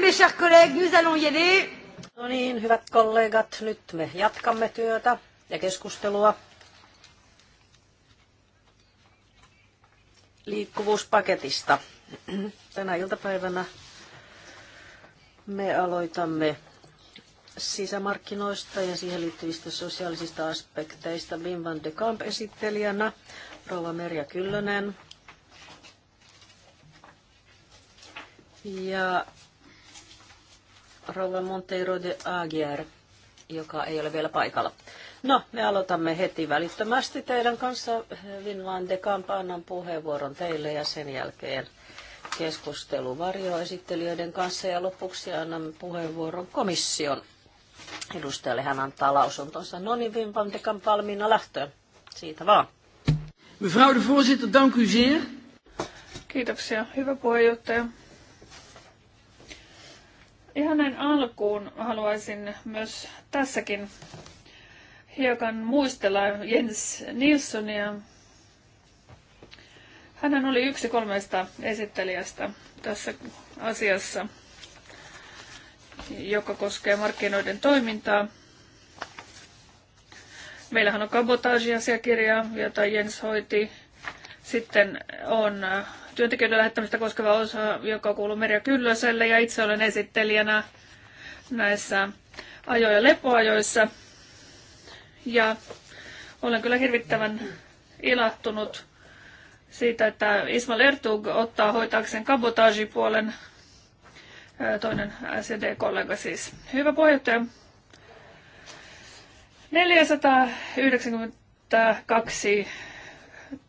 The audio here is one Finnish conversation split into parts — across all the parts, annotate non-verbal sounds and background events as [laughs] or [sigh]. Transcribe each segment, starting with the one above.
mes chers collègues, nous allons y aller. No niin, hyvät kollegat, nyt me jatkamme työtä ja keskustelua. Liikkuvuuspaketista. Tänä iltapäivänä me aloitamme sisämarkkinoista ja siihen liittyvistä sosiaalisista aspekteista Wim van de Kamp esittelijänä, Rova Merja Kyllönen, ja rouva Monteiro de Agier, joka ei ole vielä paikalla. No, me aloitamme heti välittömästi teidän kanssa. Vinland de Campanan puheenvuoron teille ja sen jälkeen keskustelu varjoesittelijöiden kanssa ja lopuksi annamme puheenvuoron komission edustajalle. Hän antaa lausuntonsa. No niin, Wim de Kamp lähtöön. Siitä vaan. Mevrouw de voorzitter, dank u zeer. Kiitoksia, hyvä puheenjohtaja. Ihan näin alkuun haluaisin myös tässäkin hiukan muistella Jens Nilssonia. Hän oli yksi kolmesta esittelijästä tässä asiassa, joka koskee markkinoiden toimintaa. Meillähän on kabotaasiasiakirja, jota Jens hoiti. Sitten on työntekijöiden lähettämistä koskeva osa, joka kuuluu Merja Kyllöselle ja itse olen esittelijänä näissä ajo- ja lepoajoissa. Ja olen kyllä hirvittävän ilahtunut siitä, että Ismail Ertug ottaa hoitaakseen kabotaasipuolen toinen SED-kollega siis. Hyvä puheenjohtaja. 492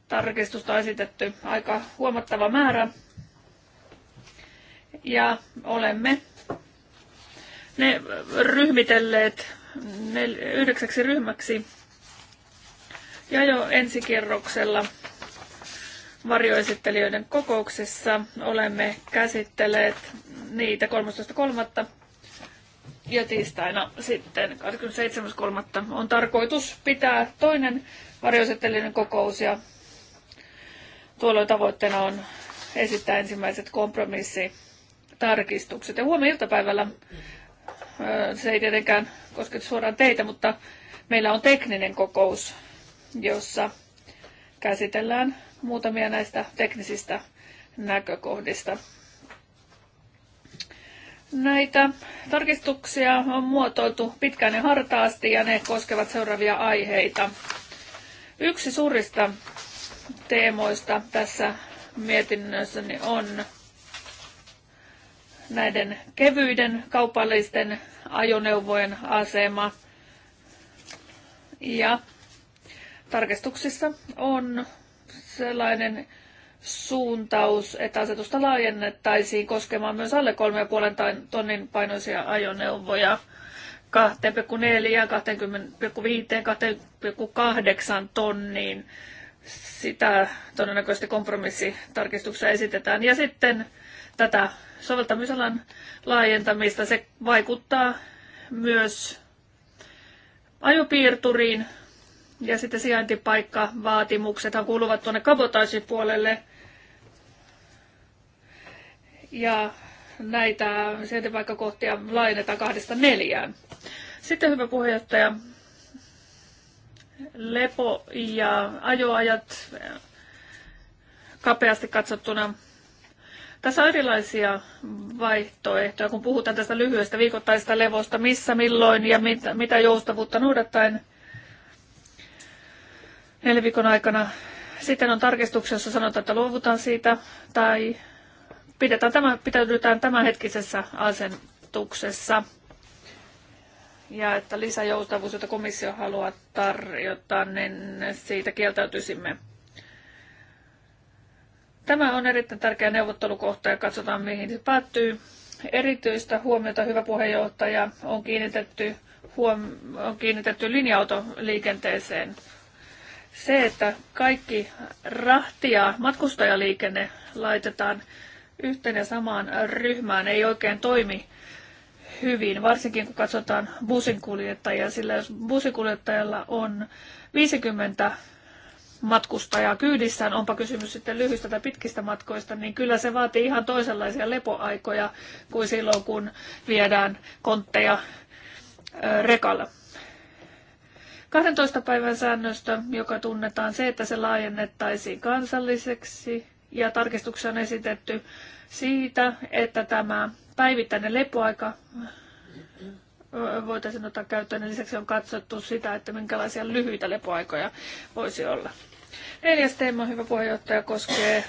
tarkistusta on esitetty aika huomattava määrä. Ja olemme ne ryhmitelleet yhdeksäksi ryhmäksi. Ja jo ensikierroksella varjoesittelijöiden kokouksessa olemme käsitteleet niitä 13.3. ja tiistaina sitten 27.3. on tarkoitus pitää toinen varjoesittelijöiden kokous ja Tuolloin tavoitteena on esittää ensimmäiset kompromissitarkistukset. Ja huomenna iltapäivällä, se ei tietenkään koske suoraan teitä, mutta meillä on tekninen kokous, jossa käsitellään muutamia näistä teknisistä näkökohdista. Näitä tarkistuksia on muotoiltu pitkään ja hartaasti ja ne koskevat seuraavia aiheita. Yksi suurista teemoista tässä mietinnössä on näiden kevyiden kaupallisten ajoneuvojen asema. Ja tarkistuksissa on sellainen suuntaus, että asetusta laajennettaisiin koskemaan myös alle 3,5 tonnin painoisia ajoneuvoja 2,4, 2,5, 2,8 tonniin sitä todennäköisesti kompromissitarkistuksessa esitetään. Ja sitten tätä soveltamisalan laajentamista, se vaikuttaa myös ajopiirturiin ja sitten sijaintipaikkavaatimuksethan kuuluvat tuonne kabotaasipuolelle. Ja näitä sijaintipaikkakohtia laajennetaan kahdesta neljään. Sitten hyvä puheenjohtaja, lepo- ja ajoajat kapeasti katsottuna. Tässä on erilaisia vaihtoehtoja, kun puhutaan tästä lyhyestä viikoittaisesta levosta, missä, milloin ja mitä, mitä joustavuutta noudattaen neljän viikon aikana. Sitten on tarkistuksessa sanotaan, että luovutaan siitä tai pidetään tämä, pitäydytään tämänhetkisessä asentuksessa ja että lisäjoustavuus, jota komissio haluaa tarjota, niin siitä kieltäytyisimme. Tämä on erittäin tärkeä neuvottelukohta ja katsotaan mihin se päättyy. Erityistä huomiota, hyvä puheenjohtaja, on kiinnitetty, huom- on kiinnitetty linja-autoliikenteeseen. Se, että kaikki rahti- ja matkustajaliikenne laitetaan yhteen ja samaan ryhmään, ei oikein toimi hyvin, varsinkin kun katsotaan businkuljettajia, sillä jos businkuljettajalla on 50 matkustajaa kyydissään, onpa kysymys sitten lyhyistä tai pitkistä matkoista, niin kyllä se vaatii ihan toisenlaisia lepoaikoja kuin silloin, kun viedään kontteja rekalla. 12 päivän säännöstö, joka tunnetaan se, että se laajennettaisiin kansalliseksi ja tarkistuksia on esitetty siitä, että tämä päivittäinen lepoaika voitaisiin ottaa käyttöön. Lisäksi on katsottu sitä, että minkälaisia lyhyitä lepoaikoja voisi olla. Neljäs teema, hyvä puheenjohtaja, koskee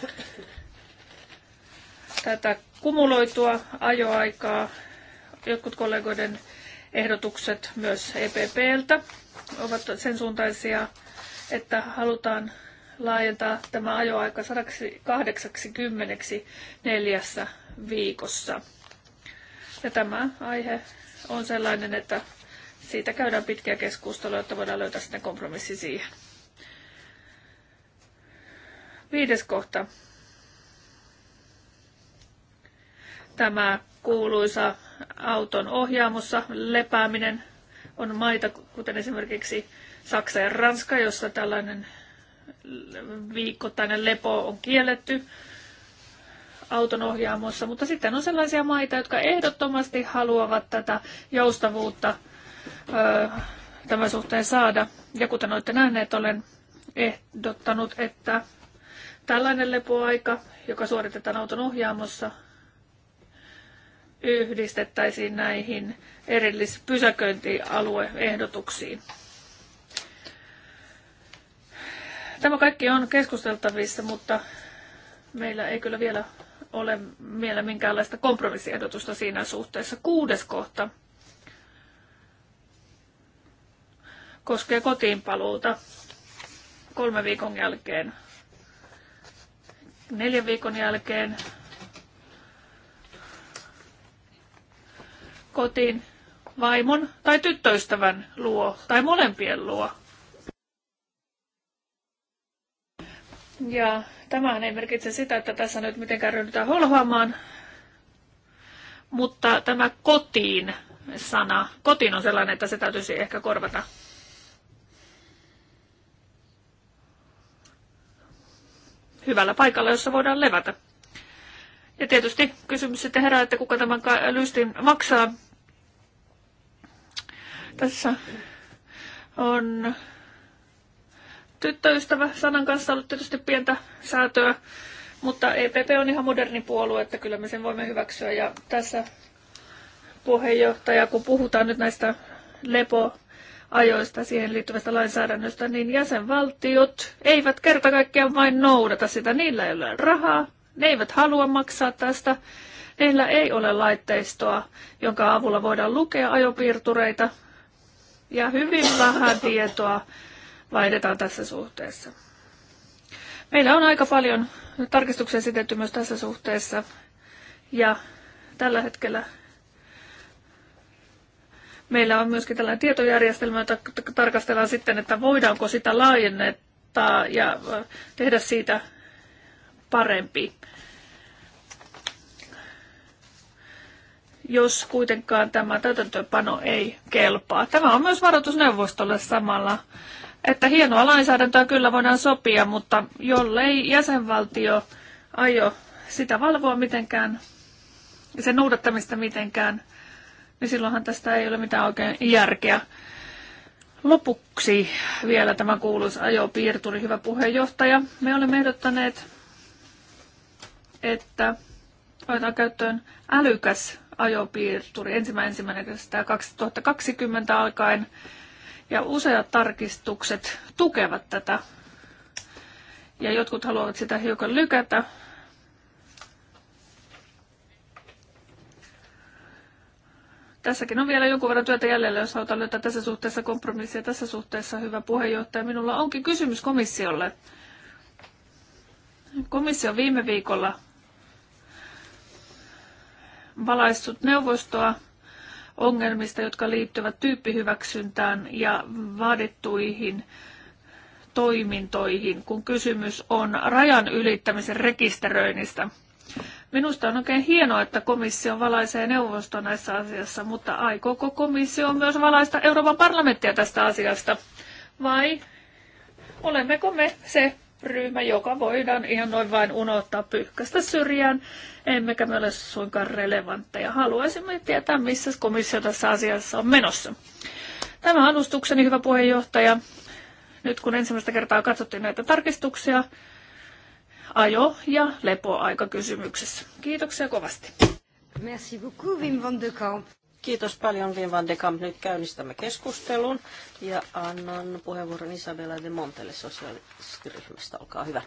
tätä kumuloitua ajoaikaa. Jotkut kollegoiden ehdotukset myös EPPltä ovat sen suuntaisia, että halutaan laajentaa tämä ajoaika 180 neljässä viikossa. Ja tämä aihe on sellainen, että siitä käydään pitkiä keskusteluja, että voidaan löytää sitten kompromissi siihen. Viides kohta. Tämä kuuluisa auton ohjaamossa lepääminen on maita, kuten esimerkiksi Saksa ja Ranska, jossa tällainen viikoittainen lepo on kielletty auton ohjaamossa, mutta sitten on sellaisia maita, jotka ehdottomasti haluavat tätä joustavuutta öö, tämän suhteen saada. Ja kuten olette nähneet, olen ehdottanut, että tällainen lepoaika, joka suoritetaan auton ohjaamossa, yhdistettäisiin näihin erillispysäköintialueehdotuksiin. Tämä kaikki on keskusteltavissa, mutta meillä ei kyllä vielä ole vielä minkäänlaista kompromissiehdotusta siinä suhteessa. Kuudes kohta koskee kotiinpaluuta kolme viikon jälkeen, neljän viikon jälkeen kotiin vaimon tai tyttöystävän luo tai molempien luo. Ja Tämähän ei merkitse sitä, että tässä nyt mitenkään ryhdytään holhoamaan, mutta tämä kotiin sana, kotiin on sellainen, että se täytyisi ehkä korvata. Hyvällä paikalla, jossa voidaan levätä. Ja tietysti kysymys sitten herää, että kuka tämän lystin maksaa. Tässä on tyttöystävä. Sanan kanssa ollut tietysti pientä säätöä, mutta EPP on ihan moderni puolue, että kyllä me sen voimme hyväksyä. Ja tässä puheenjohtaja, kun puhutaan nyt näistä lepoajoista siihen liittyvästä lainsäädännöstä, niin jäsenvaltiot eivät kerta kaikkiaan vain noudata sitä. Niillä ei ole rahaa, ne eivät halua maksaa tästä. Niillä ei ole laitteistoa, jonka avulla voidaan lukea ajopiirtureita ja hyvin vähän tietoa vaihdetaan tässä suhteessa. Meillä on aika paljon tarkistuksia esitetty myös tässä suhteessa ja tällä hetkellä meillä on myöskin tällainen tietojärjestelmä, jota tarkastellaan sitten, että voidaanko sitä laajennettaa ja tehdä siitä parempi. Jos kuitenkaan tämä täytäntöönpano ei kelpaa. Tämä on myös varoitus neuvostolle samalla että hienoa lainsäädäntöä kyllä voidaan sopia, mutta jollei jäsenvaltio aio sitä valvoa mitenkään, sen noudattamista mitenkään, niin silloinhan tästä ei ole mitään oikein järkeä. Lopuksi vielä tämä kuuluisa ajopiirturi, hyvä puheenjohtaja. Me olemme ehdottaneet, että otetaan käyttöön älykäs ajopiirturi ensimmäinen 2020 alkaen ja useat tarkistukset tukevat tätä. Ja jotkut haluavat sitä hiukan lykätä. Tässäkin on vielä jonkun verran työtä jäljellä, jos halutaan löytää tässä suhteessa kompromissia. Tässä suhteessa, hyvä puheenjohtaja, minulla onkin kysymys komissiolle. Komissio viime viikolla valaissut neuvostoa ongelmista, jotka liittyvät tyyppihyväksyntään ja vaadittuihin toimintoihin, kun kysymys on rajan ylittämisen rekisteröinnistä. Minusta on oikein hienoa, että komissio valaisee neuvosto näissä asiassa, mutta aikooko komissio myös valaista Euroopan parlamenttia tästä asiasta? Vai olemmeko me se ryhmä, joka voidaan ihan noin vain unohtaa pyyhkästä syrjään, emmekä me ole suinkaan relevantteja. Haluaisimme tietää, missä komissio tässä asiassa on menossa. Tämä alustukseni, hyvä puheenjohtaja. Nyt kun ensimmäistä kertaa katsottiin näitä tarkistuksia, ajo- ja lepoaikakysymyksessä. Kiitoksia kovasti. Merci beaucoup, Wim van de Kamp. Kiitos paljon, Vin van de Kamp. Nyt käynnistämme keskustelun ja annan puheenvuoron Isabella de Montelle sosiaaliryhmästä. Olkaa hyvä.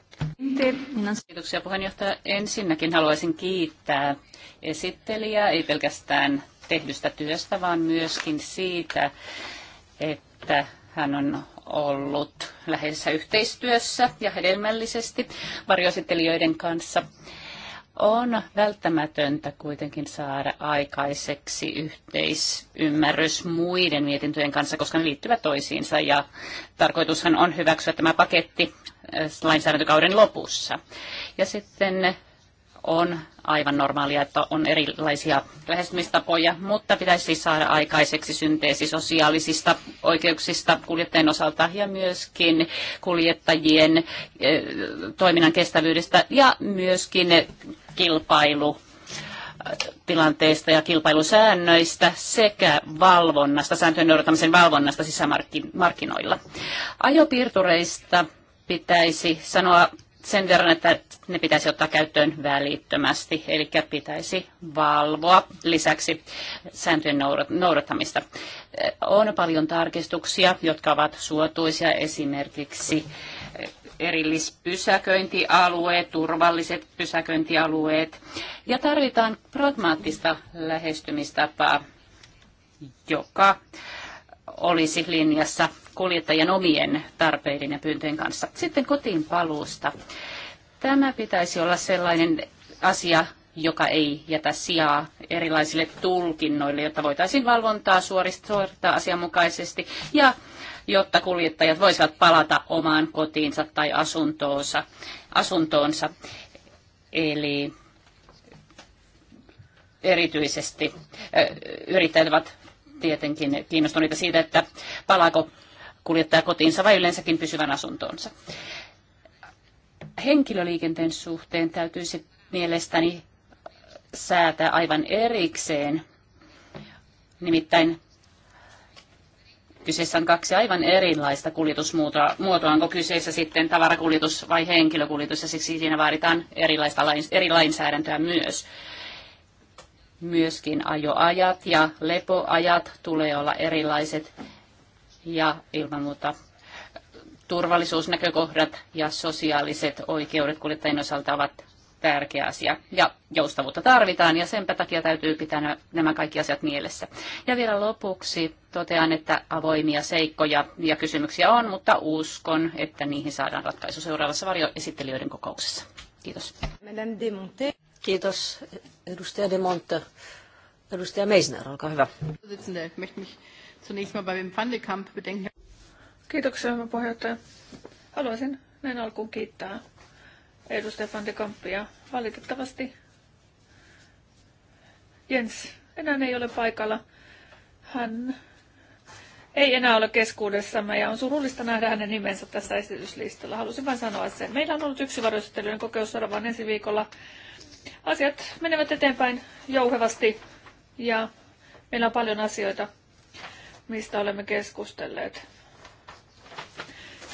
Kiitoksia puheenjohtaja. Ensinnäkin haluaisin kiittää esittelijää, ei pelkästään tehdystä työstä, vaan myöskin siitä, että hän on ollut läheisessä yhteistyössä ja hedelmällisesti varjoesittelijöiden kanssa on välttämätöntä kuitenkin saada aikaiseksi yhteisymmärrys muiden mietintöjen kanssa, koska ne liittyvät toisiinsa ja tarkoitushan on hyväksyä tämä paketti äh, lainsäädäntökauden lopussa. Ja sitten on aivan normaalia, että on erilaisia lähestymistapoja, mutta pitäisi siis saada aikaiseksi synteesi sosiaalisista oikeuksista kuljettajien osalta ja myöskin kuljettajien eh, toiminnan kestävyydestä ja myöskin kilpailu eh, tilanteista ja kilpailusäännöistä sekä valvonnasta, sääntöjen noudattamisen valvonnasta sisämarkkinoilla. Ajopiirtureista pitäisi sanoa sen verran, että ne pitäisi ottaa käyttöön välittömästi, eli pitäisi valvoa lisäksi sääntöjen noudattamista. On paljon tarkistuksia, jotka ovat suotuisia esimerkiksi erillispysäköintialueet, turvalliset pysäköintialueet. Ja tarvitaan pragmaattista lähestymistapaa, joka olisi linjassa kuljettajien omien tarpeiden ja pyyntöjen kanssa. Sitten kotiin paluusta. Tämä pitäisi olla sellainen asia, joka ei jätä sijaa erilaisille tulkinnoille, jotta voitaisiin valvontaa suorittaa asianmukaisesti ja jotta kuljettajat voisivat palata omaan kotiinsa tai asuntoonsa. asuntoonsa. Eli erityisesti yrittäjät ovat tietenkin kiinnostuneita siitä, että palaako kuljettaja kotiinsa vai yleensäkin pysyvän asuntoonsa. Henkilöliikenteen suhteen täytyisi mielestäni säätää aivan erikseen. Nimittäin kyseessä on kaksi aivan erilaista kuljetusmuotoa. Onko kyseessä sitten tavarakuljetus vai henkilökuljetus ja siksi siinä vaaditaan erilaista eri lainsäädäntöä myös myöskin ajoajat ja lepoajat tulee olla erilaiset ja ilman muuta turvallisuusnäkökohdat ja sosiaaliset oikeudet kuljettajien osalta ovat tärkeä asia. Ja joustavuutta tarvitaan ja senpä takia täytyy pitää nämä kaikki asiat mielessä. Ja vielä lopuksi totean, että avoimia seikkoja ja kysymyksiä on, mutta uskon, että niihin saadaan ratkaisu seuraavassa varjoesittelijöiden kokouksessa. Kiitos. Kiitos, edustaja De Monte. Edustaja Meisner, olkaa hyvä. Kiitoksia, hyvä puheenjohtaja. Haluaisin näin alkuun kiittää edustaja Van de Kampia. Valitettavasti Jens enää ei ole paikalla. Hän ei enää ole keskuudessamme ja on surullista nähdä hänen nimensä tässä esityslistalla. Halusin vain sanoa sen. Meillä on ollut yksi varjostettelijan kokeus ensi viikolla asiat menevät eteenpäin jouhevasti ja meillä on paljon asioita, mistä olemme keskustelleet.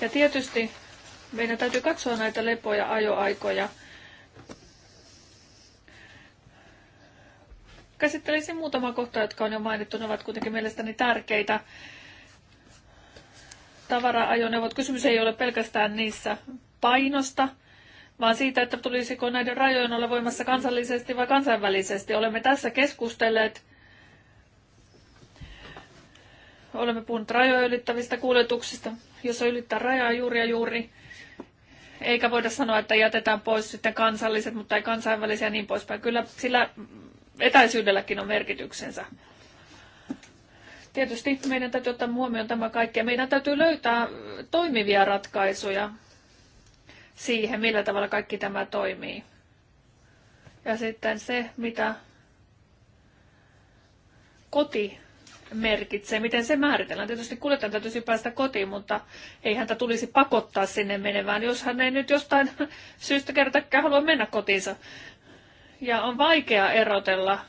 Ja tietysti meidän täytyy katsoa näitä lepoja, ajoaikoja. Käsittelisin muutama kohta, jotka on jo mainittu. Ne ovat kuitenkin mielestäni tärkeitä. Tavara-ajoneuvot. Kysymys ei ole pelkästään niissä painosta, vaan siitä, että tulisiko näiden rajojen olla voimassa kansallisesti vai kansainvälisesti. Olemme tässä keskustelleet, olemme puhuneet rajoja ylittävistä kuljetuksista, jos ylittää rajaa juuri ja juuri, eikä voida sanoa, että jätetään pois sitten kansalliset, mutta ei kansainvälisiä ja niin poispäin. Kyllä sillä etäisyydelläkin on merkityksensä. Tietysti meidän täytyy ottaa huomioon tämä kaikki ja meidän täytyy löytää toimivia ratkaisuja siihen, millä tavalla kaikki tämä toimii. Ja sitten se, mitä koti merkitsee, miten se määritellään. Tietysti kuljettajan täytyisi siis päästä kotiin, mutta ei häntä tulisi pakottaa sinne menevään, jos hän ei nyt jostain [laughs] syystä kertakään halua mennä kotiinsa. Ja on vaikea erotella.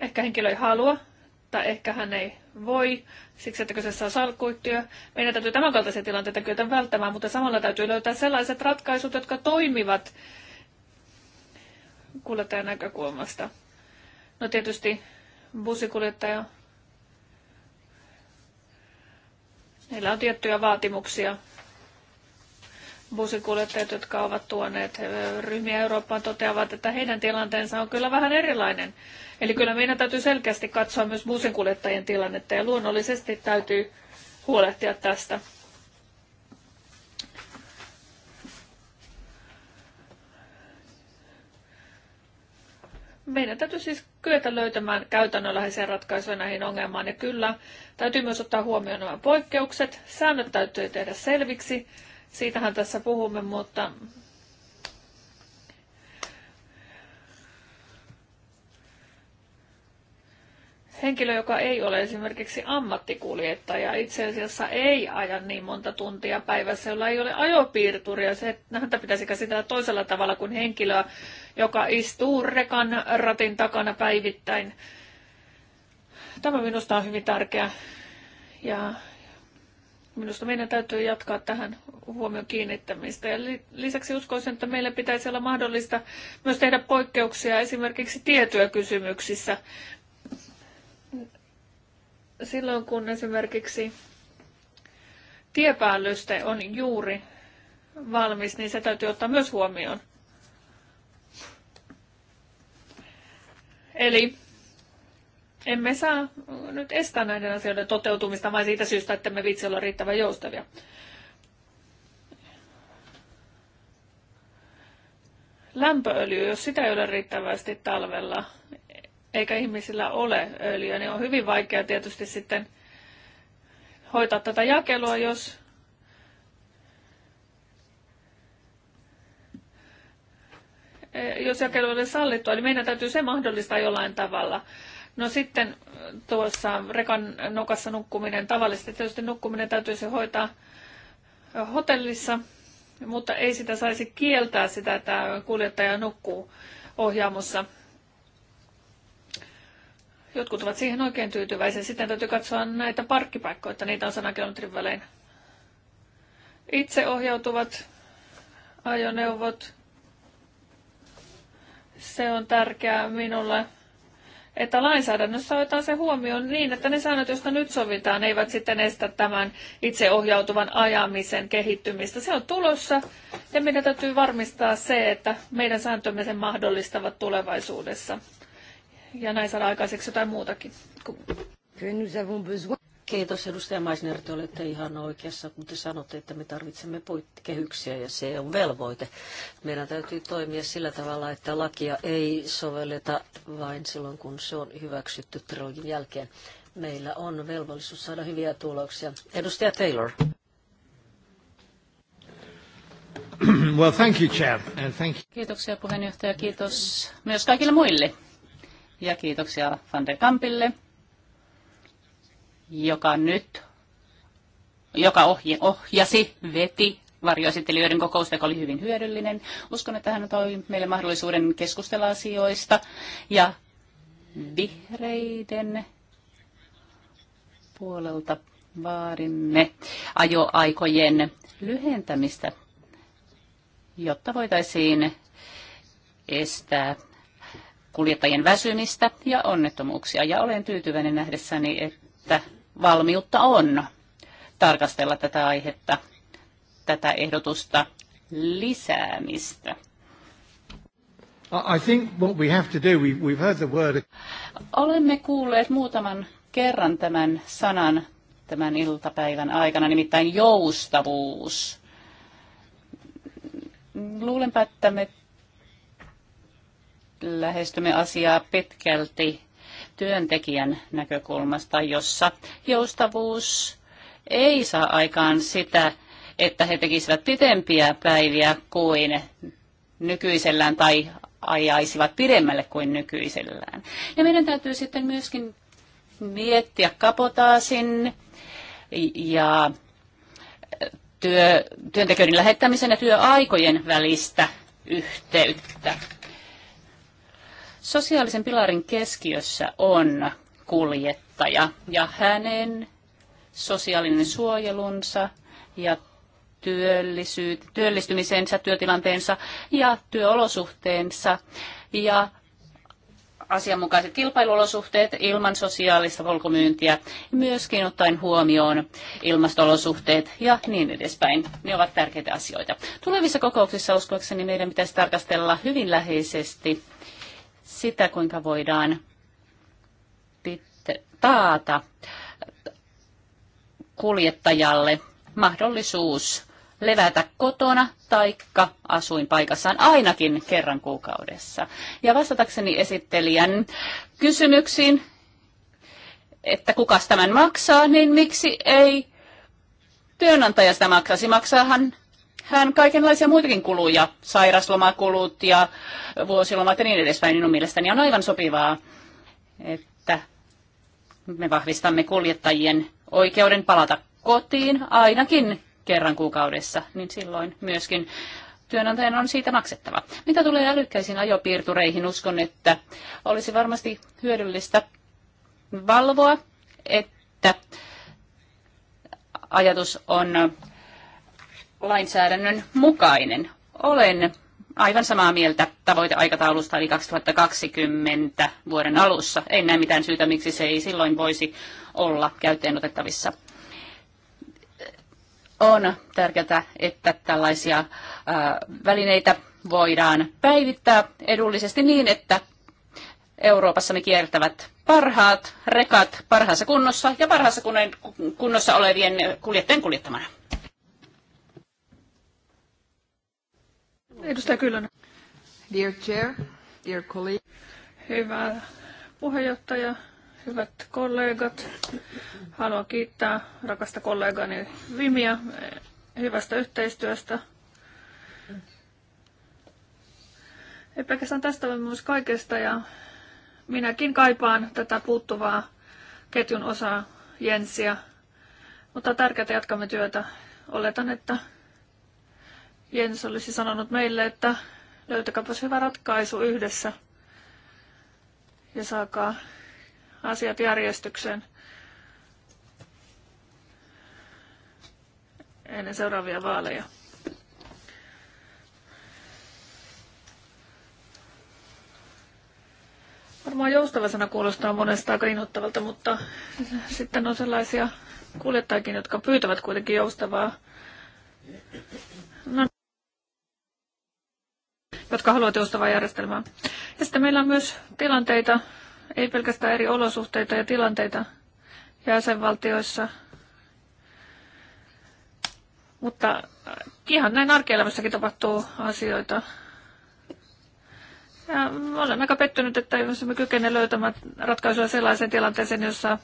Ehkä henkilö ei halua, tai ehkä hän ei voi, siksi että kyseessä on salkkuyhtiö. Meidän täytyy tämänkaltaisia tilanteita kyetä välttämään, mutta samalla täytyy löytää sellaiset ratkaisut, jotka toimivat kuljettajan näkökulmasta. No tietysti bussikuljettaja, Heillä on tiettyjä vaatimuksia. Bussikuljettajat, jotka ovat tuoneet ryhmiä Eurooppaan, toteavat, että heidän tilanteensa on kyllä vähän erilainen Eli kyllä meidän täytyy selkeästi katsoa myös buusinkuljettajien tilannetta ja luonnollisesti täytyy huolehtia tästä. meidän täytyy siis kyetä löytämään käytännönläheisiä ratkaisuja näihin ongelmaan. Ja kyllä, täytyy myös ottaa huomioon nämä poikkeukset. Säännöt täytyy tehdä selviksi. Siitähän tässä puhumme, mutta henkilö, joka ei ole esimerkiksi ammattikuljettaja, itse asiassa ei aja niin monta tuntia päivässä, jolla ei ole ajopiirturia. Se, häntä pitäisi käsitellä toisella tavalla kuin henkilöä, joka istuu rekan ratin takana päivittäin. Tämä minusta on hyvin tärkeä ja minusta meidän täytyy jatkaa tähän huomion kiinnittämistä. Ja lisäksi uskoisin, että meillä pitäisi olla mahdollista myös tehdä poikkeuksia esimerkiksi kysymyksissä silloin kun esimerkiksi tiepäällyste on juuri valmis, niin se täytyy ottaa myös huomioon. Eli emme saa nyt estää näiden asioiden toteutumista vain siitä syystä, että me vitsi olla riittävän joustavia. Lämpööljy, jos sitä ei ole riittävästi talvella, eikä ihmisillä ole öljyä, niin on hyvin vaikea tietysti sitten hoitaa tätä jakelua, jos jos jakelu ei ole sallittua, niin meidän täytyy se mahdollistaa jollain tavalla. No sitten tuossa rekan nokassa nukkuminen, tavallisesti tietysti nukkuminen täytyy se hoitaa hotellissa, mutta ei sitä saisi kieltää sitä, että kuljettaja nukkuu ohjaamossa. Jotkut ovat siihen oikein tyytyväisiä. Sitten täytyy katsoa näitä parkkipaikkoja, että niitä on 100 kilometrin välein. Itse ohjautuvat ajoneuvot. Se on tärkeää minulle, että lainsäädännössä otetaan se huomioon niin, että ne säännöt, joista nyt sovitaan, eivät sitten estä tämän itseohjautuvan ajamisen kehittymistä. Se on tulossa ja meidän täytyy varmistaa se, että meidän sääntömme sen mahdollistavat tulevaisuudessa ja näin saada aikaiseksi jotain muutakin. Kiitos edustaja Maisner, te olette ihan oikeassa, kun te sanotte, että me tarvitsemme kehyksiä ja se on velvoite. Meidän täytyy toimia sillä tavalla, että lakia ei sovelleta vain silloin, kun se on hyväksytty trilogin jälkeen. Meillä on velvollisuus saada hyviä tuloksia. Edustaja Taylor. Well, thank you, Chair, and thank you. Kiitoksia puheenjohtaja, kiitos myös kaikille muille ja kiitoksia Van der Kampille, joka nyt joka ohje, ohjasi, veti varjoesittelijöiden kokousta, joka oli hyvin hyödyllinen. Uskon, että hän toi meille mahdollisuuden keskustella asioista ja vihreiden puolelta vaadimme ajoaikojen lyhentämistä, jotta voitaisiin estää kuljettajien väsymistä ja onnettomuuksia. Ja olen tyytyväinen nähdessäni, että valmiutta on tarkastella tätä aihetta, tätä ehdotusta lisäämistä. I think what we have to do, we've heard the word. Olemme kuulleet muutaman kerran tämän sanan tämän iltapäivän aikana, nimittäin joustavuus. Luulenpa, että me lähestymme asiaa pitkälti työntekijän näkökulmasta, jossa joustavuus ei saa aikaan sitä, että he tekisivät pitempiä päiviä kuin nykyisellään tai ajaisivat pidemmälle kuin nykyisellään. Ja meidän täytyy sitten myöskin miettiä kapotaasin ja työ, työntekijöiden lähettämisen ja työaikojen välistä yhteyttä. Sosiaalisen pilarin keskiössä on kuljettaja ja hänen sosiaalinen suojelunsa ja työllistymisensä, työtilanteensa ja työolosuhteensa ja asianmukaiset kilpailuolosuhteet ilman sosiaalista polkumyyntiä, myöskin ottaen huomioon ilmastolosuhteet ja niin edespäin. Ne ovat tärkeitä asioita. Tulevissa kokouksissa uskoakseni meidän pitäisi tarkastella hyvin läheisesti sitä, kuinka voidaan taata kuljettajalle mahdollisuus levätä kotona taikka asuinpaikassaan ainakin kerran kuukaudessa. Ja vastatakseni esittelijän kysymyksiin, että kuka tämän maksaa, niin miksi ei työnantaja sitä maksaisi? Maksaahan hän kaikenlaisia muitakin kuluja, sairaslomakulut ja vuosilomat ja niin edespäin, niin on mielestäni on aivan sopivaa, että me vahvistamme kuljettajien oikeuden palata kotiin ainakin kerran kuukaudessa, niin silloin myöskin työnantajan on siitä maksettava. Mitä tulee älykkäisiin ajopiirtureihin, uskon, että olisi varmasti hyödyllistä valvoa, että ajatus on lainsäädännön mukainen. Olen aivan samaa mieltä tavoiteaikataulusta eli 2020 vuoden alussa. En näe mitään syytä, miksi se ei silloin voisi olla käyttöön otettavissa. On tärkeää, että tällaisia välineitä voidaan päivittää edullisesti niin, että Euroopassa ne kiertävät parhaat rekat parhaassa kunnossa ja parhaassa kunnossa olevien kuljettajien kuljettamana. Edustaja Kyllönen. Dear Chair, dear colleague. Hyvä puheenjohtaja, hyvät kollegat. Haluan kiittää rakasta kollegani Vimiä hyvästä yhteistyöstä. Ei pelkästään tästä, vaan myös kaikesta. Ja minäkin kaipaan tätä puuttuvaa ketjun osaa Jensiä. Mutta on tärkeää, että jatkamme työtä. Oletan, että Jens olisi sanonut meille, että löytäkääpäs hyvä ratkaisu yhdessä ja saakaa asiat järjestykseen ennen seuraavia vaaleja. Varmaan joustava sana kuulostaa monesta aika inhottavalta, mutta sitten on sellaisia kuljettajakin, jotka pyytävät kuitenkin joustavaa jotka haluavat joustavaa järjestelmää. Ja sitten meillä on myös tilanteita, ei pelkästään eri olosuhteita ja tilanteita jäsenvaltioissa, mutta äh, ihan näin arkielämässäkin tapahtuu asioita. Ja olen aika pettynyt, että jos me kykene löytämään ratkaisuja sellaiseen tilanteeseen, jossa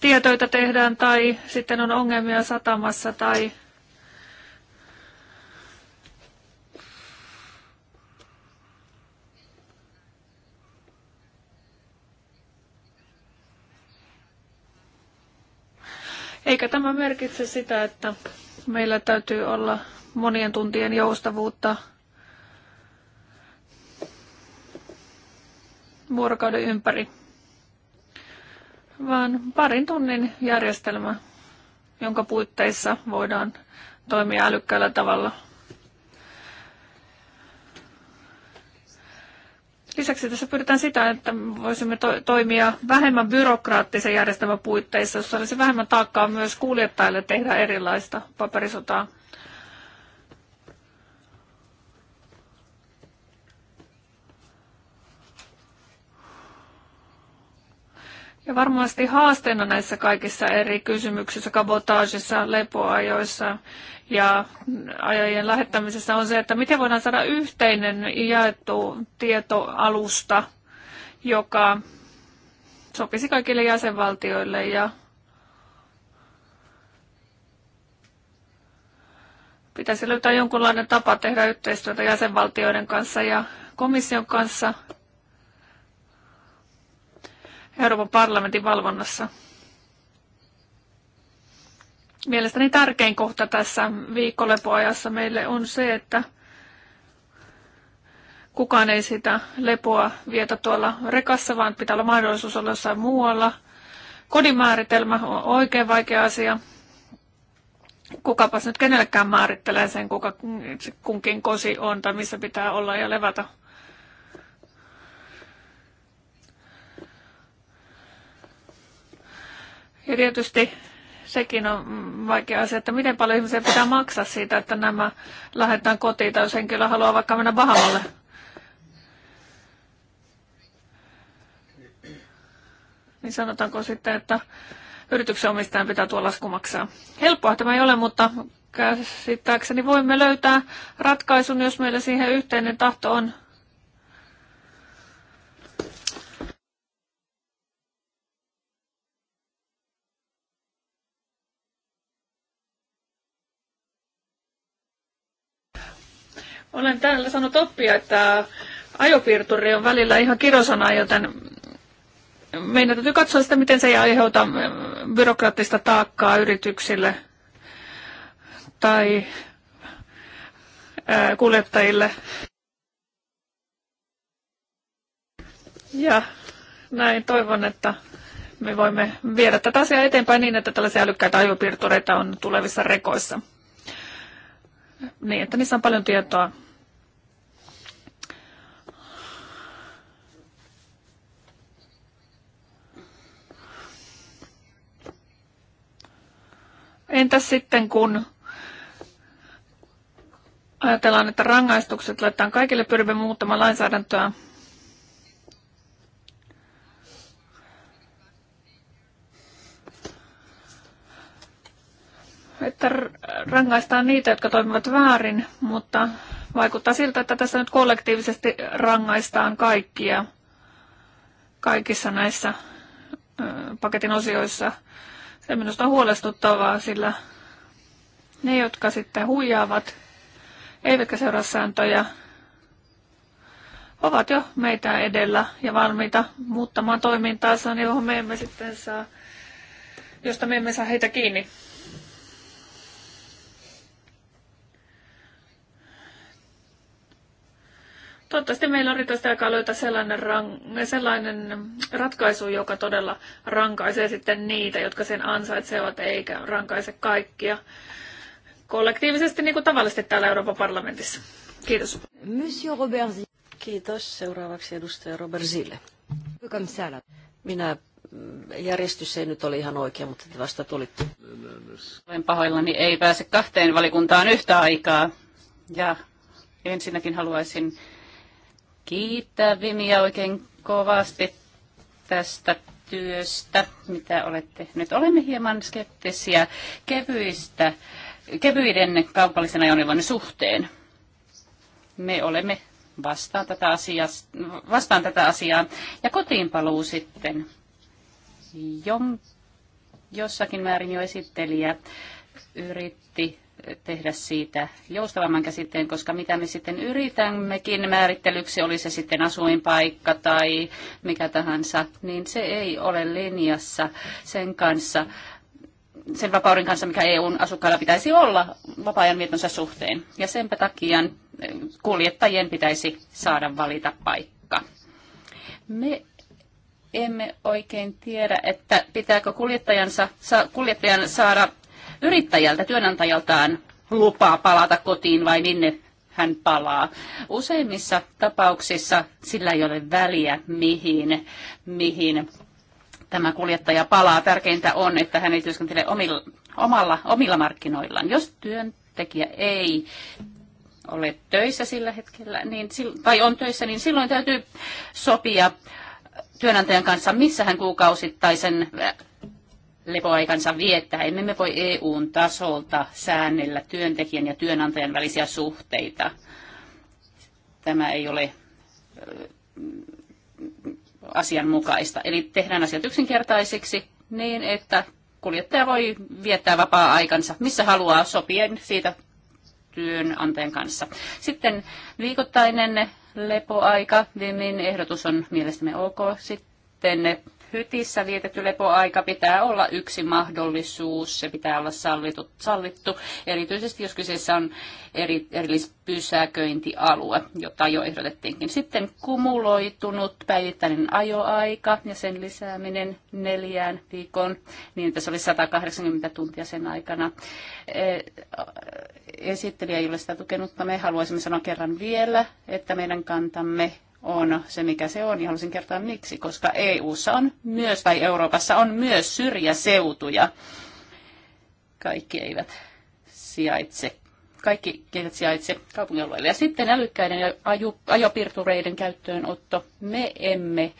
tietoita tehdään tai sitten on ongelmia satamassa tai Eikä tämä merkitse sitä, että meillä täytyy olla monien tuntien joustavuutta vuorokauden ympäri, vaan parin tunnin järjestelmä, jonka puitteissa voidaan toimia älykkäällä tavalla – Lisäksi tässä pyritään sitä, että voisimme to- toimia vähemmän byrokraattisen järjestelmän puitteissa, jossa olisi vähemmän taakkaa myös kuljettajille tehdä erilaista paperisotaa. Ja varmasti haasteena näissä kaikissa eri kysymyksissä, kabotaasissa, lepoajoissa ja ajojen lähettämisessä on se, että miten voidaan saada yhteinen jaettu tietoalusta, joka sopisi kaikille jäsenvaltioille ja pitäisi löytää jonkunlainen tapa tehdä yhteistyötä jäsenvaltioiden kanssa ja komission kanssa – Euroopan parlamentin valvonnassa. Mielestäni tärkein kohta tässä viikkolepoajassa meille on se, että kukaan ei sitä lepoa vietä tuolla rekassa, vaan pitää olla mahdollisuus olla jossain muualla. Kodin määritelmä on oikein vaikea asia. Kukapas nyt kenellekään määrittelee sen, kuka kunkin kosi on tai missä pitää olla ja levätä. Ja tietysti sekin on vaikea asia, että miten paljon ihmisiä pitää maksaa siitä, että nämä lähdetään kotiin, tai jos henkilö haluaa vaikka mennä Bahamalle. Niin sanotaanko sitten, että yrityksen omistajan pitää tuolla lasku maksaa. Helppoa tämä ei ole, mutta käsittääkseni voimme löytää ratkaisun, jos meillä siihen yhteinen tahto on. Olen täällä saanut oppia, että ajopiirturi on välillä ihan kirosana, joten meidän täytyy katsoa sitä, miten se ei aiheuta byrokraattista taakkaa yrityksille tai kuljettajille. Ja näin toivon, että me voimme viedä tätä asiaa eteenpäin niin, että tällaisia älykkäitä ajopiirtureita on tulevissa rekoissa. Niin, että niissä on paljon tietoa Entäs sitten kun ajatellaan, että rangaistukset laitetaan kaikille pyrimme muuttamaan lainsäädäntöä, että rangaistaan niitä, jotka toimivat väärin, mutta vaikuttaa siltä, että tässä nyt kollektiivisesti rangaistaan kaikkia kaikissa näissä paketin osioissa. Se minusta on huolestuttavaa, sillä ne, jotka sitten huijaavat, eivätkä seuraa sääntöjä, ovat jo meitä edellä ja valmiita muuttamaan toimintaansa, johon me emme sitten saa, josta me emme saa heitä kiinni. Toivottavasti meillä on riittävästi aikaa löytää sellainen, rang, sellainen ratkaisu, joka todella rankaisee sitten niitä, jotka sen ansaitsevat, eikä rankaise kaikkia kollektiivisesti niin kuin tavallisesti täällä Euroopan parlamentissa. Kiitos. Monsieur Robert Kiitos. Seuraavaksi edustaja Robert Zille. Minä mm, järjestys ei nyt ole ihan oikea, mutta te vasta tulitte. Olen pahoillani, ei pääse kahteen valikuntaan yhtä aikaa. Ja ensinnäkin haluaisin kiittää Vimiä oikein kovasti tästä työstä, mitä olette nyt. Olemme hieman skeptisiä kevyistä, kevyiden kaupallisen ajoneuvon suhteen. Me olemme vastaan tätä asiaa, vastaan tätä asiaa. ja kotiin paluu sitten. jo, jossakin määrin jo esittelijä yritti tehdä siitä joustavamman käsitteen, koska mitä me sitten yritämmekin määrittelyksi, oli se sitten asuinpaikka tai mikä tahansa, niin se ei ole linjassa sen kanssa, sen vapauden kanssa, mikä EUn asukkailla pitäisi olla vapaa-ajan vietonsa suhteen. Ja senpä takia kuljettajien pitäisi saada valita paikka. Me emme oikein tiedä, että pitääkö kuljettajansa, sa, kuljettajan saada yrittäjältä, työnantajaltaan lupaa palata kotiin vai minne hän palaa. Useimmissa tapauksissa sillä ei ole väliä, mihin, mihin tämä kuljettaja palaa. Tärkeintä on, että hän ei työskentele omilla, omalla, omilla markkinoillaan. Jos työntekijä ei ole töissä sillä hetkellä, niin, tai on töissä, niin silloin täytyy sopia työnantajan kanssa, missä hän kuukausittaisen lepoaikansa viettää. Emme me voi EUn tasolta säännellä työntekijän ja työnantajan välisiä suhteita. Tämä ei ole äh, asianmukaista. Eli tehdään asiat yksinkertaisiksi niin, että kuljettaja voi viettää vapaa-aikansa missä haluaa sopien siitä työnantajan kanssa. Sitten viikoittainen lepoaika, niin ehdotus on mielestämme ok. Sitten hytissä vietetty lepoaika pitää olla yksi mahdollisuus, se pitää olla sallittu, sallittu erityisesti jos kyseessä on eri, erillispysäköintialue, jota jo ehdotettiinkin. Sitten kumuloitunut päivittäinen ajoaika ja sen lisääminen neljään viikon, niin että se oli 180 tuntia sen aikana. E, esittelijä ei ole sitä tukenut, mutta me haluaisimme sanoa kerran vielä, että meidän kantamme on se, mikä se on, ja halusin kertoa miksi, koska EU:ssa on myös, tai Euroopassa on myös syrjäseutuja. Kaikki eivät sijaitse kaikki eivät sijaitse kaupungin Ja sitten älykkäiden ja ajopiirtureiden käyttöönotto. Me emme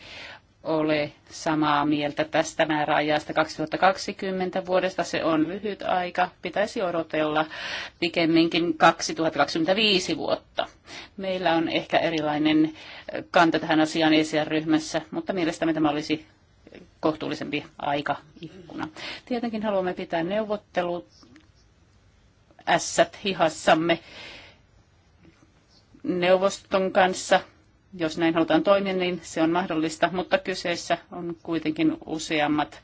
ole samaa mieltä tästä määräajasta 2020 vuodesta. Se on lyhyt aika. Pitäisi odotella pikemminkin 2025 vuotta. Meillä on ehkä erilainen kanta tähän asiaan ECR-ryhmässä, mutta mielestäni tämä olisi kohtuullisempi aikaikkuna. Tietenkin haluamme pitää neuvottelut ässät hihassamme neuvoston kanssa – jos näin halutaan toimia, niin se on mahdollista, mutta kyseessä on kuitenkin useammat,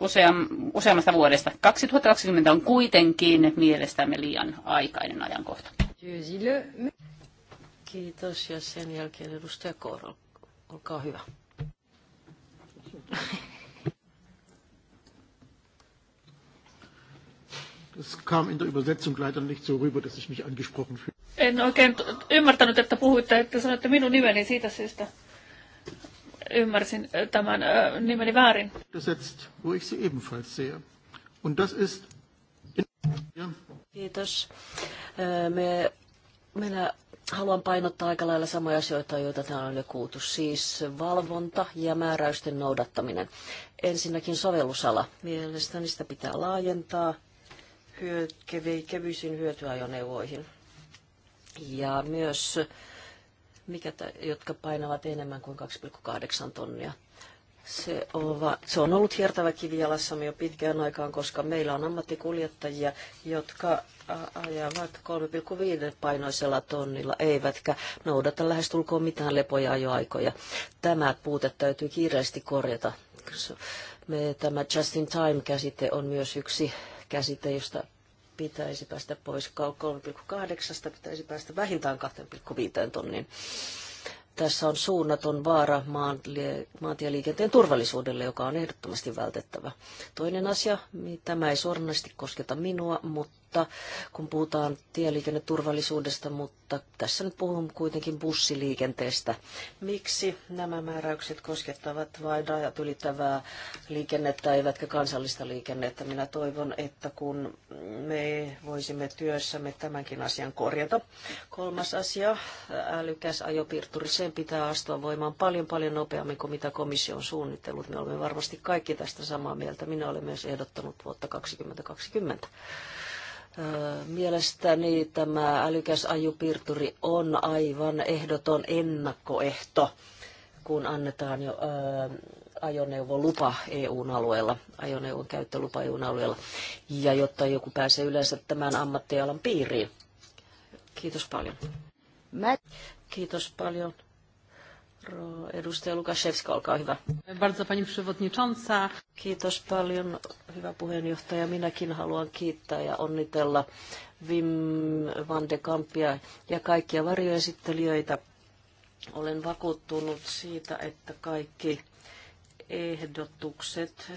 useam, useammasta vuodesta. 2020 on kuitenkin mielestämme liian aikainen ajankohta. Kiitos ja sen jälkeen edustaja Kooro, olkaa hyvä. Es kam in der Übersetzung leider nicht so rüber, dass ich mich angesprochen fühle. En oikein ymmärtänyt, että puhuitte, että sanoitte minun nimeni siitä syystä. Ymmärsin äh, tämän äh, nimeni väärin. Gesetzt, wo ich sie ebenfalls sehe. Und das ist... In... Ja. Kiitos. Äh, me, meillä haluan painottaa aika lailla samoja asioita, joita täällä on jo kuultu. Siis valvonta ja määräysten noudattaminen. Ensinnäkin sovellusala. Mielestäni sitä pitää laajentaa hyö, kevyisiin hyötyajoneuvoihin. Ja myös, mikä jotka painavat enemmän kuin 2,8 tonnia. Se on, va- se on ollut hiertävä kivi jo pitkään aikaan, koska meillä on ammattikuljettajia, jotka ajavat 3,5 painoisella tonnilla, eivätkä noudata lähestulkoon mitään lepoja ajoaikoja. Tämä puute täytyy kiireesti korjata. Me, tämä just in time-käsite on myös yksi käsite, josta pitäisi päästä pois 3,8, pitäisi päästä vähintään 2,5 tonniin. Tässä on suunnaton vaara maantieliikenteen turvallisuudelle, joka on ehdottomasti vältettävä. Toinen asia, tämä ei suoranaisesti kosketa minua, mutta mutta kun puhutaan tieliikenneturvallisuudesta, mutta tässä nyt puhun kuitenkin bussiliikenteestä. Miksi nämä määräykset koskettavat vain rajat ylittävää liikennettä eivätkä kansallista liikennettä? Minä toivon, että kun me voisimme työssämme tämänkin asian korjata. Kolmas asia, älykäs ajopiirturi, sen pitää astua voimaan paljon paljon nopeammin kuin mitä komissio on suunnitellut. Me olemme varmasti kaikki tästä samaa mieltä. Minä olen myös ehdottanut vuotta 2020. Mielestäni tämä älykäs ajupiirturi on aivan ehdoton ennakkoehto, kun annetaan jo ajoneuvolupa EUn alueella, ajoneuvon käyttölupa EUn alueella, ja jotta joku pääsee yleensä tämän ammattialan piiriin. Kiitos paljon. Mä... Kiitos paljon. Edustaja Lukashevska, olkaa hyvä. Bardzo pani przewodnicząca. Kiitos paljon, hyvä puheenjohtaja. Minäkin haluan kiittää ja onnitella Wim van de Kampia ja kaikkia varjoesittelijöitä. Olen vakuuttunut siitä, että kaikki ehdotukset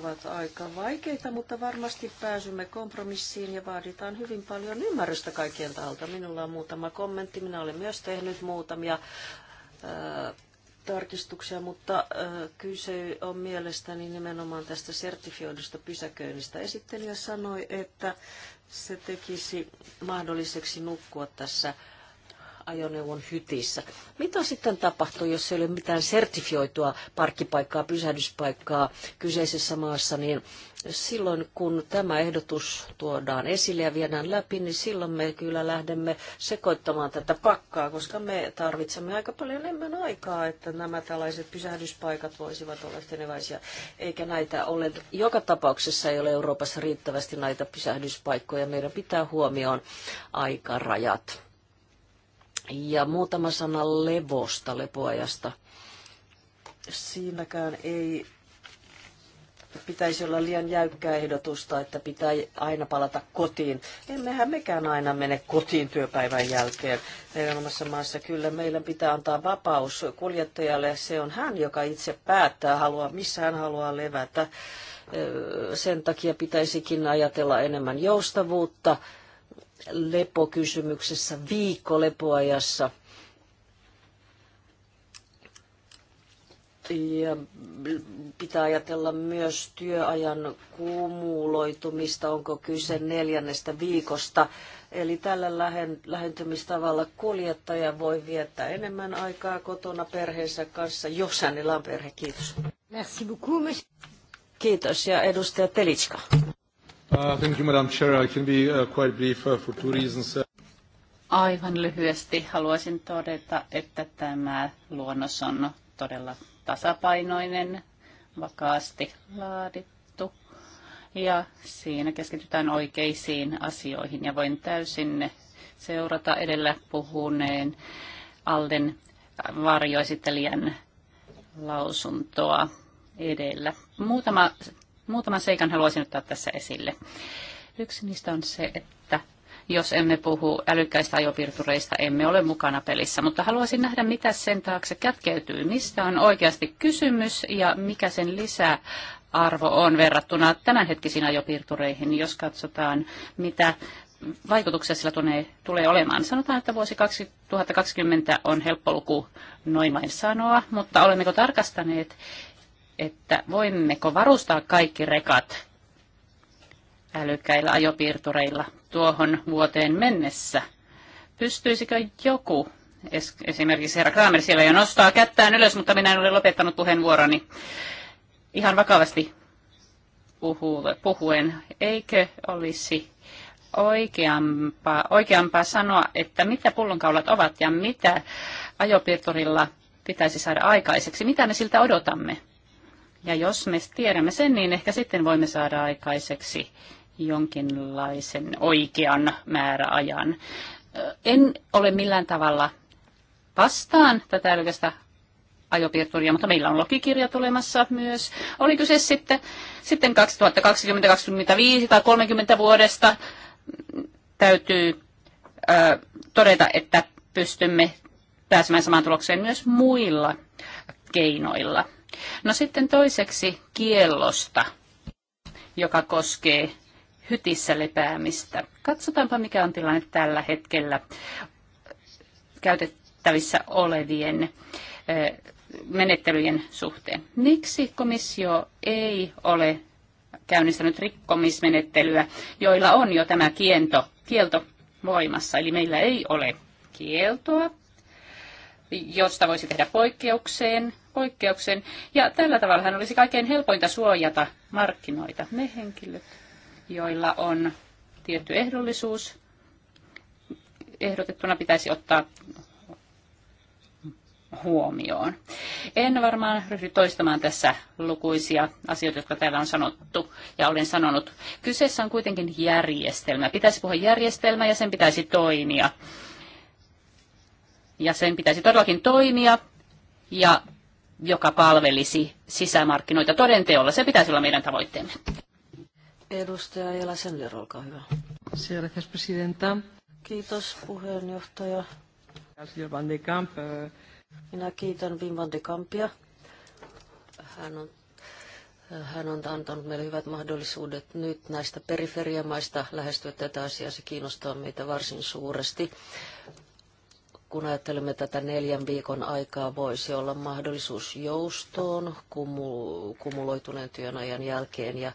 ovat aika vaikeita, mutta varmasti pääsymme kompromissiin ja vaaditaan hyvin paljon ymmärrystä kaikkien taholta. Minulla on muutama kommentti. Minä olen myös tehnyt muutamia tarkistuksia, mutta kyse on mielestäni nimenomaan tästä sertifioidusta pysäköinnistä. Esittelijä sanoi, että se tekisi mahdolliseksi nukkua tässä ajoneuvon hytissä. Mitä sitten tapahtuu, jos ei ole mitään sertifioitua parkkipaikkaa, pysähdyspaikkaa kyseisessä maassa, niin silloin kun tämä ehdotus tuodaan esille ja viedään läpi, niin silloin me kyllä lähdemme sekoittamaan tätä pakkaa, koska me tarvitsemme aika paljon enemmän aikaa, että nämä tällaiset pysähdyspaikat voisivat olla yhteneväisiä, eikä näitä ole. Joka tapauksessa ei ole Euroopassa riittävästi näitä pysähdyspaikkoja. Meidän pitää huomioon aikarajat. Ja muutama sana levosta, lepoajasta. Siinäkään ei pitäisi olla liian jäykkää ehdotusta, että pitää aina palata kotiin. Emmehän mekään aina mene kotiin työpäivän jälkeen meidän omassa maassa. Kyllä meillä pitää antaa vapaus kuljettajalle. Se on hän, joka itse päättää, haluaa, missä hän haluaa levätä. Sen takia pitäisikin ajatella enemmän joustavuutta lepokysymyksessä viikko lepoajassa. Ja pitää ajatella myös työajan kumuloitumista, onko kyse neljännestä viikosta. Eli tällä lähentymistavalla kuljettaja voi viettää enemmän aikaa kotona perheensä kanssa, jos hänellä on perhe. Kiitos. Merci beaucoup, Kiitos ja edustaja Telitska. Uh, thank you, Madam Chair. I can be uh, quite brief uh, for two reasons. Aivan lyhyesti haluaisin todeta, että tämä luonnos on todella tasapainoinen, vakaasti laadittu ja siinä keskitytään oikeisiin asioihin ja voin täysin seurata edellä puhuneen Alden varjoesittelijän lausuntoa edellä. Muutama Muutaman seikan haluaisin ottaa tässä esille. Yksi niistä on se, että jos emme puhu älykkäistä ajopiirtureista, emme ole mukana pelissä. Mutta haluaisin nähdä, mitä sen taakse kätkeytyy, mistä on oikeasti kysymys ja mikä sen lisää arvo on verrattuna tämänhetkisiin ajopiirtureihin, jos katsotaan, mitä vaikutuksia sillä tulee, tulee olemaan. Sanotaan, että vuosi 2020 on helppo luku noin vain sanoa, mutta olemmeko tarkastaneet, että voimmeko varustaa kaikki rekat älykkäillä ajopiirtureilla tuohon vuoteen mennessä. Pystyisikö joku, esimerkiksi herra Kramer siellä jo nostaa kättään ylös, mutta minä en ole lopettanut puheenvuoroni, ihan vakavasti puhuen, eikö olisi oikeampaa, oikeampaa sanoa, että mitä pullonkaulat ovat ja mitä ajopiirturilla pitäisi saada aikaiseksi, mitä me siltä odotamme. Ja jos me tiedämme sen, niin ehkä sitten voimme saada aikaiseksi jonkinlaisen oikean määräajan. En ole millään tavalla vastaan tätä älykästä ajopiirturia, mutta meillä on lokikirja tulemassa myös. Oli kyse sitten, sitten 2020, 2025 tai 30 vuodesta täytyy ö, todeta, että pystymme pääsemään samaan tulokseen myös muilla keinoilla. No sitten toiseksi kiellosta, joka koskee hytissä lepäämistä. Katsotaanpa, mikä on tilanne tällä hetkellä käytettävissä olevien eh, menettelyjen suhteen. Miksi komissio ei ole käynnistänyt rikkomismenettelyä, joilla on jo tämä kielto, kielto voimassa? Eli meillä ei ole kieltoa, josta voisi tehdä poikkeukseen poikkeuksen. Ja tällä tavalla hän olisi kaikkein helpointa suojata markkinoita. Ne henkilöt, joilla on tietty ehdollisuus, ehdotettuna pitäisi ottaa huomioon. En varmaan ryhdy toistamaan tässä lukuisia asioita, jotka täällä on sanottu ja olen sanonut. Kyseessä on kuitenkin järjestelmä. Pitäisi puhua järjestelmä ja sen pitäisi toimia. Ja sen pitäisi todellakin toimia ja joka palvelisi sisämarkkinoita todenteolla. Se pitäisi olla meidän tavoitteemme. Edustaja Seller, olkaa hyvä. Gracias, presidenta. Kiitos puheenjohtaja. Van de Kamp. Eh. Minä kiitän Wim van de Kampia. Hän on, hän on antanut meille hyvät mahdollisuudet nyt näistä periferiamaista lähestyä tätä asiaa. Se kiinnostaa meitä varsin suuresti kun ajattelemme tätä neljän viikon aikaa, voisi olla mahdollisuus joustoon kumuloituneen ajan jälkeen ja,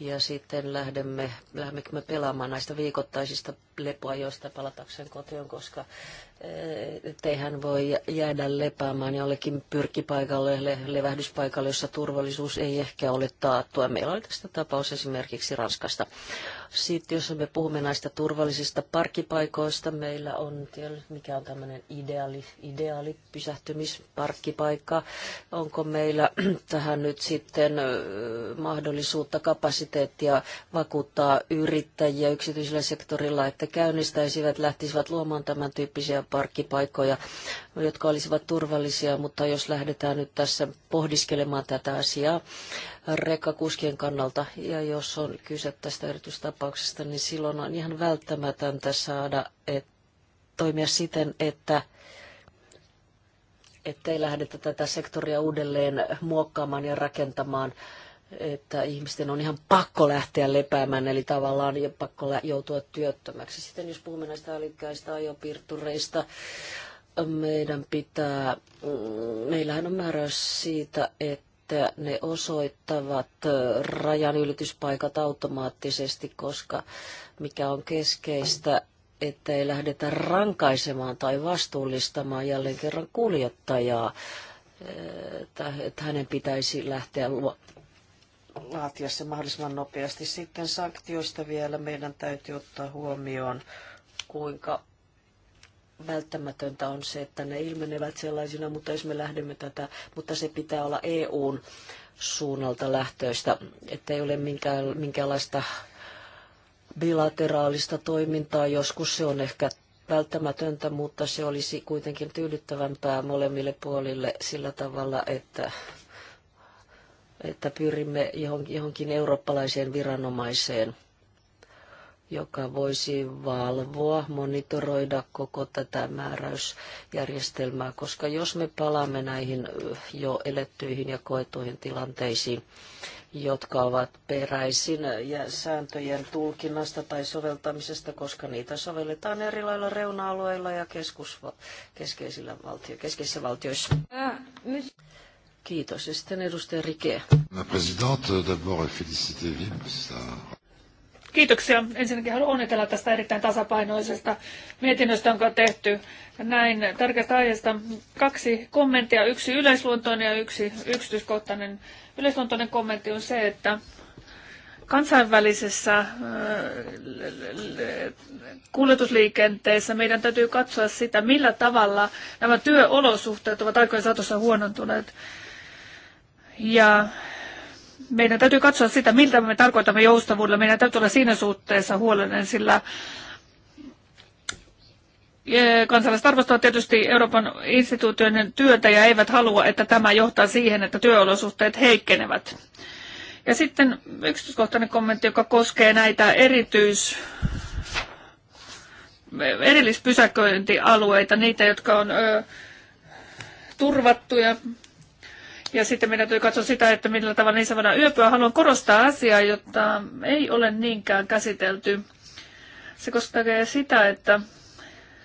ja sitten lähdemme, lähdemmekö me pelaamaan näistä viikoittaisista lepoajoista palatakseen kotiin, koska eh, teihän voi jäädä lepäämään jollekin pyrkipaikalle le, levähdyspaikalle, jossa turvallisuus ei ehkä ole taattua. Meillä oli tästä tapaus esimerkiksi Ranskasta. Sitten jos me puhumme näistä turvallisista parkkipaikoista, meillä on, mikä on tämmöinen ideaali, ideaali pysähtymisparkkipaikka. Onko meillä [clears throat] tähän nyt sitten mahdollisuutta, kapasiteettia vakuuttaa yrittäjiä yksityisellä sektorilla, että käynnistäisivät, lähtisivät luomaan tämän tyyppisiä parkkipaikkoja jotka olisivat turvallisia, mutta jos lähdetään nyt tässä pohdiskelemaan tätä asiaa rekkakuskien kannalta, ja jos on kyse tästä erityistapauksesta, niin silloin on ihan välttämätöntä saada et, toimia siten, että ettei lähdetä tätä sektoria uudelleen muokkaamaan ja rakentamaan että ihmisten on ihan pakko lähteä lepäämään, eli tavallaan pakko joutua työttömäksi. Sitten jos puhumme näistä älykkäistä ajopiirtureista, meidän pitää, meillähän on määräys siitä, että ne osoittavat rajan ylityspaikat automaattisesti, koska mikä on keskeistä, että ei lähdetä rankaisemaan tai vastuullistamaan jälleen kerran kuljettajaa, että hänen pitäisi lähteä luo, laatia se mahdollisimman nopeasti. Sitten sanktioista vielä meidän täytyy ottaa huomioon, kuinka välttämätöntä on se, että ne ilmenevät sellaisina, mutta jos me lähdemme tätä, mutta se pitää olla EUn suunnalta lähtöistä, ettei ole minkäänlaista bilateraalista toimintaa. Joskus se on ehkä välttämätöntä, mutta se olisi kuitenkin tyydyttävämpää molemmille puolille sillä tavalla, että, että pyrimme johonkin eurooppalaiseen viranomaiseen – joka voisi valvoa, monitoroida koko tätä määräysjärjestelmää, koska jos me palaamme näihin jo elettyihin ja koetuihin tilanteisiin, jotka ovat peräisin ja sääntöjen tulkinnasta tai soveltamisesta, koska niitä sovelletaan eri lailla reuna-alueilla ja keskus- keskeisillä valtio- keskeisissä valtioissa. Kiitos. Ja sitten edustaja Rike. Kiitoksia. Ensinnäkin haluan onnitella tästä erittäin tasapainoisesta mietinnöstä, jonka on tehty näin tärkeästä aiheesta. Kaksi kommenttia, yksi yleisluontoinen ja yksi yksityiskohtainen. Yleisluontoinen kommentti on se, että kansainvälisessä äh, kuljetusliikenteessä meidän täytyy katsoa sitä, millä tavalla nämä työolosuhteet ovat aikojen saatossa huonontuneet. Ja meidän täytyy katsoa sitä, miltä me tarkoitamme joustavuudella. Meidän täytyy olla siinä suhteessa huolellinen, sillä e, kansalaiset arvostavat tietysti Euroopan instituutioiden työtä ja eivät halua, että tämä johtaa siihen, että työolosuhteet heikkenevät. Ja sitten yksityiskohtainen kommentti, joka koskee näitä erityis erillispysäköintialueita, niitä, jotka on ö, turvattuja ja sitten meidän täytyy katsoa sitä, että millä tavalla niissä voidaan yöpyä. Haluan korostaa asiaa, jota ei ole niinkään käsitelty. Se koskee sitä, että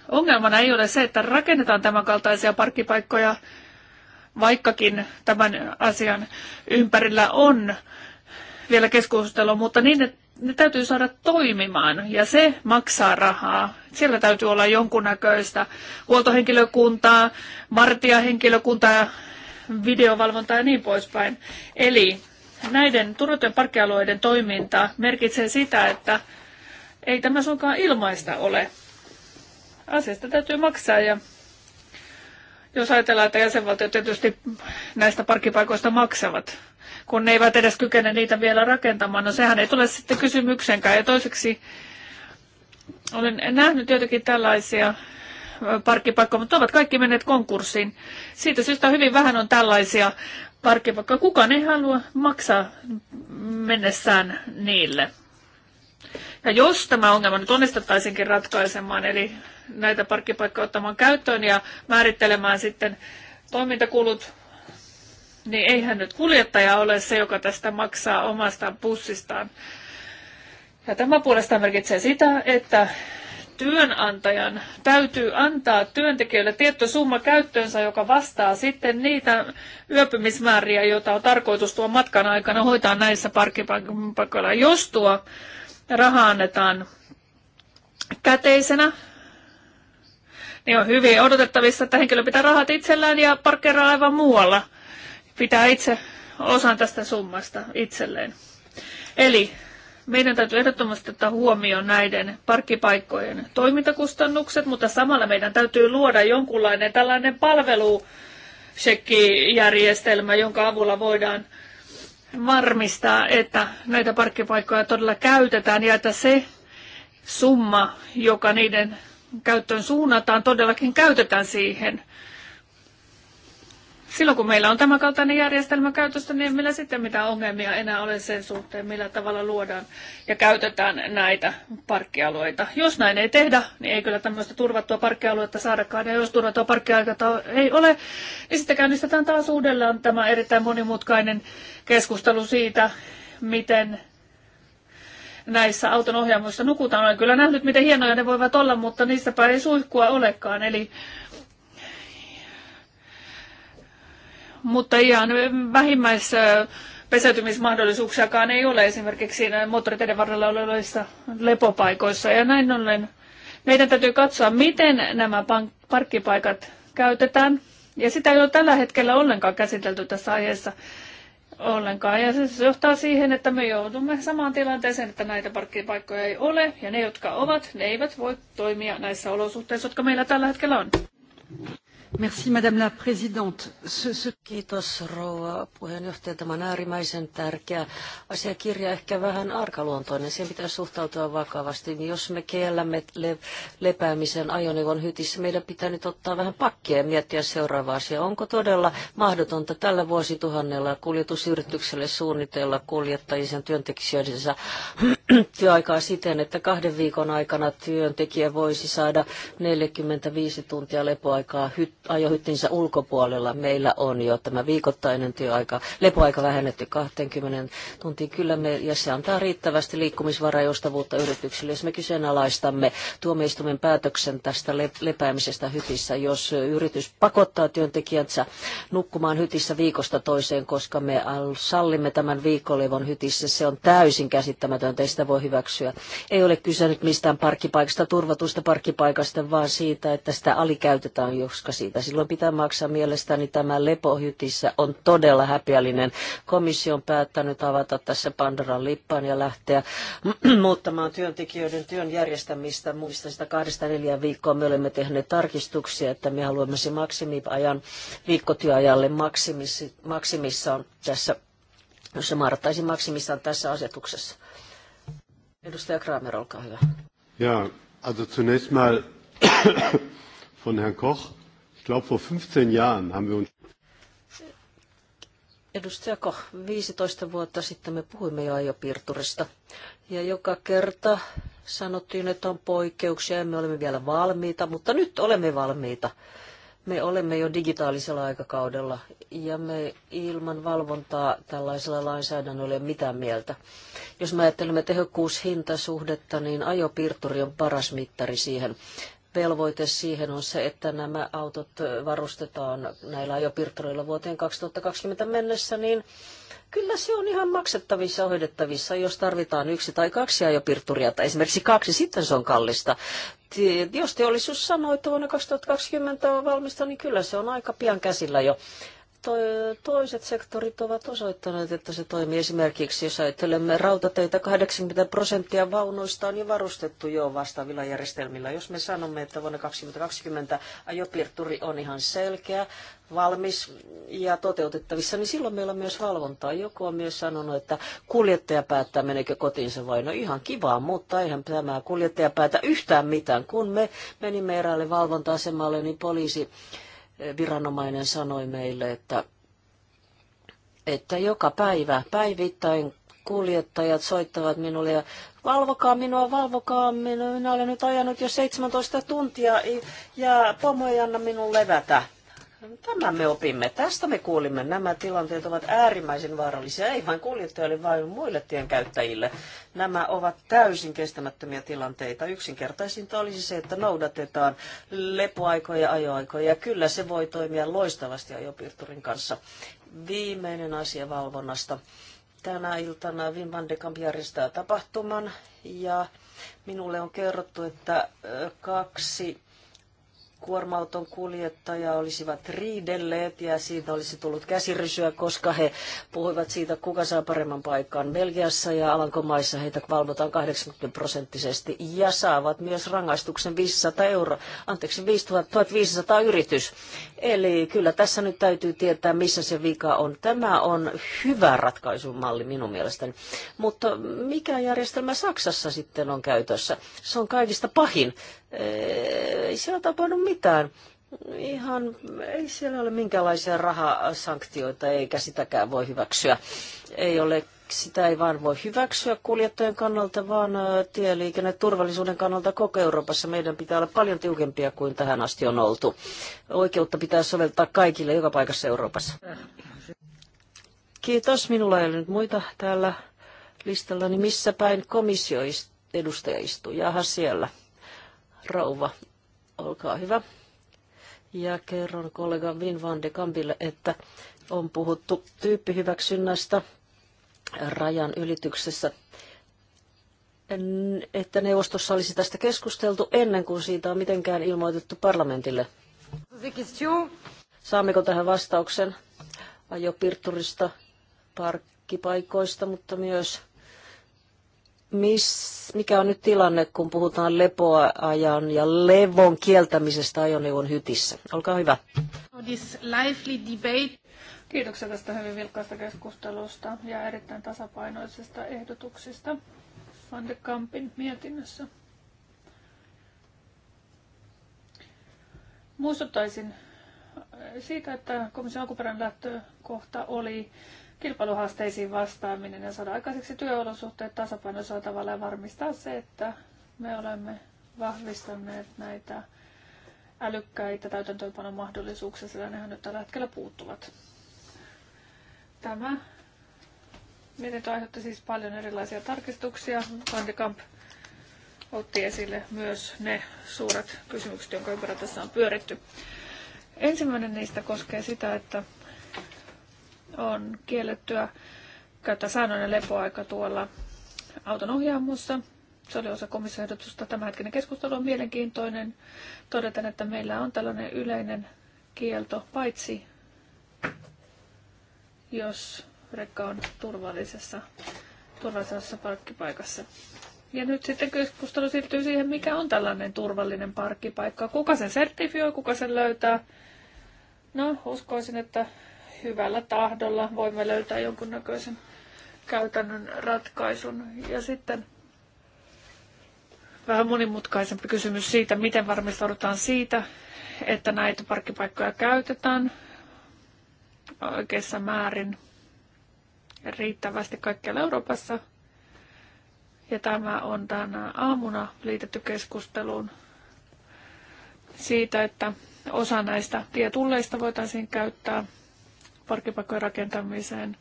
ongelmana ei ole se, että rakennetaan tämän kaltaisia parkkipaikkoja, vaikkakin tämän asian ympärillä on vielä keskustelua, mutta niin, että ne täytyy saada toimimaan ja se maksaa rahaa. Siellä täytyy olla jonkunnäköistä huoltohenkilökuntaa, vartijahenkilökuntaa, videovalvontaa ja niin poispäin. Eli näiden turvattujen parkkialueiden toiminta merkitsee sitä, että ei tämä suinkaan ilmaista ole. Asiasta täytyy maksaa ja jos ajatellaan, että jäsenvaltiot tietysti näistä parkkipaikoista maksavat, kun ne eivät edes kykene niitä vielä rakentamaan, no sehän ei tule sitten kysymyksenkään. Ja toiseksi olen nähnyt jotenkin tällaisia parkkipaikkoja, mutta ovat kaikki menneet konkurssiin. Siitä syystä hyvin vähän on tällaisia parkkipaikkoja. Kukaan ei halua maksaa mennessään niille. Ja jos tämä ongelma nyt onnistettaisinkin ratkaisemaan, eli näitä parkkipaikkoja ottamaan käyttöön ja määrittelemään sitten toimintakulut, niin eihän nyt kuljettaja ole se, joka tästä maksaa omasta bussistaan. Ja tämä puolestaan merkitsee sitä, että työnantajan täytyy antaa työntekijöille tietty summa käyttöönsä, joka vastaa sitten niitä yöpymismääriä, joita on tarkoitus tuon matkan aikana hoitaa näissä parkkipaikoilla. Jos tuo raha annetaan käteisenä, niin on hyvin odotettavissa, että henkilö pitää rahat itsellään ja parkkeeraa aivan muualla. Pitää itse osan tästä summasta itselleen. Eli meidän täytyy ehdottomasti ottaa huomioon näiden parkkipaikkojen toimintakustannukset, mutta samalla meidän täytyy luoda jonkunlainen tällainen palvelusekkijärjestelmä, jonka avulla voidaan varmistaa, että näitä parkkipaikkoja todella käytetään ja että se summa, joka niiden käyttöön suunnataan, todellakin käytetään siihen – silloin kun meillä on tämä kaltainen järjestelmä käytössä, niin meillä sitten mitään ongelmia enää ole sen suhteen, millä tavalla luodaan ja käytetään näitä parkkialueita. Jos näin ei tehdä, niin ei kyllä tämmöistä turvattua parkkialuetta saadakaan. Ja jos turvattua parkkialuetta ei ole, niin sitten käynnistetään taas uudelleen tämä erittäin monimutkainen keskustelu siitä, miten näissä auton ohjaamoissa nukutaan. Olen kyllä nähnyt, miten hienoja ne voivat olla, mutta niistäpä ei suihkua olekaan. Eli mutta ihan vähimmäis pesäytymismahdollisuuksiakaan ei ole esimerkiksi moottoriteiden varrella olevissa lepopaikoissa. Ja näin ollen meidän täytyy katsoa, miten nämä parkkipaikat käytetään. Ja sitä ei ole tällä hetkellä ollenkaan käsitelty tässä aiheessa ollenkaan. Ja se johtaa siihen, että me joudumme samaan tilanteeseen, että näitä parkkipaikkoja ei ole. Ja ne, jotka ovat, ne eivät voi toimia näissä olosuhteissa, jotka meillä tällä hetkellä on. Merci, Madame la Présidente. Kiitos, rouva puheenjohtaja. Tämä on äärimmäisen tärkeä asiakirja, ehkä vähän arkaluontoinen. Siihen pitää suhtautua vakavasti. Niin jos me kiellämme le- lepäämisen ajoneuvon hytissä, meidän pitää nyt ottaa vähän pakkia ja miettiä seuraavaa asiaa. Onko todella mahdotonta tällä vuosituhannella kuljetusyritykselle suunnitella kuljettajien työntekijöidensä [clears throat] työaikaa siten, että kahden viikon aikana työntekijä voisi saada 45 tuntia lepoaikaa hytti? ajohyttinsä ulkopuolella. Meillä on jo tämä viikoittainen työaika, lepoaika vähennetty 20 tuntiin. Kyllä me, ja se antaa riittävästi liikkumisvaraa joustavuutta yrityksille. Jos me kyseenalaistamme tuomioistuimen päätöksen tästä le- lepäämisestä hytissä, jos yritys pakottaa työntekijänsä nukkumaan hytissä viikosta toiseen, koska me sallimme tämän viikolevon hytissä, se on täysin käsittämätöntä, ei sitä voi hyväksyä. Ei ole kyse nyt mistään parkkipaikasta, turvatusta parkkipaikasta, vaan siitä, että sitä alikäytetään, koska siitä siitä silloin pitää maksaa. Mielestäni tämä lepohytissä on todella häpeällinen. Komissio on päättänyt avata tässä Pandoran lippaan ja lähteä [clears throat] muuttamaan työntekijöiden työn järjestämistä. Muista sitä kahdesta neljään viikkoa me olemme tehneet tarkistuksia, että me haluamme se maksimiajan viikkotyöajalle maksimissa, maksimissaan tässä, jos se määrättäisiin maksimissaan tässä asetuksessa. Edustaja Kramer, olkaa hyvä. Ja, also zunächst mal von Herrn Koch glaube, vor 15 Jahren haben wir uns Edustaja Koch, 15 vuotta sitten me puhuimme jo ajopiirturista. Ja joka kerta sanottiin, että on poikkeuksia ja me olemme vielä valmiita, mutta nyt olemme valmiita. Me olemme jo digitaalisella aikakaudella ja me ilman valvontaa tällaisella lainsäädännöllä ei ole mitään mieltä. Jos me ajattelemme tehokkuushintasuhdetta, niin ajopiirturi on paras mittari siihen velvoite siihen on se, että nämä autot varustetaan näillä ajopirtoreilla vuoteen 2020 mennessä, niin kyllä se on ihan maksettavissa ja hoidettavissa, jos tarvitaan yksi tai kaksi ajopirturia, tai esimerkiksi kaksi, sitten se on kallista. Jos teollisuus sanoo, että vuonna 2020 on valmista, niin kyllä se on aika pian käsillä jo toiset sektorit ovat osoittaneet, että se toimii. Esimerkiksi jos ajattelemme rautateitä, 80 prosenttia vaunuista on jo varustettu jo vastaavilla järjestelmillä. Jos me sanomme, että vuonna 2020 ajopiirturi on ihan selkeä, valmis ja toteutettavissa, niin silloin meillä on myös valvontaa. Joku on myös sanonut, että kuljettaja päättää, menekö kotiinsa vai no ihan kivaa, mutta eihän tämä kuljettaja päätä yhtään mitään. Kun me menimme eräälle valvonta-asemalle, niin poliisi viranomainen sanoi meille, että, että joka päivä, päivittäin kuljettajat soittavat minulle ja valvokaa minua, valvokaa minua, minä olen nyt ajanut jo 17 tuntia ja pomo ei anna minun levätä. Tämä me opimme. Tästä me kuulimme. Nämä tilanteet ovat äärimmäisen vaarallisia, ei vain kuljettajille, vaan muille tienkäyttäjille. Nämä ovat täysin kestämättömiä tilanteita. Yksinkertaisinta olisi se, että noudatetaan lepoaikoja ja ajoaikoja. kyllä se voi toimia loistavasti ajopiirturin kanssa. Viimeinen asia valvonnasta. Tänä iltana Wim van de Kamp järjestää tapahtuman ja minulle on kerrottu, että kaksi kuorma-auton kuljettaja olisivat riidelleet ja siitä olisi tullut käsirysyä, koska he puhuivat siitä, kuka saa paremman paikan. Belgiassa ja Alankomaissa heitä valvotaan 80 prosenttisesti ja saavat myös rangaistuksen 500 euroa, anteeksi 1500 yritys. Eli kyllä tässä nyt täytyy tietää, missä se vika on. Tämä on hyvä ratkaisumalli minun mielestäni. Mutta mikä järjestelmä Saksassa sitten on käytössä? Se on kaikista pahin ei siellä tapahdu mitään. Ihan, ei siellä ole minkäänlaisia rahasanktioita, eikä sitäkään voi hyväksyä. Ei ole, sitä ei vaan voi hyväksyä kuljettajien kannalta, vaan tieliikenneturvallisuuden kannalta koko Euroopassa meidän pitää olla paljon tiukempia kuin tähän asti on oltu. Oikeutta pitää soveltaa kaikille joka paikassa Euroopassa. Kiitos. Minulla ei ole nyt muita täällä listalla, niin missä päin komissio edustaja istuu? Jaha, siellä rouva. Olkaa hyvä. Ja kerron kollega Vin van de Kampille, että on puhuttu tyyppihyväksynnästä rajan ylityksessä että neuvostossa olisi tästä keskusteltu ennen kuin siitä on mitenkään ilmoitettu parlamentille. Saammeko tähän vastauksen ajopirturista, parkkipaikoista, mutta myös mikä on nyt tilanne, kun puhutaan lepoajan ja levon kieltämisestä ajoneuvon hytissä? Olkaa hyvä. Kiitoksia tästä hyvin vilkkaasta keskustelusta ja erittäin tasapainoisesta ehdotuksista Van de Kampin mietinnössä. Muistuttaisin siitä, että komission alkuperäinen lähtökohta oli kilpailuhaasteisiin vastaaminen ja saada aikaiseksi työolosuhteet tasapainoisella tavalla ja varmistaa se, että me olemme vahvistaneet näitä älykkäitä täytäntöönpanon mahdollisuuksia, sillä nehän nyt tällä hetkellä puuttuvat. Tämä mietintö aiheutti siis paljon erilaisia tarkistuksia. Kandikamp otti esille myös ne suuret kysymykset, jonka ympärillä tässä on pyöritty. Ensimmäinen niistä koskee sitä, että on kiellettyä käyttää säännöllinen lepoaika tuolla auton ohjaamossa. Se oli osa komissioehdotusta. Tämänhetkinen keskustelu on mielenkiintoinen. Todetaan, että meillä on tällainen yleinen kielto, paitsi jos rekka on turvallisessa, turvallisessa parkkipaikassa. Ja nyt sitten keskustelu siirtyy siihen, mikä on tällainen turvallinen parkkipaikka. Kuka sen sertifioi, kuka sen löytää. No, uskoisin, että hyvällä tahdolla voimme löytää jonkunnäköisen käytännön ratkaisun. Ja sitten vähän monimutkaisempi kysymys siitä, miten varmistaudutaan siitä, että näitä parkkipaikkoja käytetään oikeassa määrin riittävästi kaikkialla Euroopassa. Ja tämä on tänä aamuna liitetty keskusteluun siitä, että osa näistä tietulleista voitaisiin käyttää parkkipaikkojen rakentamiseen.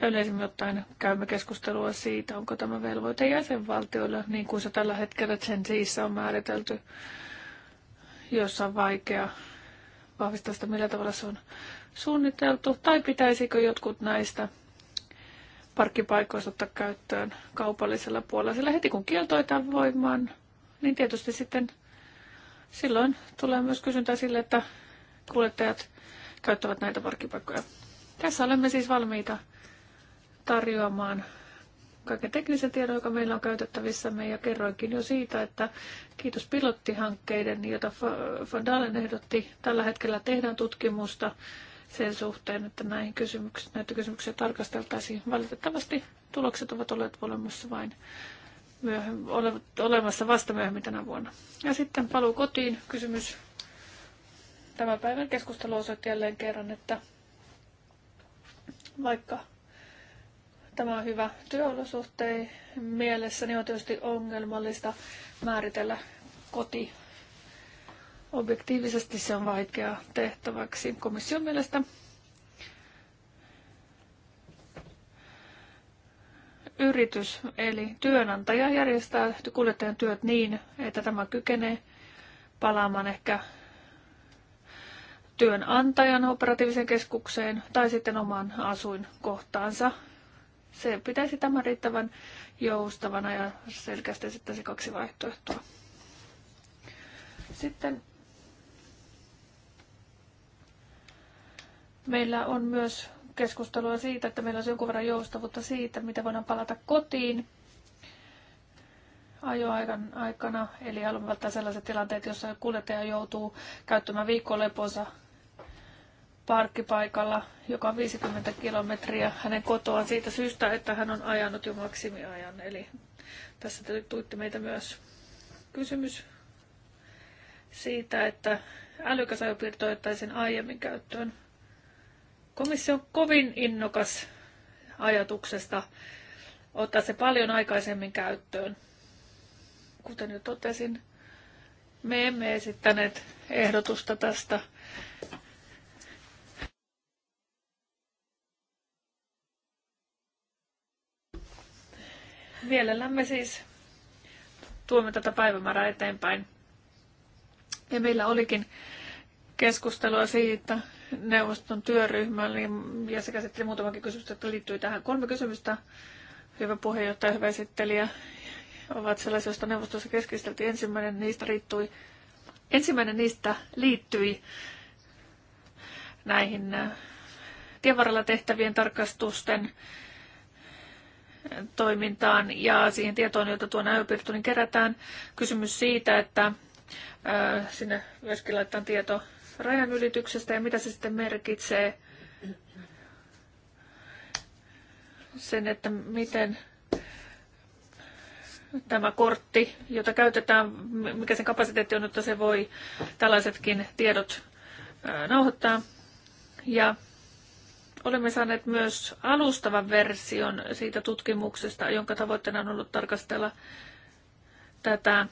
Ja yleisemmin ottaen käymme keskustelua siitä, onko tämä velvoite jäsenvaltioille, niin kuin se tällä hetkellä sen siissä on määritelty, jossa on vaikea vahvistaa sitä, millä tavalla se on suunniteltu, tai pitäisikö jotkut näistä parkkipaikoista ottaa käyttöön kaupallisella puolella. Sillä heti kun kieltoitaan voimaan, niin tietysti sitten silloin tulee myös kysyntä sille, että kuljettajat käyttävät näitä parkkipaikkoja tässä olemme siis valmiita tarjoamaan kaiken teknisen tiedon, joka meillä on käytettävissämme, ja kerroinkin jo siitä, että kiitos pilottihankkeiden, joita Van Dalen ehdotti, tällä hetkellä tehdään tutkimusta sen suhteen, että näihin kysymyksiin, näitä kysymyksiä tarkasteltaisiin. Valitettavasti tulokset ovat olleet olemassa vain olemassa vasta myöhemmin tänä vuonna. Ja sitten paluu kotiin kysymys. Tämän päivän keskustelu osoitti jälleen kerran, että vaikka tämä on hyvä työolosuhteen mielessä, niin on tietysti ongelmallista määritellä koti. Objektiivisesti se on vaikea tehtäväksi komission mielestä. Yritys eli työnantaja järjestää kuljettajan työt niin, että tämä kykenee palaamaan ehkä työnantajan operatiiviseen keskukseen tai sitten omaan asuinkohtaansa. Se pitäisi tämän riittävän joustavana ja selkeästi sitten se kaksi vaihtoehtoa. Sitten meillä on myös keskustelua siitä, että meillä on jonkun verran joustavuutta siitä, mitä voidaan palata kotiin ajoaikan aikana. Eli haluamme välttää sellaiset tilanteet, joissa kuljettaja joutuu käyttämään viikkoleponsa parkkipaikalla joka 50 kilometriä hänen kotoaan siitä syystä, että hän on ajanut jo maksimiajan. Eli tässä tuitti meitä myös kysymys siitä, että älykäs ajopiirto otettaisiin aiemmin käyttöön. Komissio on kovin innokas ajatuksesta ottaa se paljon aikaisemmin käyttöön. Kuten jo totesin, me emme esittäneet ehdotusta tästä Mielellämme siis tuomme tätä päivämäärää eteenpäin. Ja meillä olikin keskustelua siitä neuvoston työryhmällä, ja se käsitteli muutamankin kysymystä, jotka liittyy tähän. Kolme kysymystä, hyvä puheenjohtaja, hyvä esittelijä, ovat sellaisia, joista neuvostossa keskusteltiin. Ensimmäinen niistä, riittui, ensimmäinen niistä liittyi näihin äh, tien tehtävien tarkastusten toimintaan ja siihen tietoon, jota tuon ajopiirturin niin kerätään. Kysymys siitä, että sinne myöskin laitetaan tieto ylityksestä ja mitä se sitten merkitsee sen, että miten tämä kortti, jota käytetään, mikä sen kapasiteetti on, että se voi tällaisetkin tiedot nauhoittaa. Ja Olemme saaneet myös alustavan version siitä tutkimuksesta, jonka tavoitteena on ollut tarkastella tätä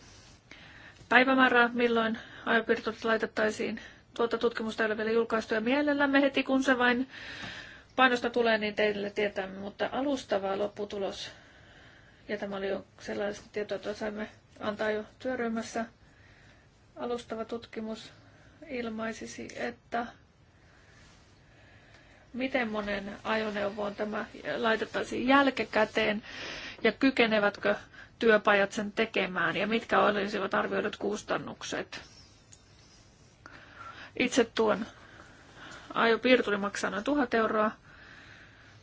päivämäärää, milloin ajopiirtot laitettaisiin. Tuota tutkimusta ei ole vielä julkaistu ja mielellämme heti, kun se vain painosta tulee, niin teille tietää, mutta alustava lopputulos. Ja tämä oli jo sellaista tietoa, että saimme antaa jo työryhmässä. Alustava tutkimus ilmaisisi, että miten monen ajoneuvoon tämä laitettaisiin jälkikäteen ja kykenevätkö työpajat sen tekemään ja mitkä olisivat arvioidut kustannukset. Itse tuon ajopiirturi maksaa noin tuhat euroa,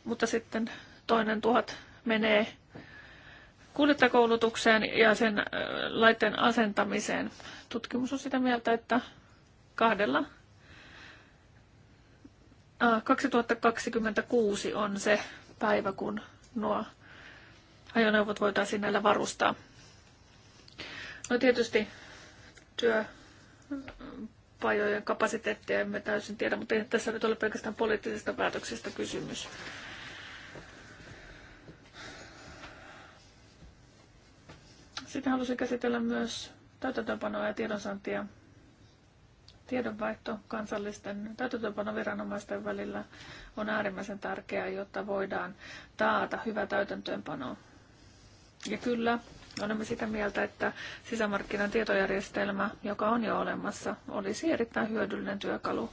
mutta sitten toinen tuhat menee kuljettajakoulutukseen ja sen äh, laitteen asentamiseen. Tutkimus on sitä mieltä, että kahdella 2026 on se päivä, kun nuo ajoneuvot voitaisiin näillä varustaa. No tietysti työpajojen kapasiteettia emme täysin tiedä, mutta ei tässä nyt ole pelkästään poliittisesta päätöksestä kysymys. Sitten halusin käsitellä myös täytäntöönpanoa ja tiedonsaantia tiedonvaihto kansallisten täytäntöönpanoviranomaisten välillä on äärimmäisen tärkeää, jotta voidaan taata hyvä täytäntöönpano. Ja kyllä, olemme sitä mieltä, että sisämarkkinan tietojärjestelmä, joka on jo olemassa, olisi erittäin hyödyllinen työkalu,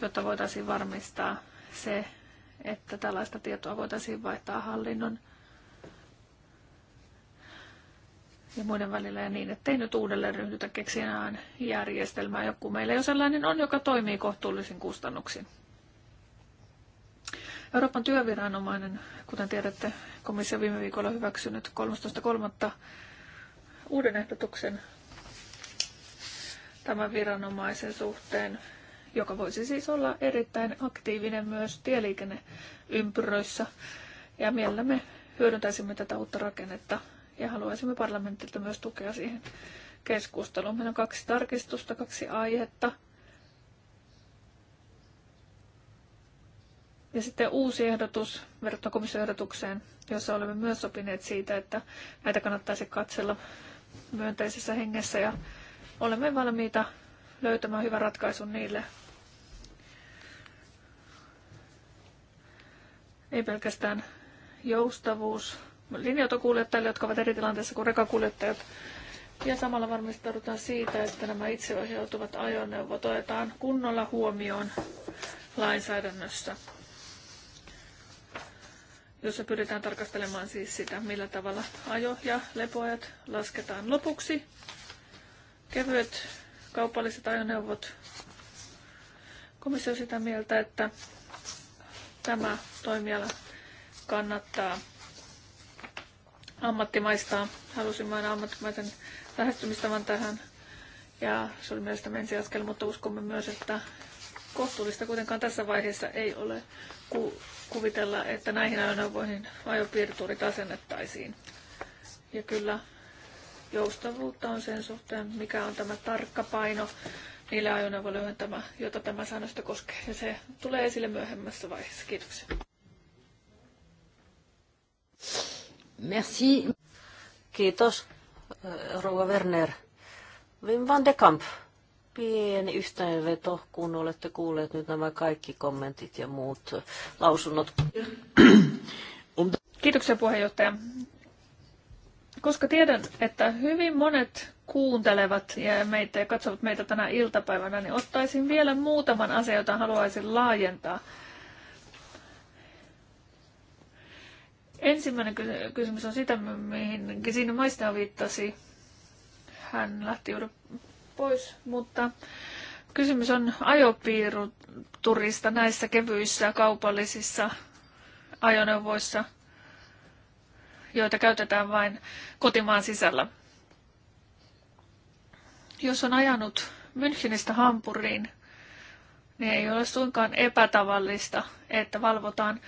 jotta voitaisiin varmistaa se, että tällaista tietoa voitaisiin vaihtaa hallinnon ja muiden välillä ja niin, ettei nyt uudelleen ryhdytä keksinään järjestelmää, joku meillä jo sellainen on, joka toimii kohtuullisin kustannuksin. Euroopan työviranomainen, kuten tiedätte, komissio viime viikolla hyväksynyt 13.3. uuden ehdotuksen tämän viranomaisen suhteen, joka voisi siis olla erittäin aktiivinen myös tieliikenneympyröissä. Ja mielellämme hyödyntäisimme tätä uutta rakennetta ja haluaisimme parlamentilta myös tukea siihen keskusteluun. Meillä on kaksi tarkistusta, kaksi aihetta. Ja sitten uusi ehdotus verrattuna komissioehdotukseen, jossa olemme myös sopineet siitä, että näitä kannattaisi katsella myönteisessä hengessä ja olemme valmiita löytämään hyvän ratkaisun niille. Ei pelkästään joustavuus linja-autokuljettajille, jotka ovat eri tilanteessa kuin rekakuljettajat. Ja samalla varmistaudutaan siitä, että nämä itseohjautuvat ajoneuvot otetaan kunnolla huomioon lainsäädännössä, jossa pyritään tarkastelemaan siis sitä, millä tavalla ajo- ja lepoajat lasketaan lopuksi. Kevyet kaupalliset ajoneuvot. Komissio sitä mieltä, että tämä toimiala kannattaa Ammattimaista Halusin vain ammattimaisen lähestymistavan tähän. Ja se oli mielestäni ensiaskel, mutta uskomme myös, että kohtuullista kuitenkaan tässä vaiheessa ei ole ku- kuvitella, että näihin ajoneuvoihin ajopiirturit asennettaisiin. Ja kyllä joustavuutta on sen suhteen, mikä on tämä tarkka paino niille ajoneuvoille, jota tämä säännöstä koskee. Ja se tulee esille myöhemmässä vaiheessa. Kiitoksia. Merci. Kiitos, Rouva Werner. Wim van de Kamp, pieni yhteenveto, kun olette kuulleet nyt nämä kaikki kommentit ja muut lausunnot. Kiitoksia puheenjohtaja. Koska tiedän, että hyvin monet kuuntelevat ja meitä ja katsovat meitä tänä iltapäivänä, niin ottaisin vielä muutaman asian, jota haluaisin laajentaa Ensimmäinen kysymys on sitä, mihin Gesine maista viittasi. Hän lähti juuri pois, mutta kysymys on ajopiiruturista näissä kevyissä kaupallisissa ajoneuvoissa, joita käytetään vain kotimaan sisällä. Jos on ajanut Münchenistä Hampuriin, niin ei ole suinkaan epätavallista, että valvotaan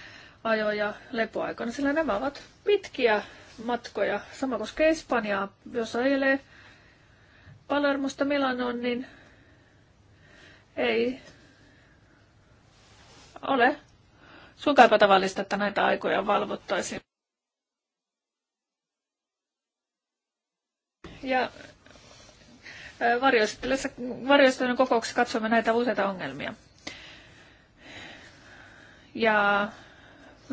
ajoja lepoaikana, sillä nämä ovat pitkiä matkoja. Sama koskee Espanjaa, jos ajelee Palermosta Milanoon, niin ei ole suinkaanpa tavallista, että näitä aikoja valvottaisiin. Ja varjoistelun kokouksessa katsomme näitä useita ongelmia. Ja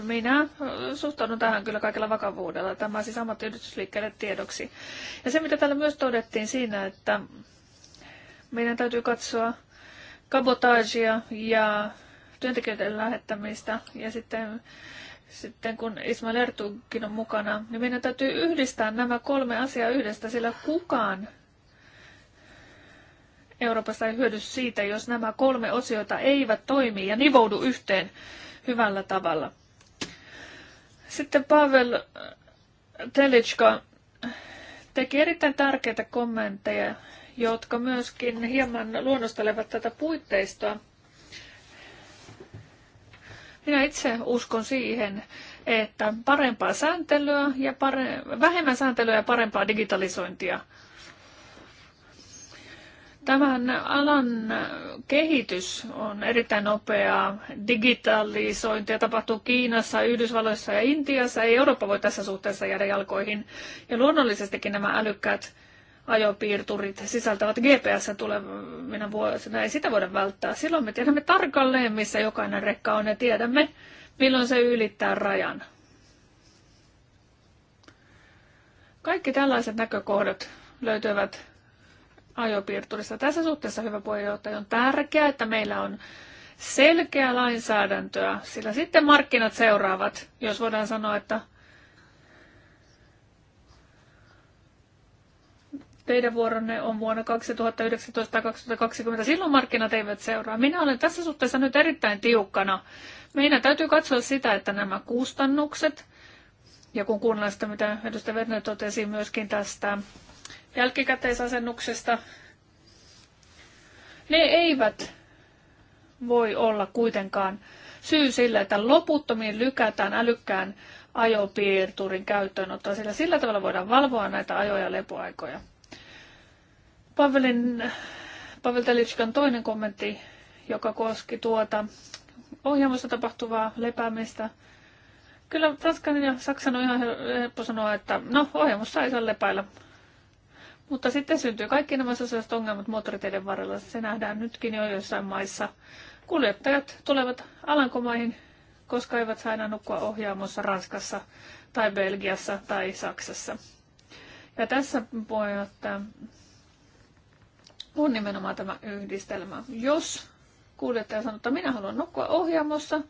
minä suhtaudun tähän kyllä kaikella vakavuudella. Tämä siis ammattiyhdistysliikkeelle tiedoksi. Ja se, mitä täällä myös todettiin siinä, että meidän täytyy katsoa kabotaasia ja työntekijöiden lähettämistä ja sitten, sitten kun Ismail Ertugkin on mukana, niin meidän täytyy yhdistää nämä kolme asiaa yhdestä, sillä kukaan Euroopassa ei hyödy siitä, jos nämä kolme osiota eivät toimi ja nivoudu yhteen hyvällä tavalla. Sitten Pavel Telitska teki erittäin tärkeitä kommentteja, jotka myöskin hieman luonnostelevat tätä puitteistoa. Minä itse uskon siihen, että parempaa sääntelyä ja pare- vähemmän sääntelyä ja parempaa digitalisointia – Tämän alan kehitys on erittäin nopeaa. Digitalisointia tapahtuu Kiinassa, Yhdysvalloissa ja Intiassa. Ei Eurooppa voi tässä suhteessa jäädä jalkoihin. Ja luonnollisestikin nämä älykkäät ajopiirturit sisältävät GPS tulevina vuosina. Ei sitä voida välttää. Silloin me tiedämme tarkalleen, missä jokainen rekka on ja tiedämme, milloin se ylittää rajan. Kaikki tällaiset näkökohdat löytyvät ajopiirturista. Tässä suhteessa, hyvä puheenjohtaja, on tärkeää, että meillä on selkeää lainsäädäntöä, sillä sitten markkinat seuraavat, jos voidaan sanoa, että teidän vuoronne on vuonna 2019-2020. Silloin markkinat eivät seuraa. Minä olen tässä suhteessa nyt erittäin tiukkana. Meidän täytyy katsoa sitä, että nämä kustannukset, ja kun kuunnellaan sitä, mitä edustaja Werner totesi myöskin tästä jälkikäteisasennuksesta, ne eivät voi olla kuitenkaan syy sille, että loputtomiin lykätään älykkään ajopiirturin käyttöönottoa, sillä sillä tavalla voidaan valvoa näitä ajoja ja lepoaikoja. Pavelin, Pavel Telitskan toinen kommentti, joka koski tuota ohjaamossa tapahtuvaa lepäämistä. Kyllä Ranskan ja Saksan on ihan helppo sanoa, että no ohjaamossa ei saa lepäillä. Mutta sitten syntyy kaikki nämä sosiaaliset ongelmat moottoriteiden varrella. Se nähdään nytkin jo joissain maissa. Kuljettajat tulevat Alankomaihin, koska eivät saa enää nukkua ohjaamossa Ranskassa tai Belgiassa tai Saksassa. Ja tässä että on nimenomaan tämä yhdistelmä. Jos kuljettaja sanoo, että minä haluan nukkua ohjaamossa,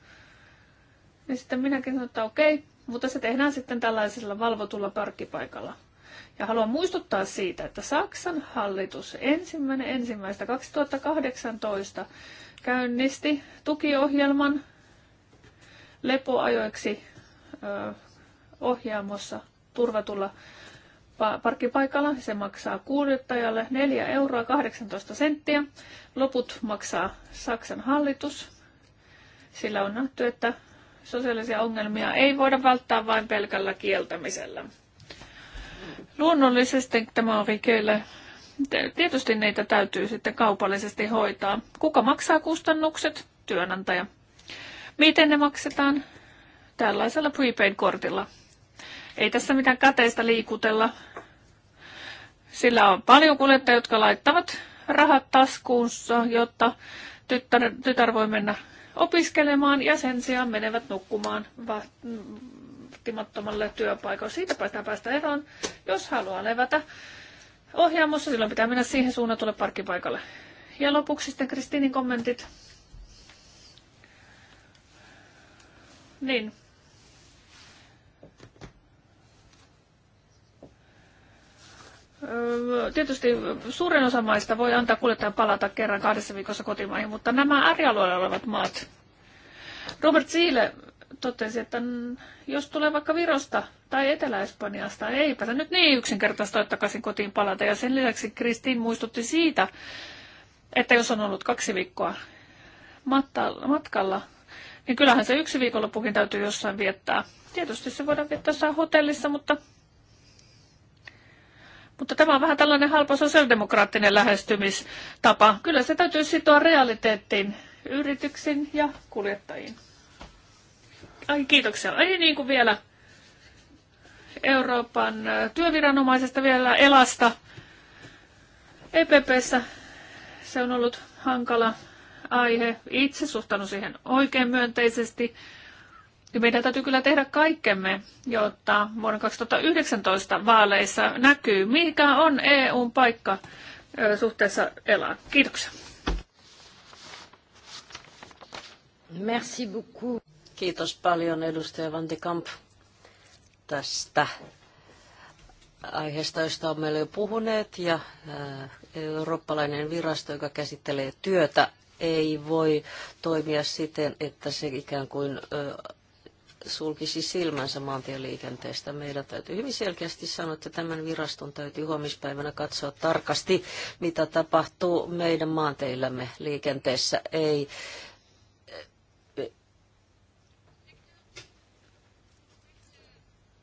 niin sitten minäkin sanon, että okei, mutta se tehdään sitten tällaisella valvotulla parkkipaikalla. Ja haluan muistuttaa siitä, että Saksan hallitus ensimmäinen ensimmäistä 2018 käynnisti tukiohjelman lepoajoiksi ö, ohjaamossa turvatulla parkkipaikalla. Se maksaa kuljettajalle 4 euroa 18 senttiä. Loput maksaa Saksan hallitus. Sillä on nähty, että sosiaalisia ongelmia ei voida välttää vain pelkällä kieltämisellä. Luonnollisesti tämä on vikeillä. Tietysti niitä täytyy sitten kaupallisesti hoitaa. Kuka maksaa kustannukset? Työnantaja. Miten ne maksetaan? Tällaisella prepaid-kortilla. Ei tässä mitään käteistä liikutella. Sillä on paljon kuljettajia, jotka laittavat rahat taskuunsa, jotta tytär, tytär voi mennä opiskelemaan ja sen sijaan menevät nukkumaan vaatimattomalle työpaikalle. Siitä päästään päästä eroon, jos haluaa levätä ohjaamossa, silloin pitää mennä siihen suunnatulle parkkipaikalle. Ja lopuksi sitten Kristiinin kommentit. Niin. Öö, tietysti suurin osa maista voi antaa kuljettajan palata kerran kahdessa viikossa kotimaihin, mutta nämä äärialueilla olevat maat. Robert Siile totesi, että jos tulee vaikka Virosta tai Etelä-Espanjasta, eipä se nyt niin yksinkertaista ole takaisin kotiin palata. Ja sen lisäksi Kristiin muistutti siitä, että jos on ollut kaksi viikkoa matkalla, niin kyllähän se yksi viikonloppukin täytyy jossain viettää. Tietysti se voidaan viettää jossain hotellissa, mutta, mutta tämä on vähän tällainen halpa sosiaalidemokraattinen lähestymistapa. Kyllä se täytyy sitoa realiteettiin, yrityksiin ja kuljettajiin. Ai kiitoksia. Ei niin kuin vielä Euroopan työviranomaisesta vielä Elasta. EPPssä se on ollut hankala aihe. Itse suhtaudun siihen oikein myönteisesti. Ja meidän täytyy kyllä tehdä kaikkemme, jotta vuonna 2019 vaaleissa näkyy, mikä on EUn paikka suhteessa elää. Kiitoksia. Merci beaucoup. Kiitos paljon edustaja Vanti Kamp tästä aiheesta, josta on meillä jo puhuneet, ja eurooppalainen virasto, joka käsittelee työtä, ei voi toimia siten, että se ikään kuin sulkisi silmänsä maantieliikenteestä. Meidän täytyy hyvin selkeästi sanoa, että tämän viraston täytyy huomispäivänä katsoa tarkasti, mitä tapahtuu meidän maanteillämme liikenteessä. Ei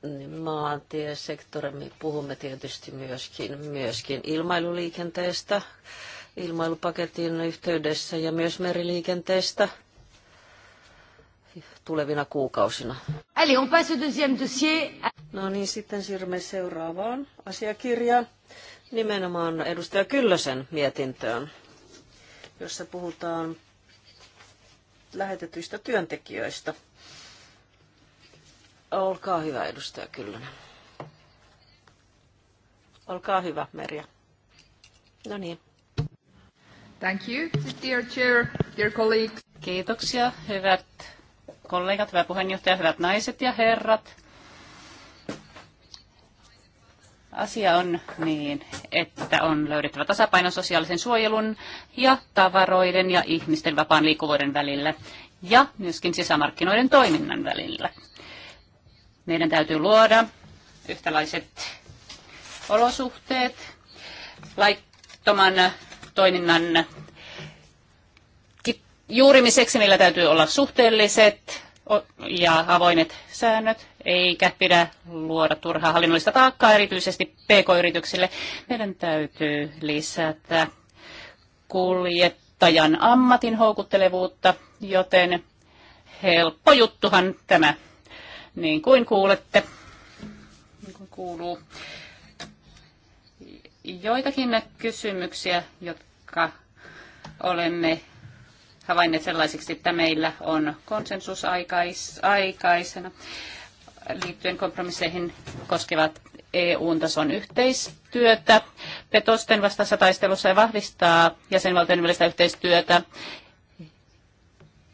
Niin maantiesektori, me puhumme tietysti myöskin, myöskin ilmailuliikenteestä, ilmailupaketin yhteydessä ja myös meriliikenteestä tulevina kuukausina. Eli on päässyt deuxième dossier. No niin, sitten siirrymme seuraavaan asiakirjaan, nimenomaan edustaja Kyllösen mietintöön, jossa puhutaan lähetetyistä työntekijöistä. Olkaa hyvä, edustaja Kyllönen. Olkaa hyvä, Merja. No niin. Thank you, dear chair, dear colleagues. Kiitoksia, hyvät kollegat, hyvä puheenjohtaja, hyvät naiset ja herrat. Asia on niin, että on löydettävä tasapaino sosiaalisen suojelun ja tavaroiden ja ihmisten vapaan liikkuvuuden välillä ja myöskin sisämarkkinoiden toiminnan välillä. Meidän täytyy luoda yhtälaiset olosuhteet laittoman toiminnan juurimiseksi. Meillä täytyy olla suhteelliset ja avoimet säännöt, eikä pidä luoda turhaa hallinnollista taakkaa erityisesti pk-yrityksille. Meidän täytyy lisätä kuljettajan ammatin houkuttelevuutta, joten helppo juttuhan tämä niin kuin kuulette, niin kuin kuuluu. Joitakin kysymyksiä, jotka olemme havainneet sellaisiksi, että meillä on konsensus aikais, aikaisena liittyen kompromisseihin koskevat EU-tason yhteistyötä petosten vastaisessa taistelussa ja vahvistaa jäsenvaltioiden välistä yhteistyötä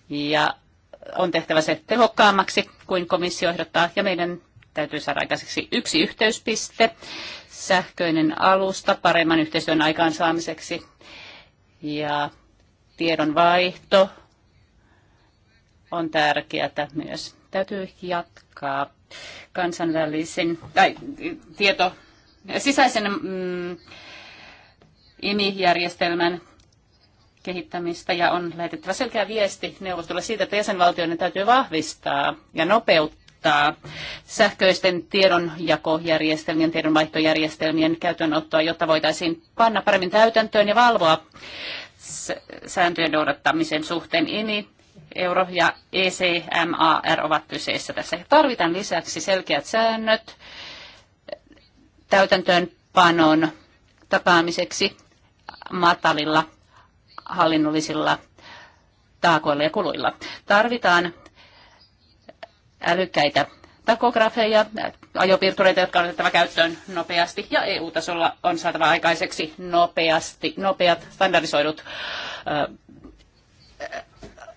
ja on tehtävä se tehokkaammaksi kuin komissio ehdottaa ja meidän täytyy saada aikaiseksi yksi yhteyspiste, sähköinen alusta paremman yhteistyön aikaansaamiseksi ja tiedonvaihto on tärkeää myös. Täytyy jatkaa kansainvälisen tai tieto, sisäisen mm, imi kehittämistä ja on lähetettävä selkeä viesti neuvostolle siitä, että jäsenvaltioiden täytyy vahvistaa ja nopeuttaa sähköisten tiedonjakojärjestelmien, tiedonvaihtojärjestelmien käytönottoa, jotta voitaisiin panna paremmin täytäntöön ja valvoa sääntöjen noudattamisen suhteen. IMI, euro ja ECMAR ovat kyseessä tässä. Tarvitaan lisäksi selkeät säännöt täytäntöönpanon tapaamiseksi matalilla hallinnollisilla taakoilla ja kuluilla. Tarvitaan älykkäitä takografeja, ajopiirtureita, jotka on otettava käyttöön nopeasti, ja EU-tasolla on saatava aikaiseksi nopeasti, nopeat standardisoidut ö,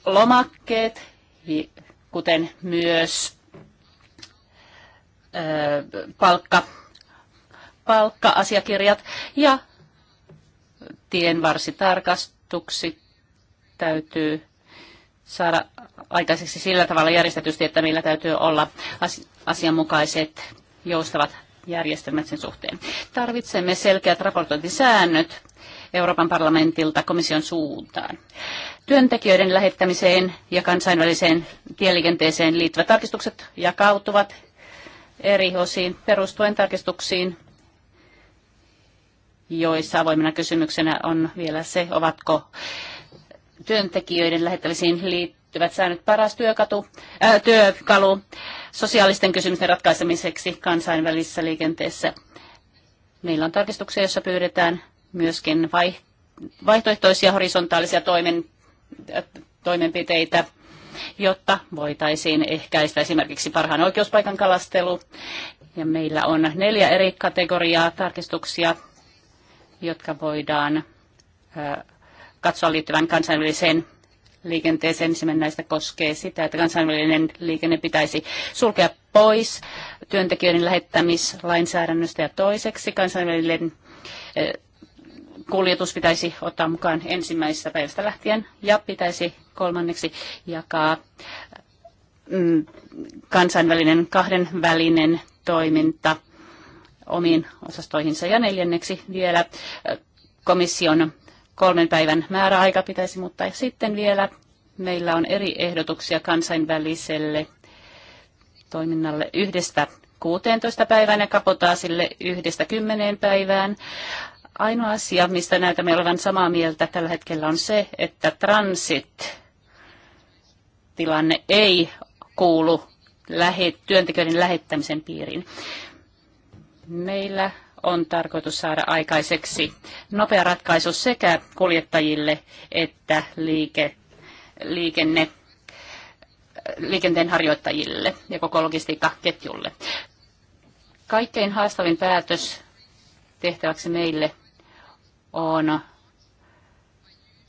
lomakkeet, kuten myös ö, palkka, palkka-asiakirjat ja tienvarsitarkastus uudistuksi täytyy saada aikaiseksi sillä tavalla järjestetysti, että meillä täytyy olla asianmukaiset joustavat järjestelmät sen suhteen. Tarvitsemme selkeät raportointisäännöt Euroopan parlamentilta komission suuntaan. Työntekijöiden lähettämiseen ja kansainväliseen tieliikenteeseen liittyvät tarkistukset jakautuvat eri osiin perustuen tarkistuksiin joissa avoimena kysymyksenä on vielä se, ovatko työntekijöiden lähettämisiin liittyvät säännöt paras työkatu, äh, työkalu sosiaalisten kysymysten ratkaisemiseksi kansainvälisessä liikenteessä. Meillä on tarkistuksia, joissa pyydetään myöskin vaihtoehtoisia horisontaalisia toimen, toimenpiteitä, jotta voitaisiin ehkäistä esimerkiksi parhaan oikeuspaikan kalastelu. Ja meillä on neljä eri kategoriaa tarkistuksia jotka voidaan katsoa liittyvän kansainväliseen liikenteeseen. Ensimmäinen näistä koskee sitä, että kansainvälinen liikenne pitäisi sulkea pois työntekijöiden lähettämislainsäädännöstä ja toiseksi kansainvälinen kuljetus pitäisi ottaa mukaan ensimmäisestä päivästä lähtien ja pitäisi kolmanneksi jakaa mm, kansainvälinen kahdenvälinen toiminta omiin osastoihinsa. Ja neljänneksi vielä komission kolmen päivän määräaika pitäisi muuttaa. Ja sitten vielä meillä on eri ehdotuksia kansainväliselle toiminnalle yhdestä 16 päivään ja kapotaasille yhdestä 10 päivään. Ainoa asia, mistä näytämme olevan samaa mieltä tällä hetkellä on se, että transit tilanne ei kuulu työntekijöiden lähettämisen piiriin. Meillä on tarkoitus saada aikaiseksi nopea ratkaisu sekä kuljettajille että liike, liikenne, liikenteen harjoittajille ja koko logistiikkaketjulle. Kaikkein haastavin päätös tehtäväksi meille on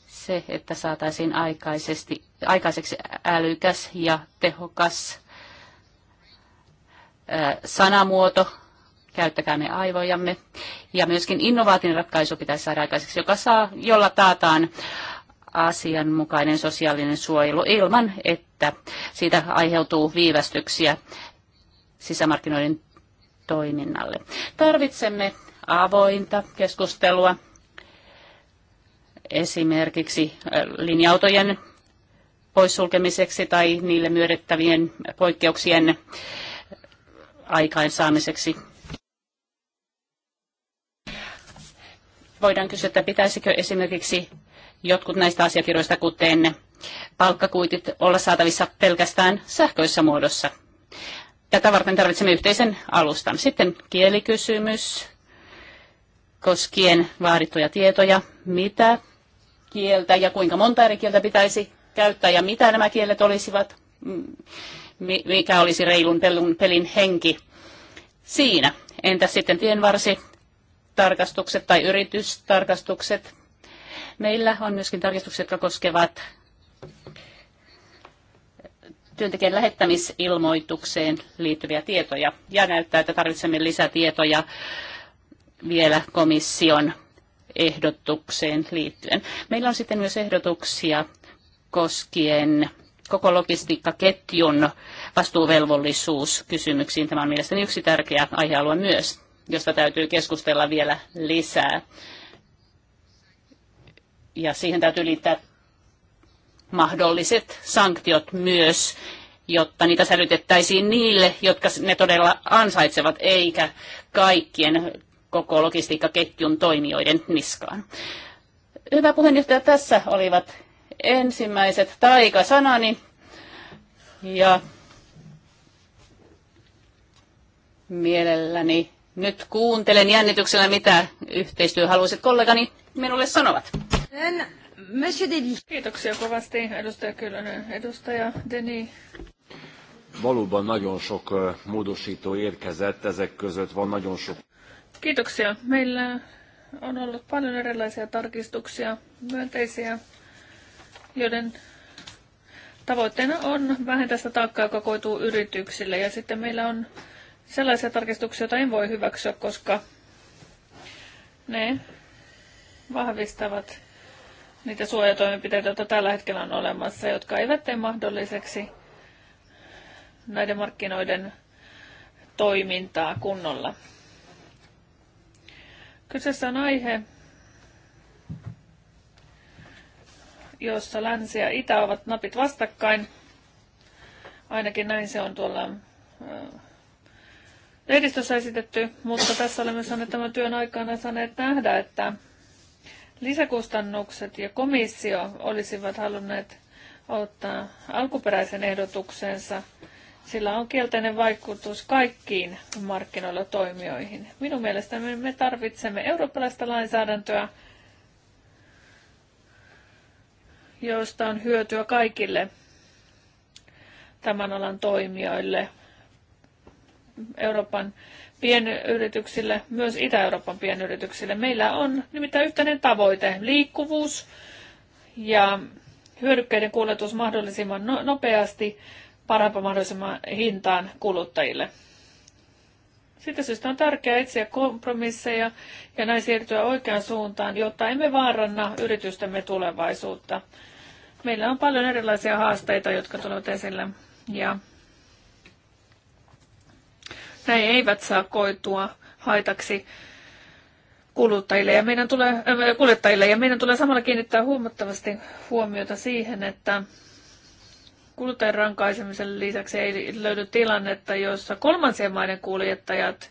se, että saataisiin aikaisesti, aikaiseksi älykäs ja tehokas sanamuoto me aivojamme. Ja myöskin innovaatinen ratkaisu pitäisi saada aikaiseksi, joka saa, jolla taataan asianmukainen sosiaalinen suojelu ilman, että siitä aiheutuu viivästyksiä sisämarkkinoiden toiminnalle. Tarvitsemme avointa keskustelua esimerkiksi linja-autojen poissulkemiseksi tai niille myödettävien poikkeuksien aikaansaamiseksi voidaan kysyä, että pitäisikö esimerkiksi jotkut näistä asiakirjoista, kuten palkkakuitit, olla saatavissa pelkästään sähköisessä muodossa. Tätä varten tarvitsemme yhteisen alustan. Sitten kielikysymys koskien vaadittuja tietoja, mitä kieltä ja kuinka monta eri kieltä pitäisi käyttää ja mitä nämä kielet olisivat, mm, mikä olisi reilun pelin henki siinä. Entä sitten tienvarsi tarkastukset tai yritystarkastukset. Meillä on myöskin tarkastukset, jotka koskevat työntekijän lähettämisilmoitukseen liittyviä tietoja. Ja näyttää, että tarvitsemme lisätietoja vielä komission ehdotukseen liittyen. Meillä on sitten myös ehdotuksia koskien koko logistiikkaketjun vastuuvelvollisuuskysymyksiin. Tämä on mielestäni yksi tärkeä aihealue myös josta täytyy keskustella vielä lisää. Ja siihen täytyy liittää mahdolliset sanktiot myös, jotta niitä sälytettäisiin niille, jotka ne todella ansaitsevat, eikä kaikkien koko logistiikkaketjun toimijoiden niskaan. Hyvä puheenjohtaja, tässä olivat ensimmäiset taikasanani. Ja mielelläni nyt kuuntelen jännityksellä, mitä yhteistyöhaluiset kollegani minulle sanovat. Monsieur Kiitoksia kovasti, edustaja Kyllönen. Edustaja Deni. Valóban nagyon sok módosító érkezett, ezek között van nagyon sok. Kiitoksia. Meillä on ollut paljon erilaisia tarkistuksia, myönteisiä, joiden tavoitteena on vähentää sitä taakkaa, joka koituu yrityksille. Ja sitten meillä on sellaisia tarkistuksia, joita en voi hyväksyä, koska ne vahvistavat niitä suojatoimenpiteitä, joita tällä hetkellä on olemassa, jotka eivät tee mahdolliseksi näiden markkinoiden toimintaa kunnolla. Kyseessä on aihe, jossa länsi ja itä ovat napit vastakkain. Ainakin näin se on tuolla lehdistössä esitetty, mutta tässä olemme saaneet tämän työn aikana saaneet nähdä, että lisäkustannukset ja komissio olisivat halunneet ottaa alkuperäisen ehdotuksensa. Sillä on kielteinen vaikutus kaikkiin markkinoilla toimijoihin. Minun mielestäni me tarvitsemme eurooppalaista lainsäädäntöä, josta on hyötyä kaikille tämän alan toimijoille, Euroopan pienyrityksille, myös Itä-Euroopan pienyrityksille. Meillä on nimittäin yhteinen tavoite, liikkuvuus ja hyödykkeiden kuljetus mahdollisimman no-, nopeasti parempaan mahdollisimman hintaan kuluttajille. Siitä syystä on tärkeää etsiä kompromisseja ja näin siirtyä oikeaan suuntaan, jotta emme vaaranna yritystämme tulevaisuutta. Meillä on paljon erilaisia haasteita, jotka tulevat esille ja ne eivät saa koitua haitaksi kuluttajille ja meidän tulee, kuljettajille. Ja meidän tulee samalla kiinnittää huomattavasti huomiota siihen, että kuluttajan rankaisemisen lisäksi ei löydy tilannetta, jossa kolmansien maiden kuljettajat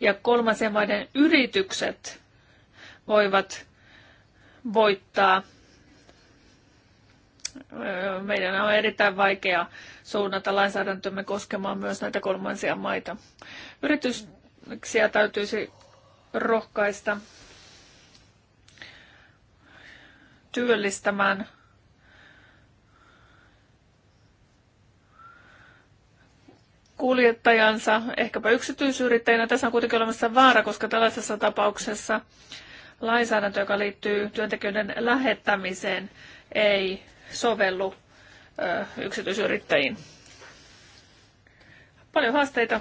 ja kolmansien maiden yritykset voivat voittaa – meidän on erittäin vaikea suunnata lainsäädäntömme koskemaan myös näitä kolmansia maita. Yrityksiä täytyisi rohkaista työllistämään kuljettajansa, ehkäpä yksityisyrittäjänä. Tässä on kuitenkin olemassa vaara, koska tällaisessa tapauksessa lainsäädäntö, joka liittyy työntekijöiden lähettämiseen, ei sovellu yksityisyrittäjiin. Paljon haasteita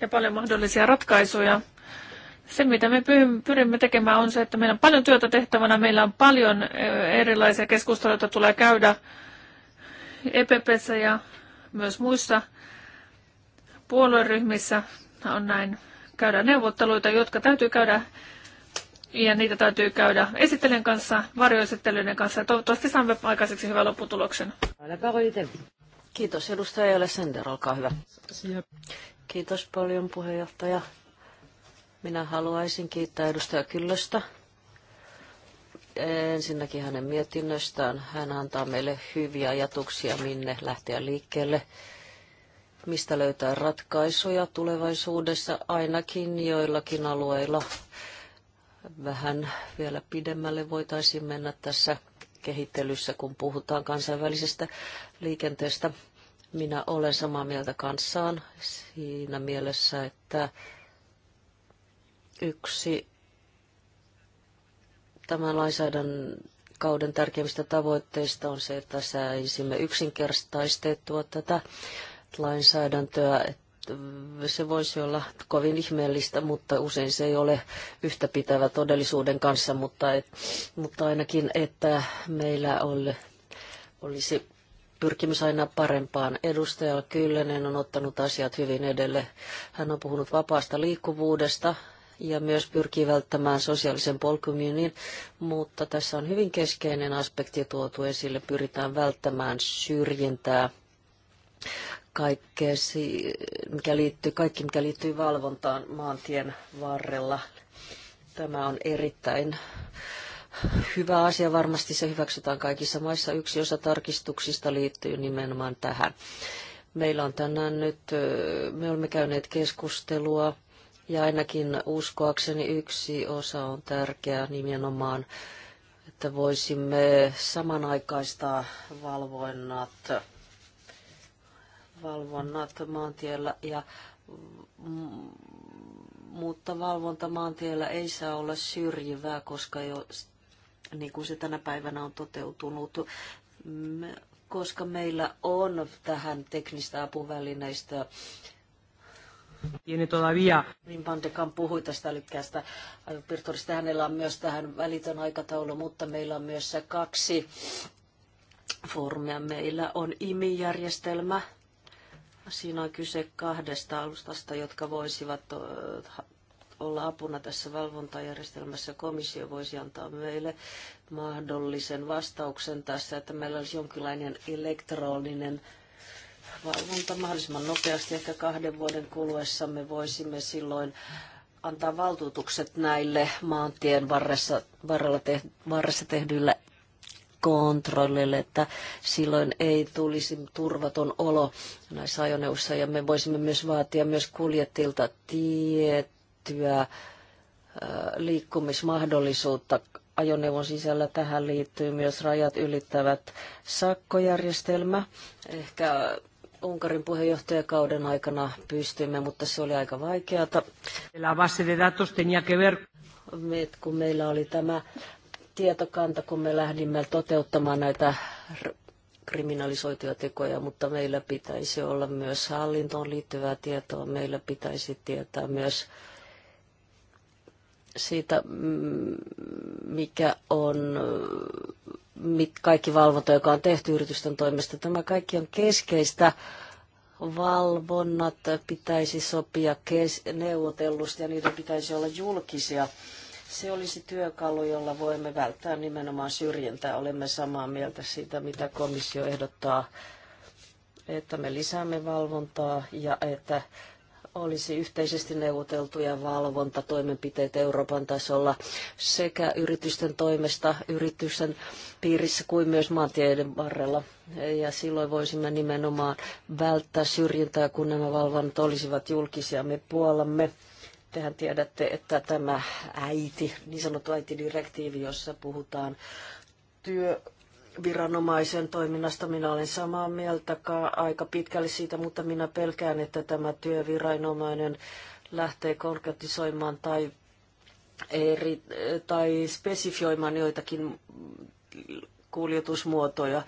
ja paljon mahdollisia ratkaisuja. Se, mitä me pyrimme tekemään, on se, että meillä on paljon työtä tehtävänä, meillä on paljon erilaisia keskusteluja, joita tulee käydä EPPssä ja myös muissa puolueryhmissä on näin käydä neuvotteluita, jotka täytyy käydä ja niitä täytyy käydä esittelijän kanssa, varjoesittelijöiden kanssa ja toivottavasti saamme aikaiseksi hyvän lopputuloksen. Kiitos edustaja Sender, olkaa hyvä. Kiitos paljon puheenjohtaja. Minä haluaisin kiittää edustaja Kyllöstä ensinnäkin hänen mietinnöstään. Hän antaa meille hyviä ajatuksia, minne lähteä liikkeelle, mistä löytää ratkaisuja tulevaisuudessa ainakin joillakin alueilla vähän vielä pidemmälle voitaisiin mennä tässä kehittelyssä, kun puhutaan kansainvälisestä liikenteestä. Minä olen samaa mieltä kanssaan siinä mielessä, että yksi tämän lainsäädännön kauden tärkeimmistä tavoitteista on se, että saisimme yksinkertaistettua tätä lainsäädäntöä, se voisi olla kovin ihmeellistä, mutta usein se ei ole yhtä pitävä todellisuuden kanssa, mutta, et, mutta ainakin, että meillä oli, olisi pyrkimys aina parempaan. Edustaja Kyllönen on ottanut asiat hyvin edelle. Hän on puhunut vapaasta liikkuvuudesta ja myös pyrkii välttämään sosiaalisen polkumyynnin, mutta tässä on hyvin keskeinen aspekti tuotu esille. Pyritään välttämään syrjintää kaikkea, mikä liittyy, kaikki mikä liittyy valvontaan maantien varrella. Tämä on erittäin hyvä asia. Varmasti se hyväksytään kaikissa maissa. Yksi osa tarkistuksista liittyy nimenomaan tähän. Meillä on tänään nyt, me olemme käyneet keskustelua ja ainakin uskoakseni yksi osa on tärkeä nimenomaan, että voisimme samanaikaistaa valvoinnat valvonnat maantiellä ja mm, mutta valvonta maantiellä ei saa olla syrjivää, koska jo niin kuin se tänä päivänä on toteutunut, koska meillä on tähän teknistä apuvälineistä Tiene todavía. Niin Pandekan puhui tästä lykkäästä ajopiirturista. Hänellä on myös tähän välitön aikataulu, mutta meillä on myös kaksi foorumia. Meillä on IMI-järjestelmä, Siinä on kyse kahdesta alustasta, jotka voisivat olla apuna tässä valvontajärjestelmässä. Komissio voisi antaa meille mahdollisen vastauksen tässä, että meillä olisi jonkinlainen elektroninen valvonta mahdollisimman nopeasti. Ehkä kahden vuoden kuluessa me voisimme silloin antaa valtuutukset näille maantien varressa, varrella te, varressa tehdyillä kontrollille, että silloin ei tulisi turvaton olo näissä ajoneuvoissa. Ja me voisimme myös vaatia myös kuljettilta tiettyä liikkumismahdollisuutta ajoneuvon sisällä. Tähän liittyy myös rajat ylittävät sakkojärjestelmä. Ehkä Unkarin puheenjohtajakauden aikana pystyimme, mutta se oli aika vaikeata. La base de datos tenía que ver. kun meillä oli tämä tietokanta, kun me lähdimme toteuttamaan näitä kriminalisoituja tekoja, mutta meillä pitäisi olla myös hallintoon liittyvää tietoa. Meillä pitäisi tietää myös siitä, mikä on mit, kaikki valvonta, joka on tehty yritysten toimesta. Tämä kaikki on keskeistä. Valvonnat pitäisi sopia kes, neuvotellusti ja niiden pitäisi olla julkisia se olisi työkalu, jolla voimme välttää nimenomaan syrjintää. Olemme samaa mieltä siitä, mitä komissio ehdottaa, että me lisäämme valvontaa ja että olisi yhteisesti neuvoteltuja valvontatoimenpiteitä Euroopan tasolla sekä yritysten toimesta, yritysten piirissä kuin myös maantieiden varrella. Ja silloin voisimme nimenomaan välttää syrjintää, kun nämä valvonnat olisivat julkisia. Me puolamme Tehän tiedätte, että tämä äiti, niin sanottu äitidirektiivi, jossa puhutaan työ, viranomaisen toiminnasta minä olen samaa mieltä aika pitkälle siitä, mutta minä pelkään, että tämä työviranomainen lähtee konkretisoimaan tai, eri, tai spesifioimaan joitakin kuljetusmuotoja,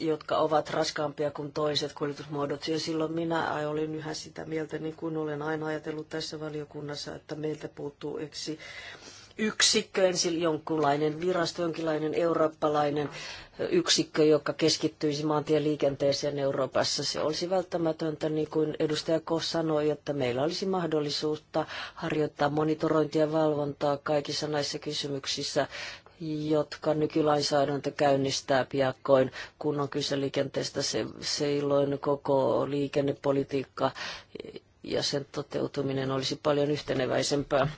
jotka ovat raskaampia kuin toiset kuljetusmuodot. Ja silloin minä olin yhä sitä mieltä, niin kuin olen aina ajatellut tässä valiokunnassa, että meiltä puuttuu yksi yksikkö, ensin jonkunlainen virasto, jonkinlainen eurooppalainen yksikkö, joka keskittyisi maantieliikenteeseen Euroopassa. Se olisi välttämätöntä, niin kuin edustaja Koh sanoi, että meillä olisi mahdollisuutta harjoittaa monitorointia ja valvontaa kaikissa näissä kysymyksissä, jotka nykylainsäädäntö käynnistää piakkoin, kun on kyse liikenteestä. Se, silloin koko liikennepolitiikka ja sen toteutuminen olisi paljon yhteneväisempää.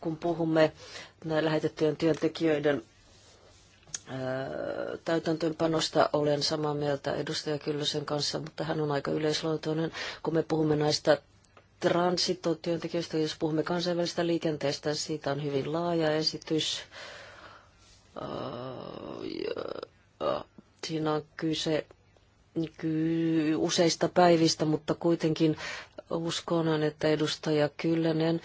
Kun puhumme lähetettyjen työntekijöiden täytäntöönpanosta olen samaa mieltä edustaja Kyllösen kanssa, mutta hän on aika yleisluontoinen. Kun me puhumme näistä transitotyöntekijöistä, jos puhumme kansainvälistä liikenteestä, siitä on hyvin laaja esitys. Siinä on kyse useista päivistä, mutta kuitenkin uskon, että edustaja Kyllönen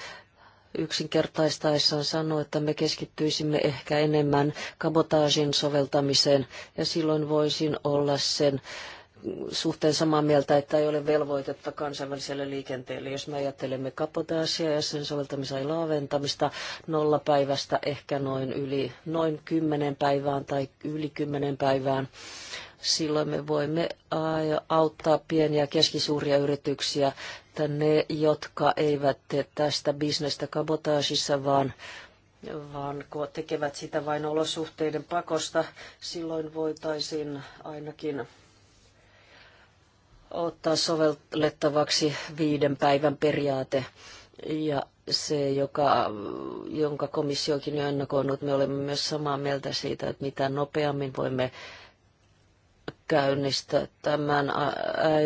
yksinkertaistaessaan sanoi, että me keskittyisimme ehkä enemmän kabotaasin soveltamiseen ja silloin voisin olla sen äh, suhteen samaa mieltä, että ei ole velvoitetta kansainväliselle liikenteelle. Jos me ajattelemme kapotaasia ja sen soveltamisen laaventamista nollapäivästä ehkä noin yli noin kymmenen päivään tai yli kymmenen päivään, silloin me voimme auttaa pieniä ja keskisuuria yrityksiä, että ne, jotka eivät tee tästä bisnestä kabotaasissa, vaan vaan kun tekevät sitä vain olosuhteiden pakosta, silloin voitaisiin ainakin ottaa sovellettavaksi viiden päivän periaate ja se, joka, jonka komissiokin on ennakoinut, me olemme myös samaa mieltä siitä, että mitä nopeammin voimme käynnistää tämän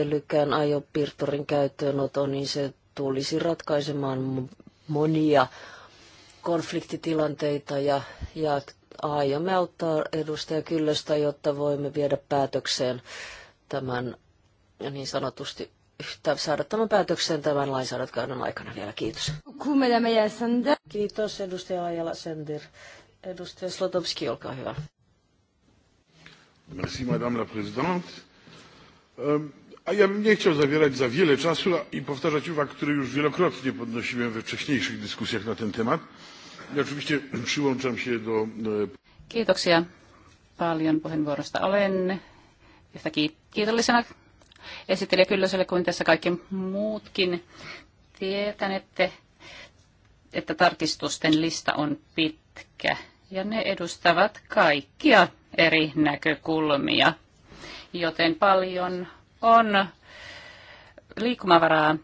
älykään ajopiirturin käyttöönoton, niin se tulisi ratkaisemaan monia konfliktitilanteita ja, ja aiomme auttaa edustaja Kyllöstä, jotta voimme viedä päätökseen tämän niin sanotusti saada tämän päätöksen tämän lainsäädäntökauden aikana vielä. Kiitos. Kiitos edustaja Ajala Sender. Edustaja Slotowski, olkaa hyvä. Merci madame la présidente. Ehm, a ja bym nie chciał zawierać za wiele czasu i powtarzać uwag, które już wielokrotnie podnosiłem we wcześniejszych dyskusjach na ten temat. Ja oczywiście [clears throat] przyłączam się do... E, Kiitoksia paljon puheenvuorosta. Olen yhtä kiitollisena esittelijä Kyllöselle kuin tässä kaikki muutkin tietänette, että tarkistusten lista on pitkä ja ne edustavat kaikkia eri näkökulmia, joten paljon on liikkumavaraa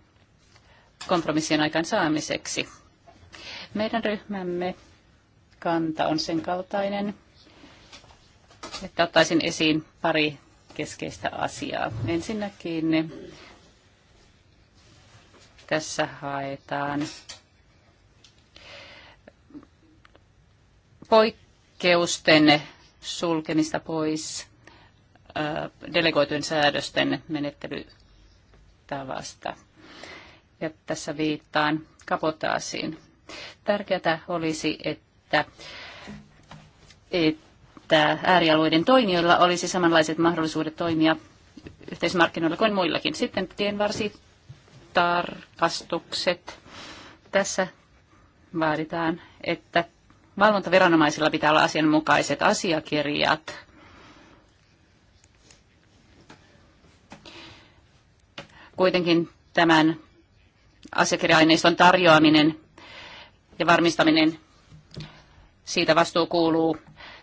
kompromissien aikaan saamiseksi. Meidän ryhmämme kanta on sen kaltainen, että ottaisin esiin pari keskeistä asiaa. Ensinnäkin tässä haetaan poikkeusten sulkemista pois delegoitujen säädösten menettelytavasta. Ja tässä viittaan kapotaasiin. Tärkeää olisi, että, että että äärialueiden toimijoilla olisi samanlaiset mahdollisuudet toimia yhteismarkkinoilla kuin muillakin. Sitten tienvarsitarkastukset. Tässä vaaditaan, että valvontaviranomaisilla pitää olla asianmukaiset asiakirjat. Kuitenkin tämän asiakirja-aineiston tarjoaminen ja varmistaminen, siitä vastuu kuuluu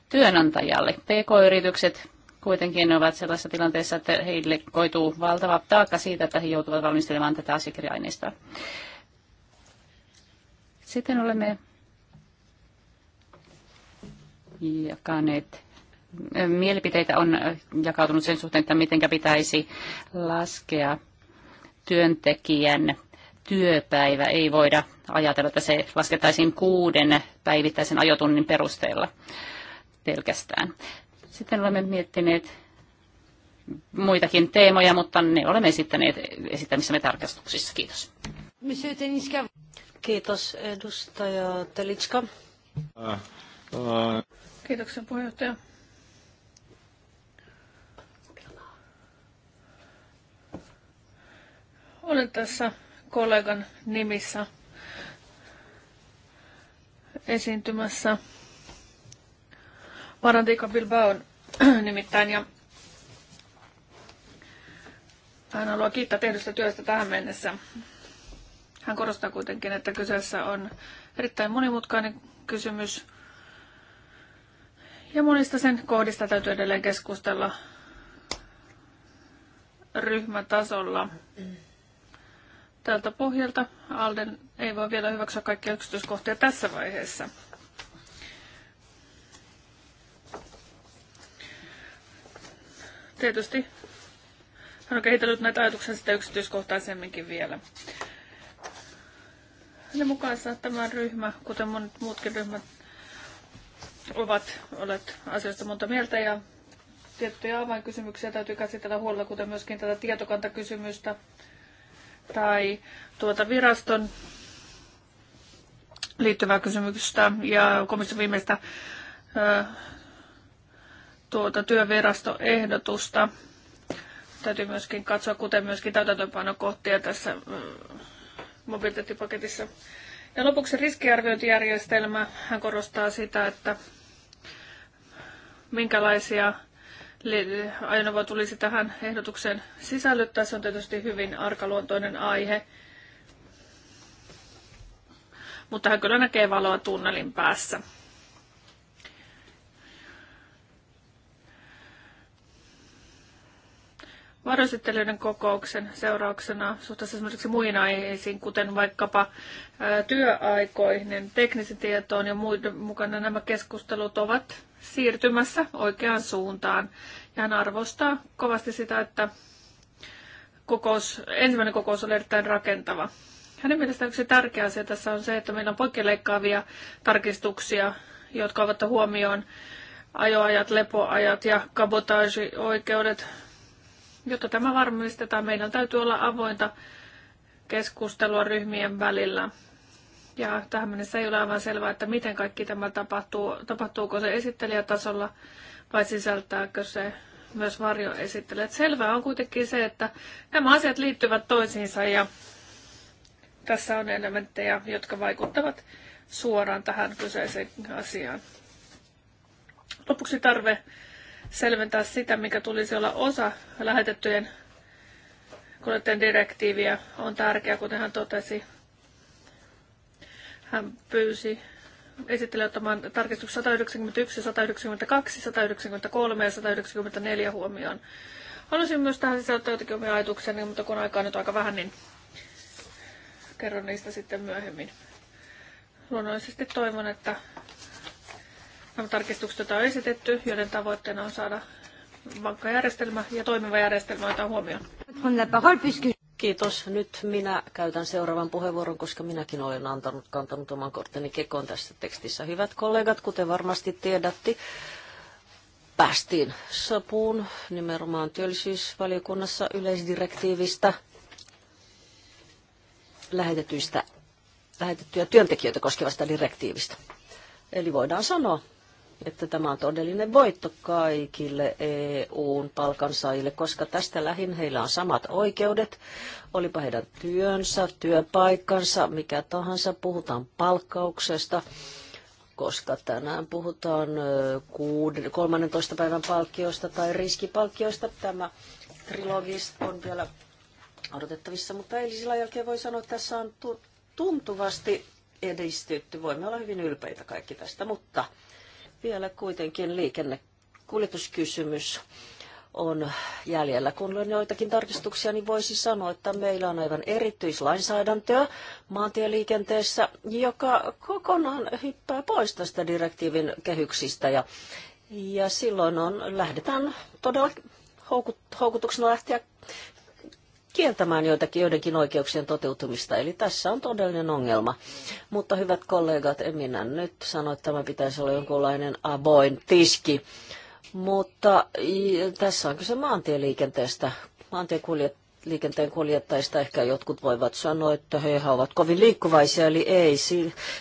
työnantajalle. PK-yritykset kuitenkin ovat sellaisessa tilanteessa, että heille koituu valtava taakka siitä, että he joutuvat valmistelemaan tätä asiakirja-aineistoa. Sitten olemme jakaneet mielipiteitä on jakautunut sen suhteen, että miten pitäisi laskea työntekijän työpäivä. Ei voida ajatella, että se laskettaisiin kuuden päivittäisen ajotunnin perusteella pelkästään. Sitten olemme miettineet muitakin teemoja, mutta ne olemme esittäneet esittämissämme tarkastuksissa. Kiitos. Kiitos edustaja Telitska. Kiitoksia puheenjohtaja. Olen tässä kollegan nimissä esiintymässä. Marandika Bilbaon [clears throat] nimittäin. Ja hän haluaa kiittää tehdystä työstä tähän mennessä. Hän korostaa kuitenkin, että kyseessä on erittäin monimutkainen kysymys. Ja monista sen kohdista täytyy edelleen keskustella ryhmätasolla. Tältä pohjalta Alden ei voi vielä hyväksyä kaikkia yksityiskohtia tässä vaiheessa. tietysti hän on kehitellyt näitä ajatuksia sitten yksityiskohtaisemminkin vielä. Hänen mukaansa tämä ryhmä, kuten monet muutkin ryhmät, ovat olleet asioista monta mieltä ja tiettyjä avainkysymyksiä täytyy käsitellä huolella, kuten myöskin tätä tietokantakysymystä tai tuota viraston liittyvää kysymystä ja komission viimeistä tuota työvirastoehdotusta. Täytyy myöskin katsoa, kuten myöskin täytäntöönpanokohtia tässä mm, mobiliteettipaketissa. Ja lopuksi riskiarviointijärjestelmä. Hän korostaa sitä, että minkälaisia ajoneuvoja tulisi tähän ehdotukseen sisällyttää. Se on tietysti hyvin arkaluontoinen aihe. Mutta hän kyllä näkee valoa tunnelin päässä. varjoesittelijöiden kokouksen seurauksena suhteessa esimerkiksi muihin aiheisiin, kuten vaikkapa työaikoihin, teknisen tietoon ja muiden mukana nämä keskustelut ovat siirtymässä oikeaan suuntaan. Ja hän arvostaa kovasti sitä, että kokous, ensimmäinen kokous oli erittäin rakentava. Hänen mielestään yksi tärkeä asia tässä on se, että meillä on poikkeleikkaavia tarkistuksia, jotka ovat huomioon ajoajat, lepoajat ja kabotaasioikeudet, oikeudet Jotta tämä varmistetaan, meidän täytyy olla avointa keskustelua ryhmien välillä. Ja tähän mennessä ei ole aivan selvää, että miten kaikki tämä tapahtuu, tapahtuuko se esittelijätasolla vai sisältääkö se myös varjoesittelijät. Selvää on kuitenkin se, että nämä asiat liittyvät toisiinsa ja tässä on elementtejä, jotka vaikuttavat suoraan tähän kyseiseen asiaan. Lopuksi tarve selventää sitä, mikä tulisi olla osa lähetettyjen kuljettajien direktiiviä, on tärkeää, kuten hän totesi. Hän pyysi esitteli ottamaan tarkistus 191, 192, 193 ja 194 huomioon. Haluaisin myös tähän sisältää jotakin omia ajatukseni, mutta kun aikaa nyt aika vähän, niin kerron niistä sitten myöhemmin. Luonnollisesti toivon, että Nämä tarkistukset, joita on esitetty, joiden tavoitteena on saada vankka järjestelmä ja toimiva järjestelmä ottaa huomioon. Kiitos. Nyt minä käytän seuraavan puheenvuoron, koska minäkin olen antanut, kantanut oman kortteni kekoon tässä tekstissä. Hyvät kollegat, kuten varmasti tiedätte, päästiin sopuun nimenomaan työllisyysvaliokunnassa yleisdirektiivistä lähetettyjä työntekijöitä koskevasta direktiivistä. Eli voidaan sanoa, että tämä on todellinen voitto kaikille EUn palkansaajille, koska tästä lähin heillä on samat oikeudet, olipa heidän työnsä, työpaikkansa, mikä tahansa, puhutaan palkkauksesta, koska tänään puhutaan 13. päivän palkkioista tai riskipalkkioista. Tämä trilogis on vielä odotettavissa, mutta eilisillä jälkeen voi sanoa, että tässä on tuntuvasti edistytty. Voimme olla hyvin ylpeitä kaikki tästä, mutta vielä kuitenkin liikenne, kuljetuskysymys on jäljellä. Kun luen joitakin tarkistuksia, niin voisi sanoa, että meillä on aivan erityislainsäädäntöä maantieliikenteessä, joka kokonaan hyppää pois tästä direktiivin kehyksistä. Ja, ja silloin on, lähdetään todella houkut, houkutuksena lähteä kieltämään joitakin joidenkin oikeuksien toteutumista. Eli tässä on todellinen ongelma. Mutta hyvät kollegat, en minä nyt sano, että tämä pitäisi olla jonkunlainen avoin tiski. Mutta tässä on kyse maantieliikenteestä, liikenteen kuljettajista ehkä jotkut voivat sanoa, että he ovat kovin liikkuvaisia, eli ei,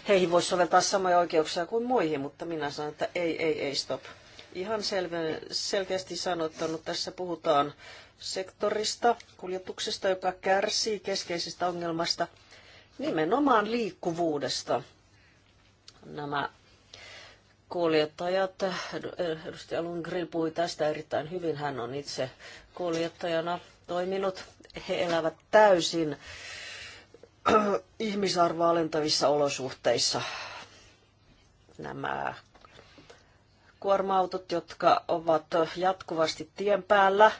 heihin voisi soveltaa samoja oikeuksia kuin muihin, mutta minä sanon, että ei, ei, ei, stop. Ihan selkeästi sanottanut, tässä puhutaan sektorista, kuljetuksesta, joka kärsii keskeisestä ongelmasta nimenomaan liikkuvuudesta. Nämä kuljettajat, edustaja Lundgren puhui tästä erittäin hyvin, hän on itse kuljettajana toiminut. He elävät täysin ihmisarvoa alentavissa olosuhteissa. Nämä kuorma-autot, jotka ovat jatkuvasti tien päällä –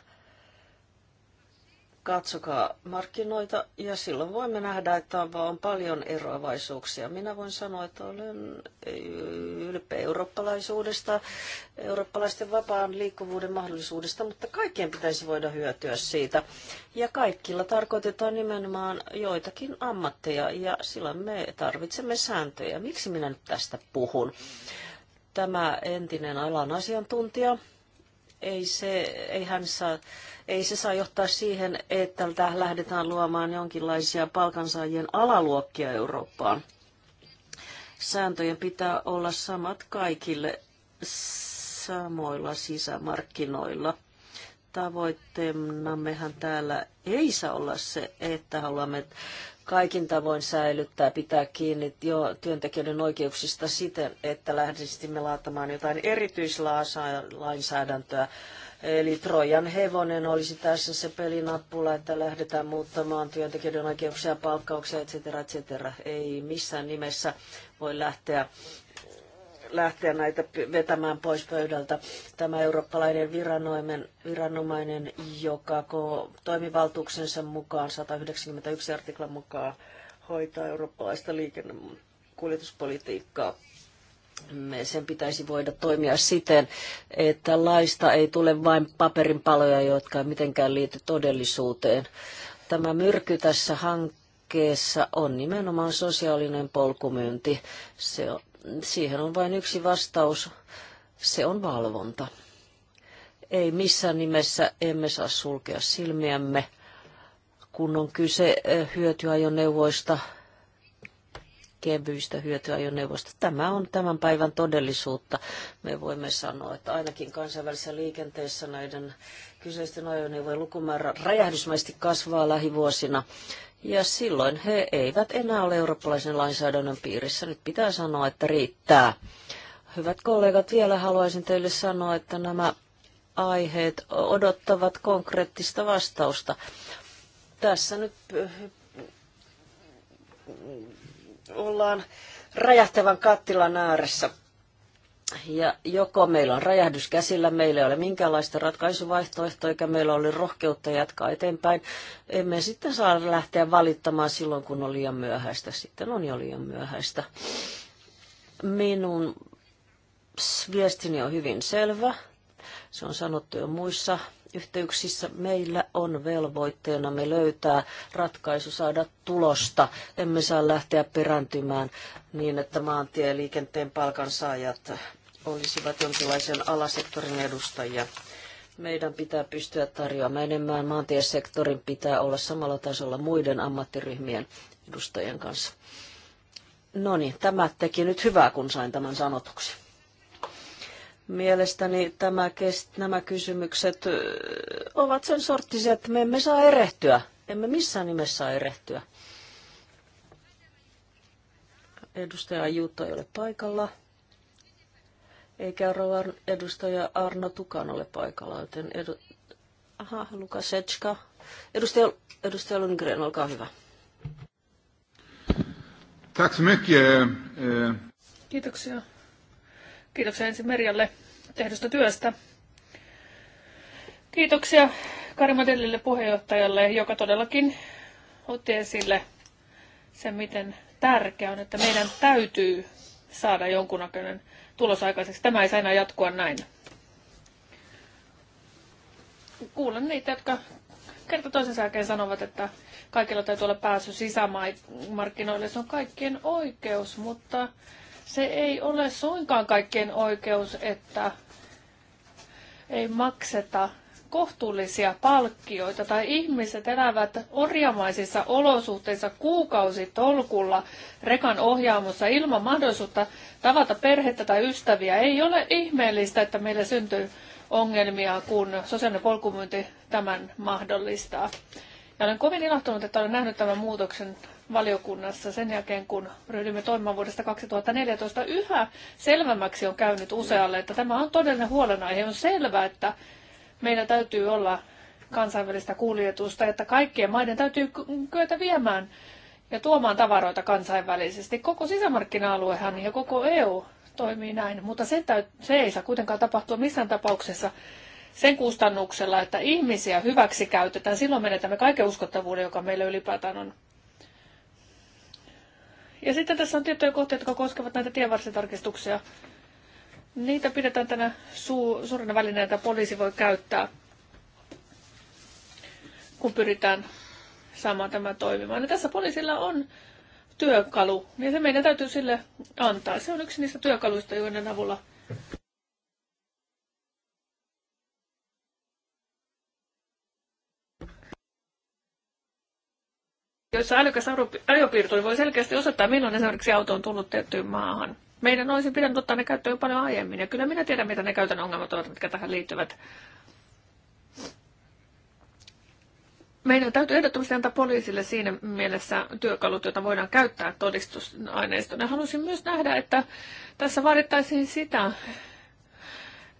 katsokaa markkinoita ja silloin voimme nähdä, että on vaan paljon eroavaisuuksia. Minä voin sanoa, että olen ylpeä eurooppalaisuudesta, eurooppalaisten vapaan liikkuvuuden mahdollisuudesta, mutta kaikkien pitäisi voida hyötyä siitä. Ja kaikilla tarkoitetaan nimenomaan joitakin ammatteja ja silloin me tarvitsemme sääntöjä. Miksi minä nyt tästä puhun? Tämä entinen alan asiantuntija, ei, se, ei hän saa ei se saa johtaa siihen, että tältä lähdetään luomaan jonkinlaisia palkansaajien alaluokkia Eurooppaan. Sääntöjen pitää olla samat kaikille samoilla sisämarkkinoilla. Tavoitteenammehan täällä ei saa olla se, että haluamme kaikin tavoin säilyttää, pitää kiinni jo työntekijöiden oikeuksista siten, että lähdisimme laatamaan jotain erityislainsäädäntöä Eli Trojan hevonen olisi tässä se pelinappula, että lähdetään muuttamaan työntekijöiden oikeuksia, palkkauksia, etc. etc. Ei missään nimessä voi lähteä lähteä näitä vetämään pois pöydältä. Tämä eurooppalainen viranomainen, joka toimivaltuuksensa mukaan 191 artiklan mukaan hoitaa eurooppalaista liikennekuljetuspolitiikkaa me sen pitäisi voida toimia siten, että laista ei tule vain paperinpaloja, jotka ei mitenkään liity todellisuuteen. Tämä myrky tässä hankkeessa on nimenomaan sosiaalinen polkumyynti. Se on, siihen on vain yksi vastaus, se on valvonta. Ei missään nimessä emme saa sulkea silmiämme, kun on kyse eh, hyötyajoneuvoista – kevyistä hyötyajoneuvoista. Tämä on tämän päivän todellisuutta. Me voimme sanoa, että ainakin kansainvälisessä liikenteessä näiden kyseisten ajoneuvojen lukumäärä räjähdysmäisesti kasvaa lähivuosina. Ja silloin he eivät enää ole eurooppalaisen lainsäädännön piirissä. Nyt pitää sanoa, että riittää. Hyvät kollegat, vielä haluaisin teille sanoa, että nämä aiheet odottavat konkreettista vastausta. Tässä nyt ollaan räjähtävän kattilan ääressä. Ja joko meillä on räjähdys käsillä, meillä ei ole minkäänlaista ratkaisuvaihtoehtoa, eikä meillä ole rohkeutta jatkaa eteenpäin. Emme sitten saa lähteä valittamaan silloin, kun on liian myöhäistä. Sitten on jo liian myöhäistä. Minun viestini on hyvin selvä. Se on sanottu jo muissa yhteyksissä meillä on velvoitteena me löytää ratkaisu saada tulosta. Emme saa lähteä perääntymään niin, että maantieliikenteen palkansaajat olisivat jonkinlaisen alasektorin edustajia. Meidän pitää pystyä tarjoamaan enemmän. Maantiesektorin pitää olla samalla tasolla muiden ammattiryhmien edustajien kanssa. No niin, tämä teki nyt hyvää, kun sain tämän sanotuksen. Mielestäni tämä, nämä kysymykset ovat sen sorttisia, että me emme saa erehtyä. Emme missään nimessä saa erehtyä. Edustaja Juutta ei ole paikalla. Eikä Rovan edustaja Arno Tukan ole paikalla, joten edu... Aha, Lukasetska. Edustaja, edustaja Lundgren, olkaa hyvä. Eh, eh. Kiitoksia. Kiitoksia ensin Merjalle tehdystä työstä. Kiitoksia Karimadellille puheenjohtajalle, joka todellakin otti esille sen, miten tärkeää on, että meidän täytyy saada jonkunnäköinen tulos aikaiseksi. Tämä ei saa enää jatkua näin. Kuulen niitä, jotka kerta toisensa jälkeen sanovat, että kaikilla täytyy olla pääsy sisämarkkinoille. Se on kaikkien oikeus, mutta se ei ole suinkaan kaikkien oikeus, että ei makseta kohtuullisia palkkioita tai ihmiset elävät orjamaisissa olosuhteissa kuukausitolkulla rekan ohjaamossa ilman mahdollisuutta tavata perhettä tai ystäviä. Ei ole ihmeellistä, että meillä syntyy ongelmia, kun sosiaalinen polkumyynti tämän mahdollistaa. Ja olen kovin ilahtunut, että olen nähnyt tämän muutoksen valiokunnassa sen jälkeen, kun ryhdymme toimimaan vuodesta 2014, yhä selvemmäksi on käynyt usealle, että tämä on todellinen huolenaihe. On selvää, että meillä täytyy olla kansainvälistä kuljetusta, että kaikkien maiden täytyy kyetä viemään ja tuomaan tavaroita kansainvälisesti. Koko sisämarkkina-aluehan ja koko EU toimii näin, mutta se, se ei saa kuitenkaan tapahtua missään tapauksessa sen kustannuksella, että ihmisiä hyväksi käytetään. Silloin menetämme kaiken uskottavuuden, joka meillä ylipäätään on. Ja sitten tässä on tiettyjä kohtia, jotka koskevat näitä tienvarsitarkistuksia. Niitä pidetään tänä su- suurena välineenä, jota poliisi voi käyttää, kun pyritään saamaan tämä toimimaan. Ja tässä poliisilla on työkalu, niin se meidän täytyy sille antaa. Se on yksi niistä työkaluista, joiden avulla joissa älykäs ajopiirtoi voi selkeästi osoittaa, milloin esimerkiksi auto on tullut tiettyyn maahan. Meidän olisi pitänyt ottaa ne käyttöön paljon aiemmin, ja kyllä minä tiedän, mitä ne käytännön ongelmat ovat, mitkä tähän liittyvät. Meidän täytyy ehdottomasti antaa poliisille siinä mielessä työkalut, joita voidaan käyttää todistusaineistona. Halusin myös nähdä, että tässä vaadittaisiin sitä,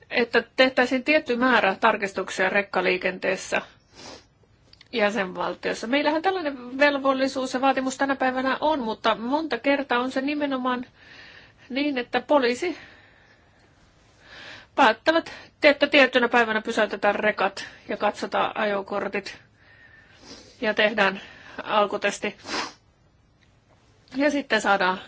että tehtäisiin tietty määrä tarkistuksia rekkaliikenteessä – jäsenvaltiossa. Meillähän tällainen velvollisuus ja vaatimus tänä päivänä on, mutta monta kertaa on se nimenomaan niin, että poliisi päättävät, että tiettynä päivänä pysäytetään rekat ja katsotaan ajokortit ja tehdään alkutesti. Ja sitten saadaan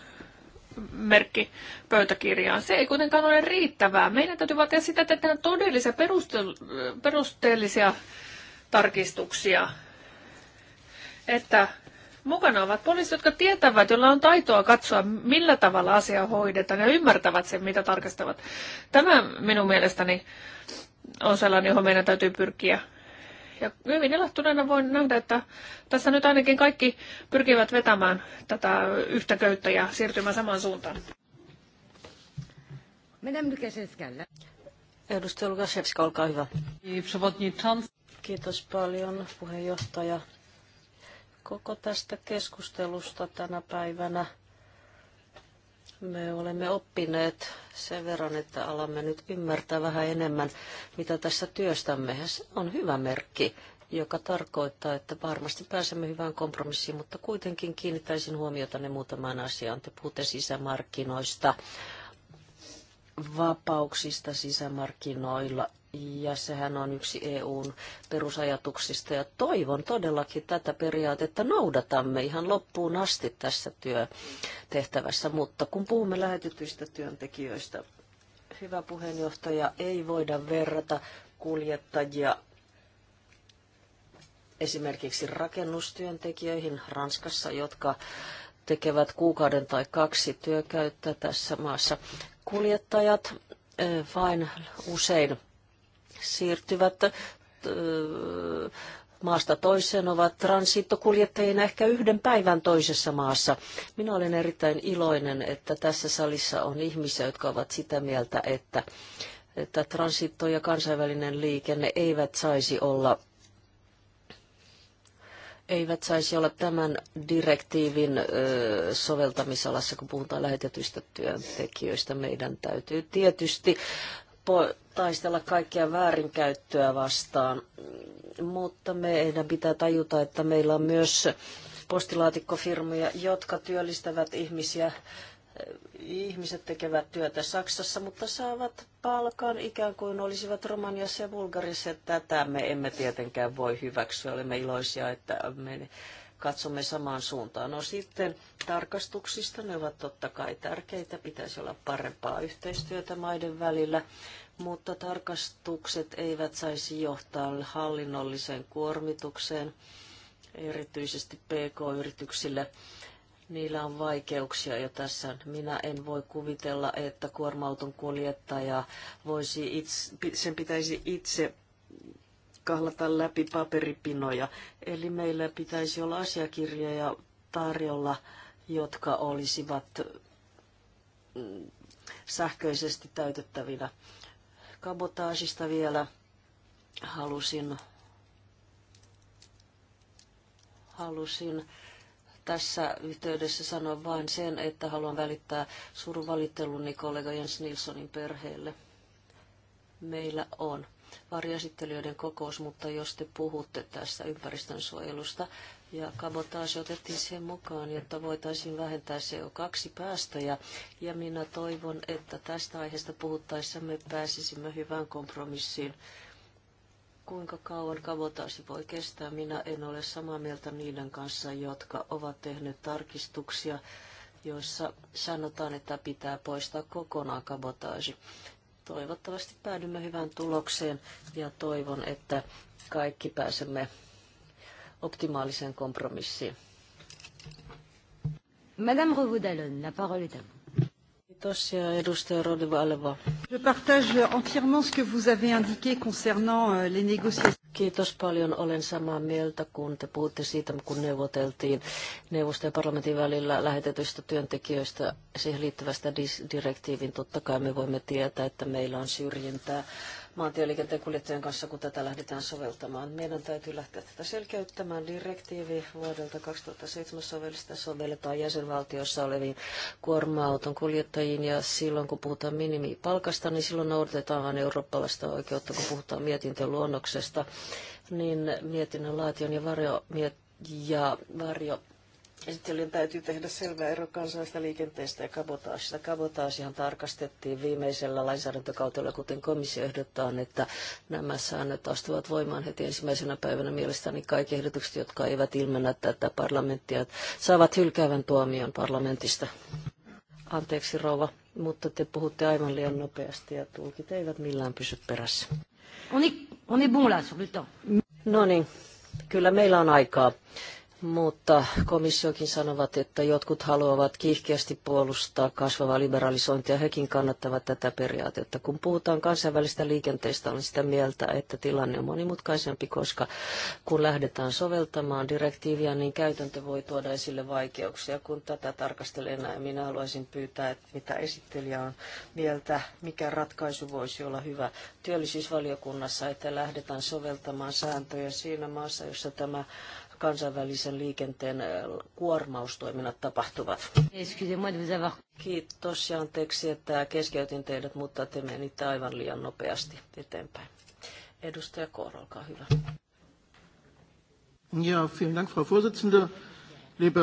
merkki pöytäkirjaan. Se ei kuitenkaan ole riittävää. Meidän täytyy vaatia sitä, että tehdään todellisia perusteellisia tarkistuksia, että mukana ovat poliisit, jotka tietävät, joilla on taitoa katsoa, millä tavalla asia hoidetaan ja ymmärtävät sen, mitä tarkastavat. Tämä minun mielestäni on sellainen, johon meidän täytyy pyrkiä. Ja hyvin ilahtuneena voin nähdä, että tässä nyt ainakin kaikki pyrkivät vetämään tätä yhtä köyttä ja siirtymään samaan suuntaan. Edustaja Lukashevska, olkaa hyvä. Kiitos paljon puheenjohtaja koko tästä keskustelusta tänä päivänä. Me olemme oppineet sen verran, että alamme nyt ymmärtää vähän enemmän, mitä tässä työstämme. Se on hyvä merkki, joka tarkoittaa, että varmasti pääsemme hyvään kompromissiin, mutta kuitenkin kiinnittäisin huomiota ne muutamaan asiaan. Te puhutte sisämarkkinoista, vapauksista sisämarkkinoilla ja sehän on yksi EUn perusajatuksista ja toivon todellakin tätä periaatetta noudatamme ihan loppuun asti tässä työtehtävässä, mutta kun puhumme lähetetyistä työntekijöistä, hyvä puheenjohtaja, ei voida verrata kuljettajia esimerkiksi rakennustyöntekijöihin Ranskassa, jotka tekevät kuukauden tai kaksi työkäyttä tässä maassa kuljettajat vain usein siirtyvät maasta toiseen, ovat transittokuljettajina ehkä yhden päivän toisessa maassa. Minä olen erittäin iloinen, että tässä salissa on ihmisiä, jotka ovat sitä mieltä, että, että transitto ja kansainvälinen liikenne eivät saisi olla eivät saisi olla tämän direktiivin soveltamisalassa, kun puhutaan lähetetyistä työntekijöistä. Meidän täytyy tietysti taistella kaikkia väärinkäyttöä vastaan, mutta meidän pitää tajuta, että meillä on myös postilaatikkofirmoja, jotka työllistävät ihmisiä ihmiset tekevät työtä Saksassa, mutta saavat palkan ikään kuin olisivat Romaniassa ja Bulgarissa. Tätä me emme tietenkään voi hyväksyä. Olemme iloisia, että me katsomme samaan suuntaan. No sitten tarkastuksista, ne ovat totta kai tärkeitä. Pitäisi olla parempaa yhteistyötä maiden välillä, mutta tarkastukset eivät saisi johtaa hallinnolliseen kuormitukseen, erityisesti PK-yrityksille Niillä on vaikeuksia jo tässä. Minä en voi kuvitella, että kuorma-auton kuljettaja voisi itse, sen pitäisi itse kahlata läpi paperipinoja. Eli meillä pitäisi olla asiakirjoja tarjolla, jotka olisivat mm, sähköisesti täytettävinä. Kabotaasista vielä halusin, halusin tässä yhteydessä sanoa vain sen, että haluan välittää surun valitteluni kollega Jens Nilssonin perheelle. Meillä on varjoesittelijöiden kokous, mutta jos te puhutte tästä ympäristönsuojelusta ja kabotaasi otettiin siihen mukaan, jotta voitaisiin vähentää CO2-päästöjä. Ja minä toivon, että tästä aiheesta puhuttaessa me pääsisimme hyvään kompromissiin kuinka kauan kabotaasi voi kestää. Minä en ole samaa mieltä niiden kanssa, jotka ovat tehneet tarkistuksia, joissa sanotaan, että pitää poistaa kokonaan kabotaasi. Toivottavasti päädymme hyvään tulokseen ja toivon, että kaikki pääsemme optimaaliseen kompromissiin. Madame revaud la parole est à vous. Kiitos Je partage entièrement ce que vous avez indiqué concernant euh, les négociations. Kiitos paljon. Olen samaa mieltä, kun te puhutte siitä, kun neuvoteltiin neuvosto- ja parlamentin välillä lähetetyistä työntekijöistä siihen liittyvästä direktiivin. Totta kai me voimme tietää, että meillä on syrjintää maantieliikenteen kuljettajien kanssa, kun tätä lähdetään soveltamaan. Meidän täytyy lähteä tätä selkeyttämään. Direktiivi vuodelta 2007 sovellista sovelletaan jäsenvaltiossa oleviin kuorma-auton kuljettajiin ja silloin kun puhutaan minimipalkasta, niin silloin noudatetaan eurooppalaista oikeutta, kun puhutaan luonnoksesta, niin mietinnön laation ja varjo ja varjo Esittelijän täytyy tehdä selvä ero kansallisesta liikenteestä ja kabotaasista. Kabotaasihan tarkastettiin viimeisellä lainsäädäntökautella, kuten komissio ehdottaa, että nämä säännöt astuvat voimaan heti ensimmäisenä päivänä. Mielestäni kaikki ehdotukset, jotka eivät ilmennä tätä parlamenttia, saavat hylkäävän tuomion parlamentista. Anteeksi rouva, mutta te puhutte aivan liian nopeasti ja tulkit eivät millään pysy perässä. On on est bon là sur le temps. No niin, kyllä meillä on aikaa. Mutta komissiokin sanovat, että jotkut haluavat kiihkeästi puolustaa kasvavaa liberalisointia. Hekin kannattavat tätä periaatetta. Kun puhutaan kansainvälistä liikenteestä, olen sitä mieltä, että tilanne on monimutkaisempi, koska kun lähdetään soveltamaan direktiiviä, niin käytäntö voi tuoda esille vaikeuksia. Kun tätä tarkastelee näin, minä haluaisin pyytää, että mitä esittelijä on mieltä, mikä ratkaisu voisi olla hyvä työllisyysvaliokunnassa, että lähdetään soveltamaan sääntöjä siinä maassa, jossa tämä kansainvälisen liikenteen äh, kuormaustoiminnat tapahtuvat. Kiitos ja anteeksi, että keskeytin teidät, mutta te menitte aivan liian nopeasti eteenpäin. Edustaja Koor, olkaa hyvä. Ja, vielen Dank, Frau Vorsitzende. Liebe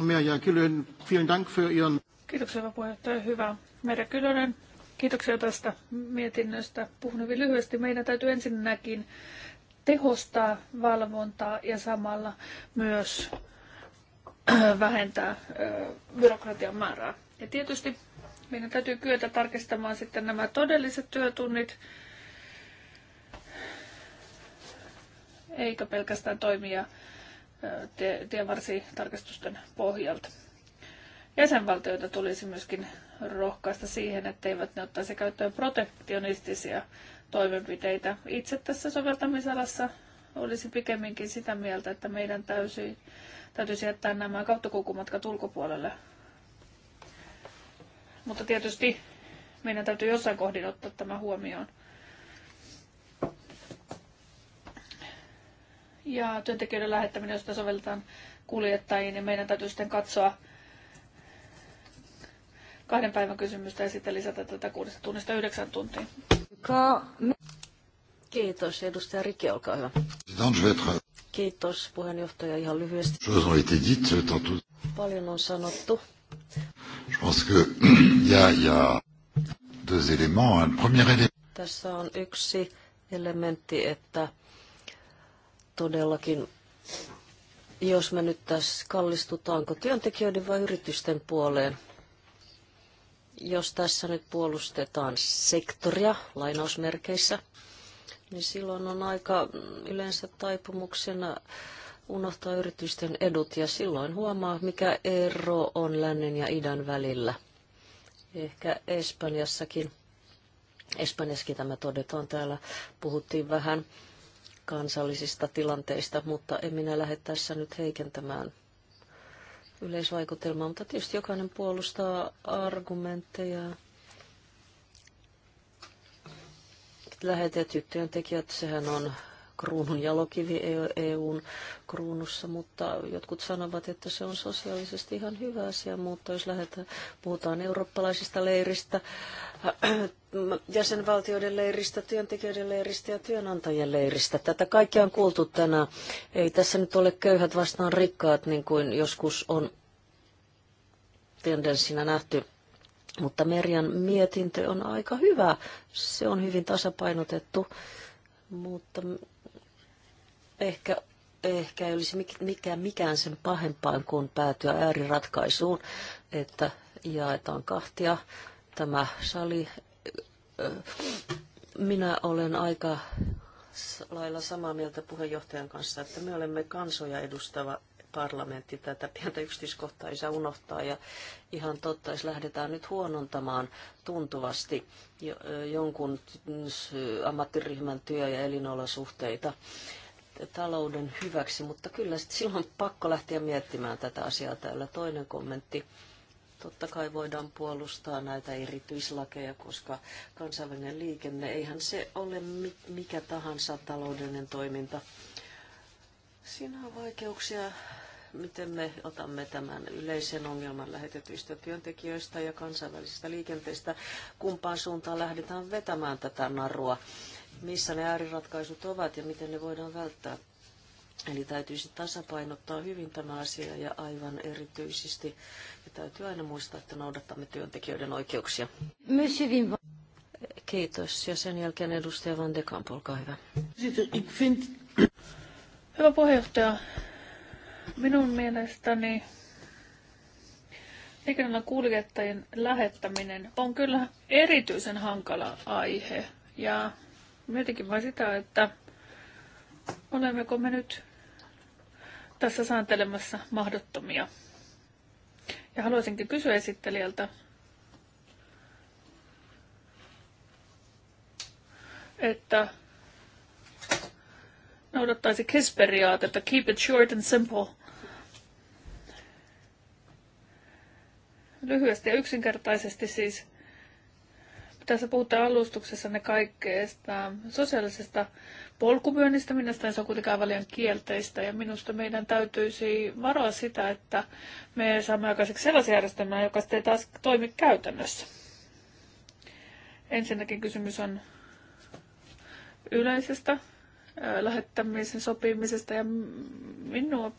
Merja Kylön, vielen Dank für Ihren... Kiitoksia, hyvä puheenjohtaja. Hyvä. Merja Kylönen, kiitoksia tästä mietinnöstä. Puhun hyvin lyhyesti. Meidän täytyy ensinnäkin tehostaa valvontaa ja samalla myös äh, vähentää äh, byrokratian määrää. Ja tietysti meidän täytyy kyetä tarkistamaan sitten nämä todelliset työtunnit, eikä pelkästään toimia äh, tie- tienvarsitarkastusten pohjalta. Jäsenvaltioita tulisi myöskin rohkaista siihen, etteivät ne ottaisi käyttöön protektionistisia toimenpiteitä. Itse tässä soveltamisalassa olisi pikemminkin sitä mieltä, että meidän täysi, täytyisi jättää nämä kauttakulkumatkat ulkopuolelle. Mutta tietysti meidän täytyy jossain kohdin ottaa tämä huomioon. Ja työntekijöiden lähettäminen, josta sovelletaan kuljettajiin, niin meidän täytyy sitten katsoa kahden päivän kysymystä ja sitten lisätä tätä kuudesta tunnista yhdeksän tuntiin. Kiitos, edustaja Rikki, olkaa hyvä. Kiitos, puheenjohtaja, ihan lyhyesti. Euh, Paljon on sanottu. [clears throat] Tässä on yksi elementti, että todellakin, jos me nyt tässä kallistutaanko työntekijöiden vai yritysten puoleen, jos tässä nyt puolustetaan sektoria lainausmerkeissä, niin silloin on aika yleensä taipumuksena unohtaa yritysten edut ja silloin huomaa, mikä ero on lännen ja idän välillä. Ehkä Espanjassakin, Espanjassakin tämä todetaan täällä, puhuttiin vähän kansallisista tilanteista, mutta en minä lähde tässä nyt heikentämään yleisvaikutelmaa, mutta tietysti jokainen puolustaa argumentteja. Lähetetyt työntekijät, sehän on kruunun jalokivi e- EUn kruunussa, mutta jotkut sanovat, että se on sosiaalisesti ihan hyvä asia, mutta jos lähdetään, puhutaan eurooppalaisista leiristä, [clears throat] jäsenvaltioiden leiristä, työntekijöiden leiristä ja työnantajien leiristä. Tätä kaikkea on kuultu tänään. Ei tässä nyt ole köyhät vastaan rikkaat, niin kuin joskus on tendenssinä nähty. Mutta Merjan mietintö on aika hyvä. Se on hyvin tasapainotettu, mutta ehkä, ehkä ei olisi mikään, mikään sen pahempaan kuin päätyä ääriratkaisuun, että jaetaan kahtia tämä sali. Minä olen aika lailla samaa mieltä puheenjohtajan kanssa, että me olemme kansoja edustava parlamentti. Tätä pientä yksityiskohtaa ei saa unohtaa ja ihan totta, jos lähdetään nyt huonontamaan tuntuvasti jonkun ammattiryhmän työ- ja elinolosuhteita, talouden hyväksi, mutta kyllä silloin on pakko lähteä miettimään tätä asiaa täällä. Toinen kommentti. Totta kai voidaan puolustaa näitä erityislakeja, koska kansainvälinen liikenne, eihän se ole mikä tahansa taloudellinen toiminta. Siinä on vaikeuksia miten me otamme tämän yleisen ongelman lähetetyistä työntekijöistä ja kansainvälisestä liikenteestä, kumpaan suuntaan lähdetään vetämään tätä narua missä ne ääriratkaisut ovat ja miten ne voidaan välttää. Eli täytyisi tasapainottaa hyvin tämä asia ja aivan erityisesti ja täytyy aina muistaa, että noudattamme työntekijöiden oikeuksia. Kiitos. Ja sen jälkeen edustaja Van de Kamp, olkaa hyvä. Hyvä puheenjohtaja. Minun mielestäni liikennealan kuljettajien lähettäminen on kyllä erityisen hankala aihe. Ja Mietinkin vain sitä, että olemmeko me nyt tässä sääntelemässä mahdottomia. Ja haluaisinkin kysyä esittelijältä, että noudattaisi KISS-periaatetta, keep it short and simple. Lyhyesti ja yksinkertaisesti siis tässä puhutaan ne kaikkeesta sosiaalisesta polkumyönnistä. Minusta se on kuitenkin aivan kielteistä ja minusta meidän täytyisi varoa sitä, että me saamme aikaiseksi sellaisen järjestelmän, joka sitten ei taas toimi käytännössä. Ensinnäkin kysymys on yleisestä lähettämisen sopimisesta ja minua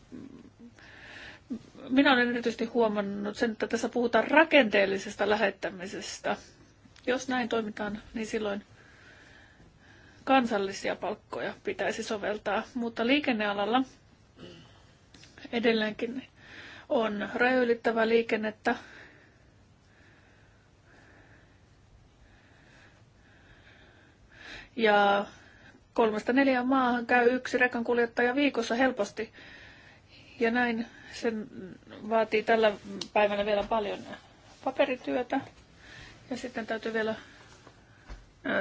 minä olen erityisesti huomannut sen, että tässä puhutaan rakenteellisesta lähettämisestä. Jos näin toimitaan, niin silloin kansallisia palkkoja pitäisi soveltaa, mutta liikennealalla edelleenkin on rajoilittävä liikennettä. Ja kolmesta neljään maahan käy yksi rekankuljettaja viikossa helposti. Ja näin sen vaatii tällä päivänä vielä paljon paperityötä. Ja sitten täytyy vielä,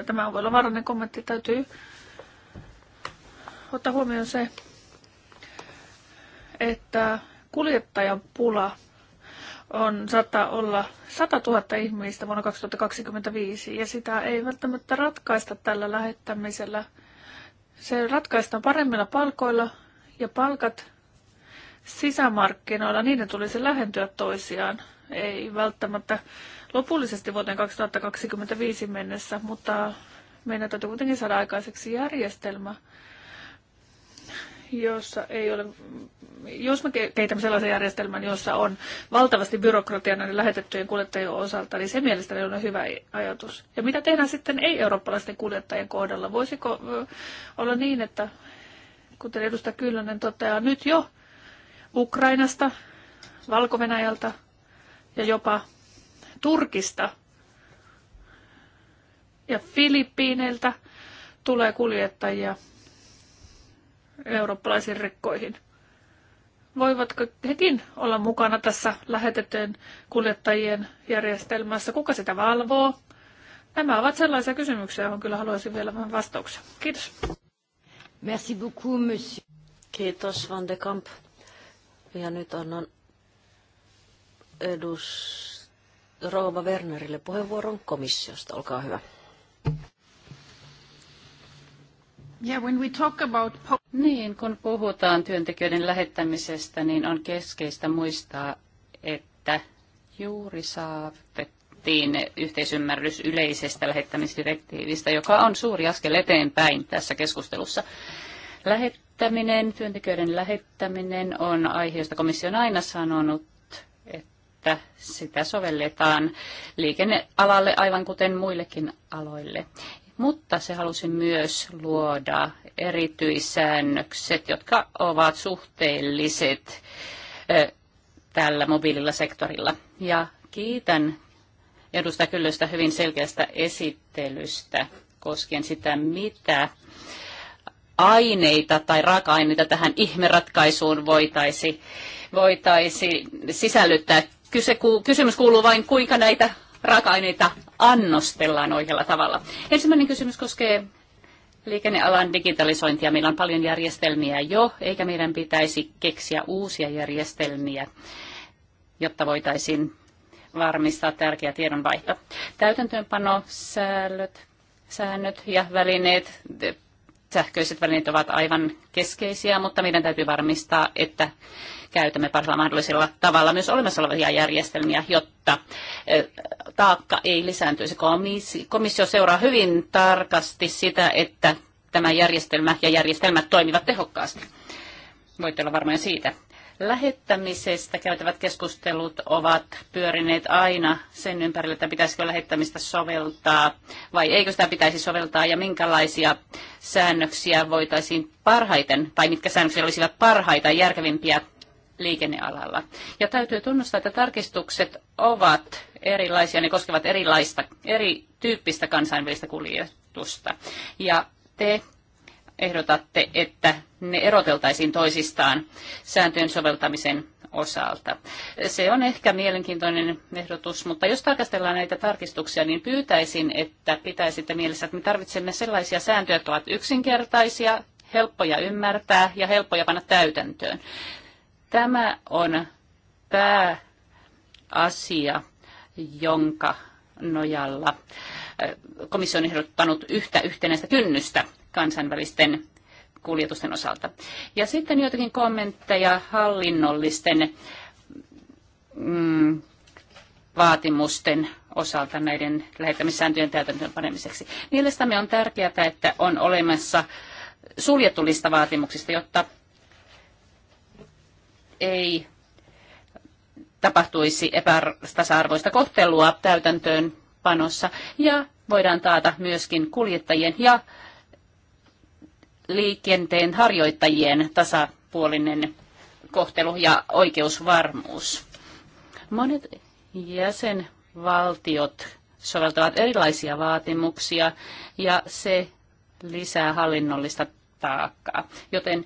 tämä on vielä varoinen kommentti, täytyy ottaa huomioon se, että kuljettajan pula on, saattaa olla 100 000 ihmistä vuonna 2025 ja sitä ei välttämättä ratkaista tällä lähettämisellä. Se ratkaistaan paremmilla palkoilla ja palkat sisämarkkinoilla, niiden tulisi lähentyä toisiaan. Ei välttämättä lopullisesti vuoteen 2025 mennessä, mutta meidän täytyy kuitenkin saada aikaiseksi järjestelmä, jossa ei ole, jos me kehitämme sellaisen järjestelmän, jossa on valtavasti byrokratia näiden lähetettyjen kuljettajien osalta, niin se mielestäni on hyvä ajatus. Ja mitä tehdään sitten ei-eurooppalaisten kuljettajien kohdalla? Voisiko olla niin, että kuten edustaja Kyllönen toteaa, nyt jo Ukrainasta, valko ja jopa Turkista ja Filippiineiltä tulee kuljettajia eurooppalaisiin rekkoihin. Voivatko hekin olla mukana tässä lähetettyjen kuljettajien järjestelmässä? Kuka sitä valvoo? Nämä ovat sellaisia kysymyksiä, joihin kyllä haluaisin vielä vähän vastauksia. Kiitos. Merci beaucoup, monsieur. Kiitos, Van de Kamp. Ja nyt annan edus Rouva Wernerille puheenvuoron komissiosta. Olkaa hyvä. Yeah, when we talk about... Niin, kun puhutaan työntekijöiden lähettämisestä, niin on keskeistä muistaa, että juuri saavutettiin yhteisymmärrys yleisestä lähettämisdirektiivistä, joka on suuri askel eteenpäin tässä keskustelussa. Lähettäminen, työntekijöiden lähettäminen on aihe, josta komissio on aina sanonut, että sitä sovelletaan liikennealalle aivan kuten muillekin aloille. Mutta se halusi myös luoda erityissäännökset, jotka ovat suhteelliset tällä mobiililla sektorilla. Ja kiitän edustaja Kyllöstä hyvin selkeästä esittelystä koskien sitä, mitä aineita tai raaka-aineita tähän ihmeratkaisuun voitaisi, voitaisi sisällyttää Kyse, kysymys kuuluu vain, kuinka näitä raaka-aineita annostellaan oikealla tavalla. Ensimmäinen kysymys koskee liikennealan digitalisointia. Meillä on paljon järjestelmiä jo, eikä meidän pitäisi keksiä uusia järjestelmiä, jotta voitaisiin varmistaa tärkeä tiedonvaihto. Täytäntöönpano, säännöt, säännöt ja välineet, sähköiset välineet ovat aivan keskeisiä, mutta meidän täytyy varmistaa, että käytämme parhaalla mahdollisella tavalla myös olemassa olevia järjestelmiä, jotta taakka ei lisääntyisi. Komissio seuraa hyvin tarkasti sitä, että tämä järjestelmä ja järjestelmät toimivat tehokkaasti. Voitte olla varmoja siitä. Lähettämisestä käytävät keskustelut ovat pyörineet aina sen ympärillä, että pitäisikö lähettämistä soveltaa vai eikö sitä pitäisi soveltaa ja minkälaisia säännöksiä voitaisiin parhaiten tai mitkä säännöksiä olisivat parhaita ja järkevimpiä liikennealalla. Ja täytyy tunnustaa, että tarkistukset ovat erilaisia, ne koskevat erilaista, erityyppistä kansainvälistä kuljetusta. Ja te ehdotatte, että ne eroteltaisiin toisistaan sääntöjen soveltamisen osalta. Se on ehkä mielenkiintoinen ehdotus, mutta jos tarkastellaan näitä tarkistuksia, niin pyytäisin, että pitäisitte mielessä, että me tarvitsemme sellaisia sääntöjä, jotka ovat yksinkertaisia, helppoja ymmärtää ja helppoja panna täytäntöön. Tämä on pääasia, jonka nojalla komissio on ehdottanut yhtä yhtenäistä kynnystä kansainvälisten kuljetusten osalta. Ja sitten joitakin kommentteja hallinnollisten mm, vaatimusten osalta näiden lähettämissääntöjen täytäntöön panemiseksi. Mielestämme on tärkeää, että on olemassa suljettu lista vaatimuksista, jotta ei tapahtuisi epätasa-arvoista kohtelua täytäntöön panossa ja voidaan taata myöskin kuljettajien ja liikenteen harjoittajien tasapuolinen kohtelu ja oikeusvarmuus. Monet jäsenvaltiot soveltavat erilaisia vaatimuksia ja se lisää hallinnollista taakkaa, joten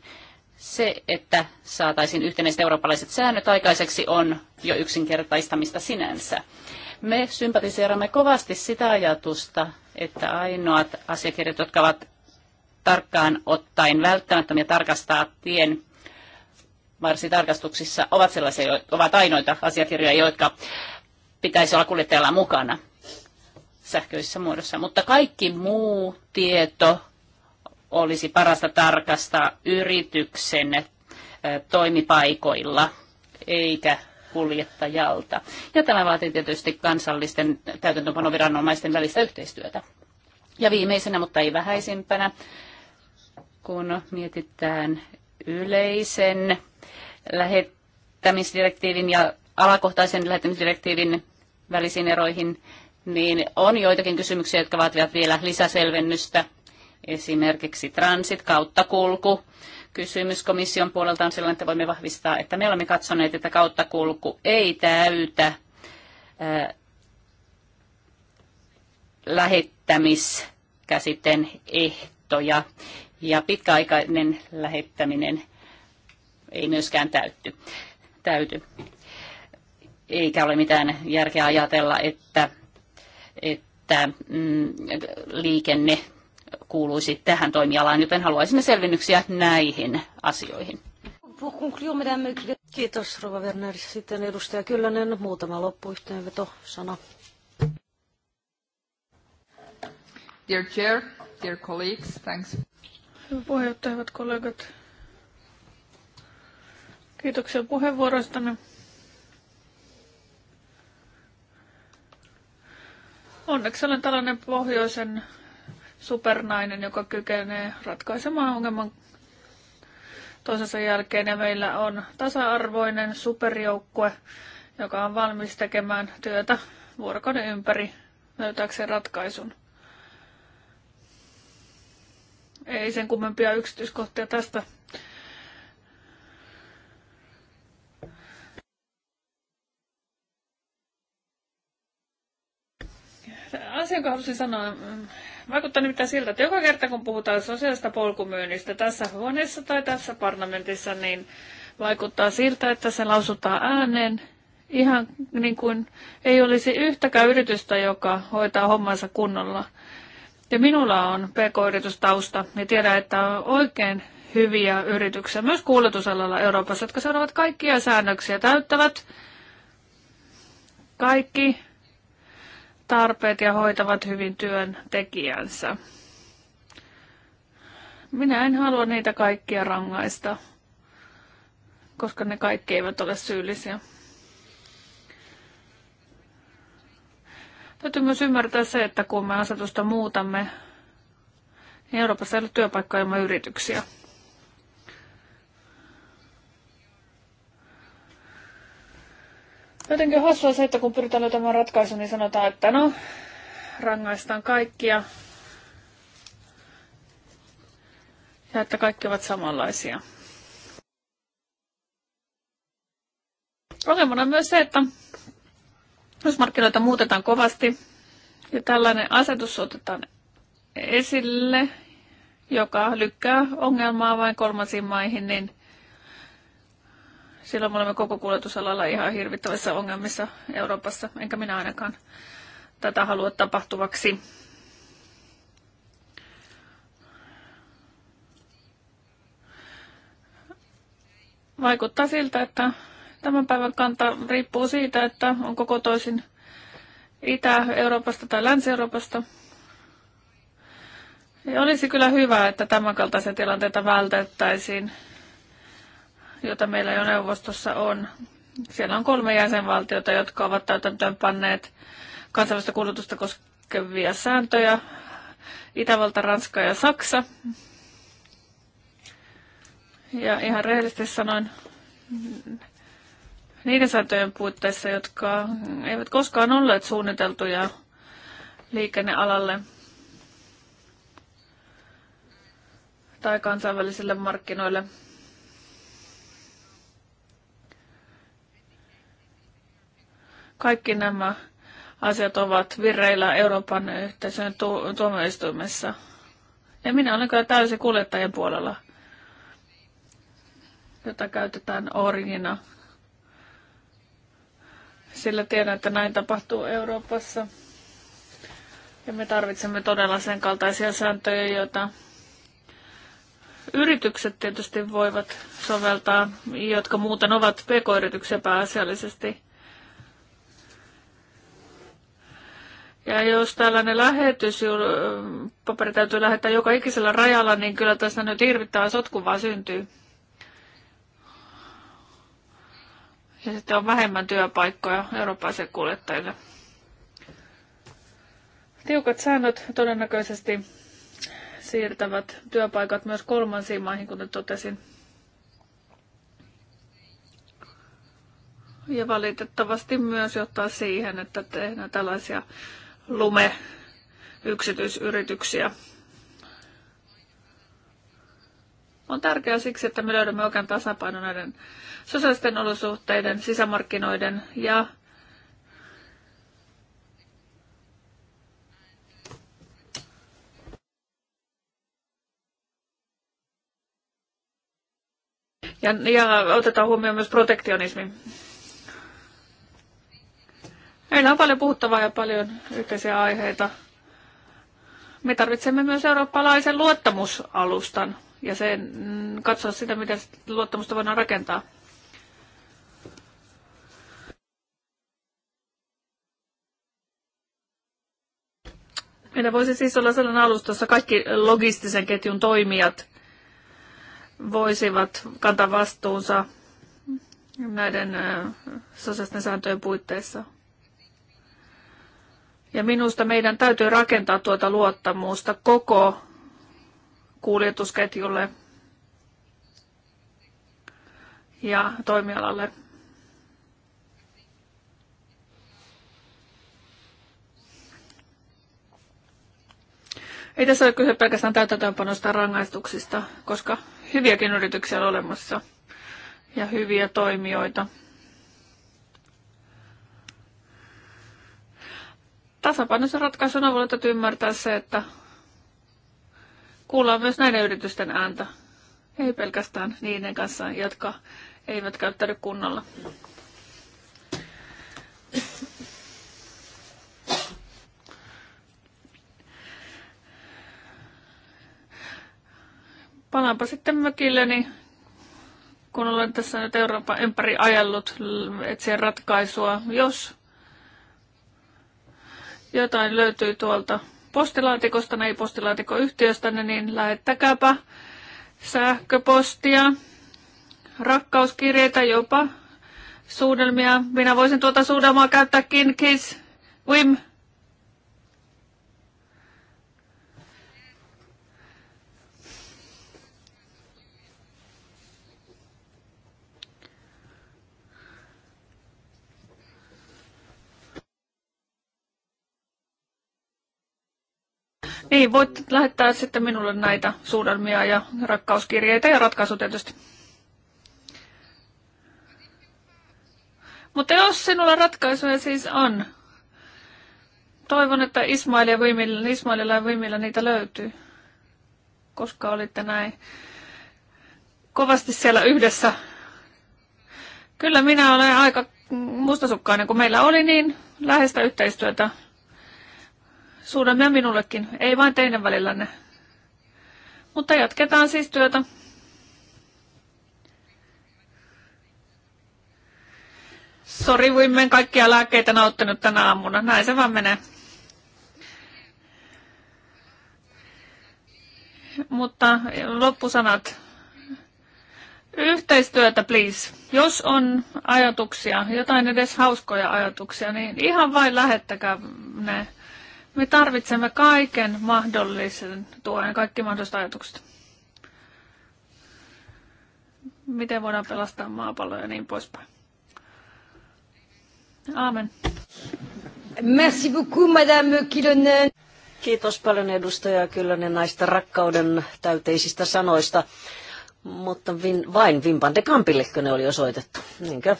se, että saataisiin yhtenäiset eurooppalaiset säännöt aikaiseksi, on jo yksinkertaistamista sinänsä. Me sympatiseeramme kovasti sitä ajatusta, että ainoat asiakirjat, jotka ovat tarkkaan ottaen välttämättömiä tarkastaa tien varsitarkastuksissa, ovat sellaisia, ovat ainoita asiakirjoja, jotka pitäisi olla kuljettajalla mukana sähköisessä muodossa. Mutta kaikki muu tieto olisi parasta tarkastaa yrityksen toimipaikoilla, eikä kuljettajalta. Ja tämä vaatii tietysti kansallisten täytäntöpanoviranomaisten välistä yhteistyötä. Ja viimeisenä, mutta ei vähäisimpänä, kun mietitään yleisen lähettämisdirektiivin ja alakohtaisen lähettämisdirektiivin välisiin eroihin, niin on joitakin kysymyksiä, jotka vaativat vielä lisäselvennystä esimerkiksi transit, kulku. Kysymys komission puolelta on sellainen, että voimme vahvistaa, että me olemme katsoneet, että kulku ei täytä lähettämiskäsitteen ehtoja ja pitkäaikainen lähettäminen ei myöskään täytty. täyty. Eikä ole mitään järkeä ajatella, että, että mm, liikenne kuuluisi tähän toimialaan, joten haluaisimme selvennyksiä näihin asioihin. Kiitos Rova Werner. Sitten edustaja Kyllönen, muutama loppuyhteenveto sana. Dear Chair, dear colleagues, thanks. Hyvä puheenjohtaja, hyvät kollegat. Kiitoksia puheenvuoroistanne. Onneksi olen tällainen pohjoisen supernainen, joka kykenee ratkaisemaan ongelman toisensa jälkeen. Ja meillä on tasa-arvoinen superjoukkue, joka on valmis tekemään työtä vuorokauden ympäri löytääkseen ratkaisun. Ei sen kummempia yksityiskohtia tästä. Asian halusin sanoa mm, Vaikuttaa nimittäin siltä, että joka kerta kun puhutaan sosiaalista polkumyynnistä tässä huoneessa tai tässä parlamentissa, niin vaikuttaa siltä, että se lausutaan ääneen ihan niin kuin ei olisi yhtäkään yritystä, joka hoitaa hommansa kunnolla. Ja minulla on pk-yritystausta ja tiedän, että on oikein hyviä yrityksiä myös kuljetusalalla Euroopassa, jotka seuraavat kaikkia säännöksiä, täyttävät kaikki tarpeet ja hoitavat hyvin työn tekijänsä. Minä en halua niitä kaikkia rangaista, koska ne kaikki eivät ole syyllisiä. Täytyy myös ymmärtää se, että kun me asetusta muutamme, niin Euroopassa ei ole työpaikkoja ilman yrityksiä. Jotenkin hassua se, että kun pyritään löytämään ratkaisu, niin sanotaan, että no, rangaistaan kaikkia. Ja että kaikki ovat samanlaisia. Ongelmana on myös se, että jos markkinoita muutetaan kovasti ja tällainen asetus otetaan esille, joka lykkää ongelmaa vain kolmansiin maihin, niin Silloin me olemme koko kuljetusalalla ihan hirvittävissä ongelmissa Euroopassa, enkä minä ainakaan tätä halua tapahtuvaksi. Vaikuttaa siltä, että tämän päivän kanta riippuu siitä, että onko kotoisin Itä-Euroopasta tai Länsi-Euroopasta. Olisi kyllä hyvä, että tämänkaltaisia tilanteita vältettäisiin jota meillä jo neuvostossa on. Siellä on kolme jäsenvaltiota, jotka ovat panneet kansainvälistä kulutusta koskevia sääntöjä. Itävalta, Ranska ja Saksa. Ja ihan rehellisesti sanoin niiden sääntöjen puitteissa, jotka eivät koskaan olleet suunniteltuja liikennealalle tai kansainvälisille markkinoille – Kaikki nämä asiat ovat vireillä Euroopan yhteisön tu- tuomioistuimessa. Ja minä olen kyllä täysin kuljettajien puolella, jota käytetään orjina. Sillä tiedän, että näin tapahtuu Euroopassa. Ja me tarvitsemme todella sen kaltaisia sääntöjä, joita yritykset tietysti voivat soveltaa, jotka muuten ovat pk-yrityksiä pääasiallisesti. Ja jos tällainen lähetys, paperi täytyy lähettää joka ikisellä rajalla, niin kyllä tässä nyt hirvittävä sotku vaan syntyy. Ja sitten on vähemmän työpaikkoja eurooppalaisille kuljettajille. Tiukat säännöt todennäköisesti siirtävät työpaikat myös kolmansiin maihin, kuten totesin. Ja valitettavasti myös johtaa siihen, että tehdään tällaisia lume yksityisyrityksiä. On tärkeää siksi, että me löydämme oikean tasapainon näiden sosiaalisten olosuhteiden, sisämarkkinoiden ja Ja, ja otetaan huomioon myös protektionismi. Meillä on paljon puhuttavaa ja paljon yhteisiä aiheita. Me tarvitsemme myös eurooppalaisen luottamusalustan ja sen mm, katsoa sitä, miten luottamusta voidaan rakentaa. Meillä voisi siis olla sellainen alusta, jossa kaikki logistisen ketjun toimijat voisivat kantaa vastuunsa näiden sosiaalisten sääntöjen puitteissa. Ja minusta meidän täytyy rakentaa tuota luottamusta koko kuljetusketjulle ja toimialalle. Ei tässä ole kyse pelkästään täytäntöönpanosta rangaistuksista, koska hyviäkin yrityksiä on olemassa ja hyviä toimijoita. Tasapainoisen ratkaisun avulla täytyy ymmärtää se, että kuullaan myös näiden yritysten ääntä, ei pelkästään niiden kanssa, jotka eivät käyttäydy kunnolla. palaanpa sitten mökilleni, niin kun olen tässä nyt Euroopan ympäri ajellut etsiä ratkaisua, jos jotain löytyy tuolta postilaatikosta, ei postilaatikoyhtiöstä, niin lähettäkääpä sähköpostia, rakkauskirjeitä, jopa suudelmia. Minä voisin tuota suudelmaa käyttää kiss, wim, Niin, voit lähettää sitten minulle näitä suudelmia ja rakkauskirjeitä ja ratkaisu tietysti. Mutta jos sinulla ratkaisuja siis on, toivon, että Ismail ja Vimillä, Ismaililla ja Vimillä niitä löytyy, koska olitte näin kovasti siellä yhdessä. Kyllä minä olen aika mustasukkainen, kun meillä oli niin läheistä yhteistyötä suudamme minullekin, ei vain teidän välillänne. Mutta jatketaan siis työtä. Sori, Wimmen kaikkia lääkkeitä nauttinut tänä aamuna. Näin se vaan menee. Mutta loppusanat. Yhteistyötä, please. Jos on ajatuksia, jotain edes hauskoja ajatuksia, niin ihan vain lähettäkää ne me tarvitsemme kaiken mahdollisen tuen, kaikki mahdolliset ajatukset. Miten voidaan pelastaa maapallo ja niin poispäin. Aamen. Merci beaucoup, Madame Kilonen. Kiitos paljon edustaja Kyllönen näistä rakkauden täyteisistä sanoista. Mutta vin, vain Vimpan de Kampille, kun ne oli osoitettu, niinkö?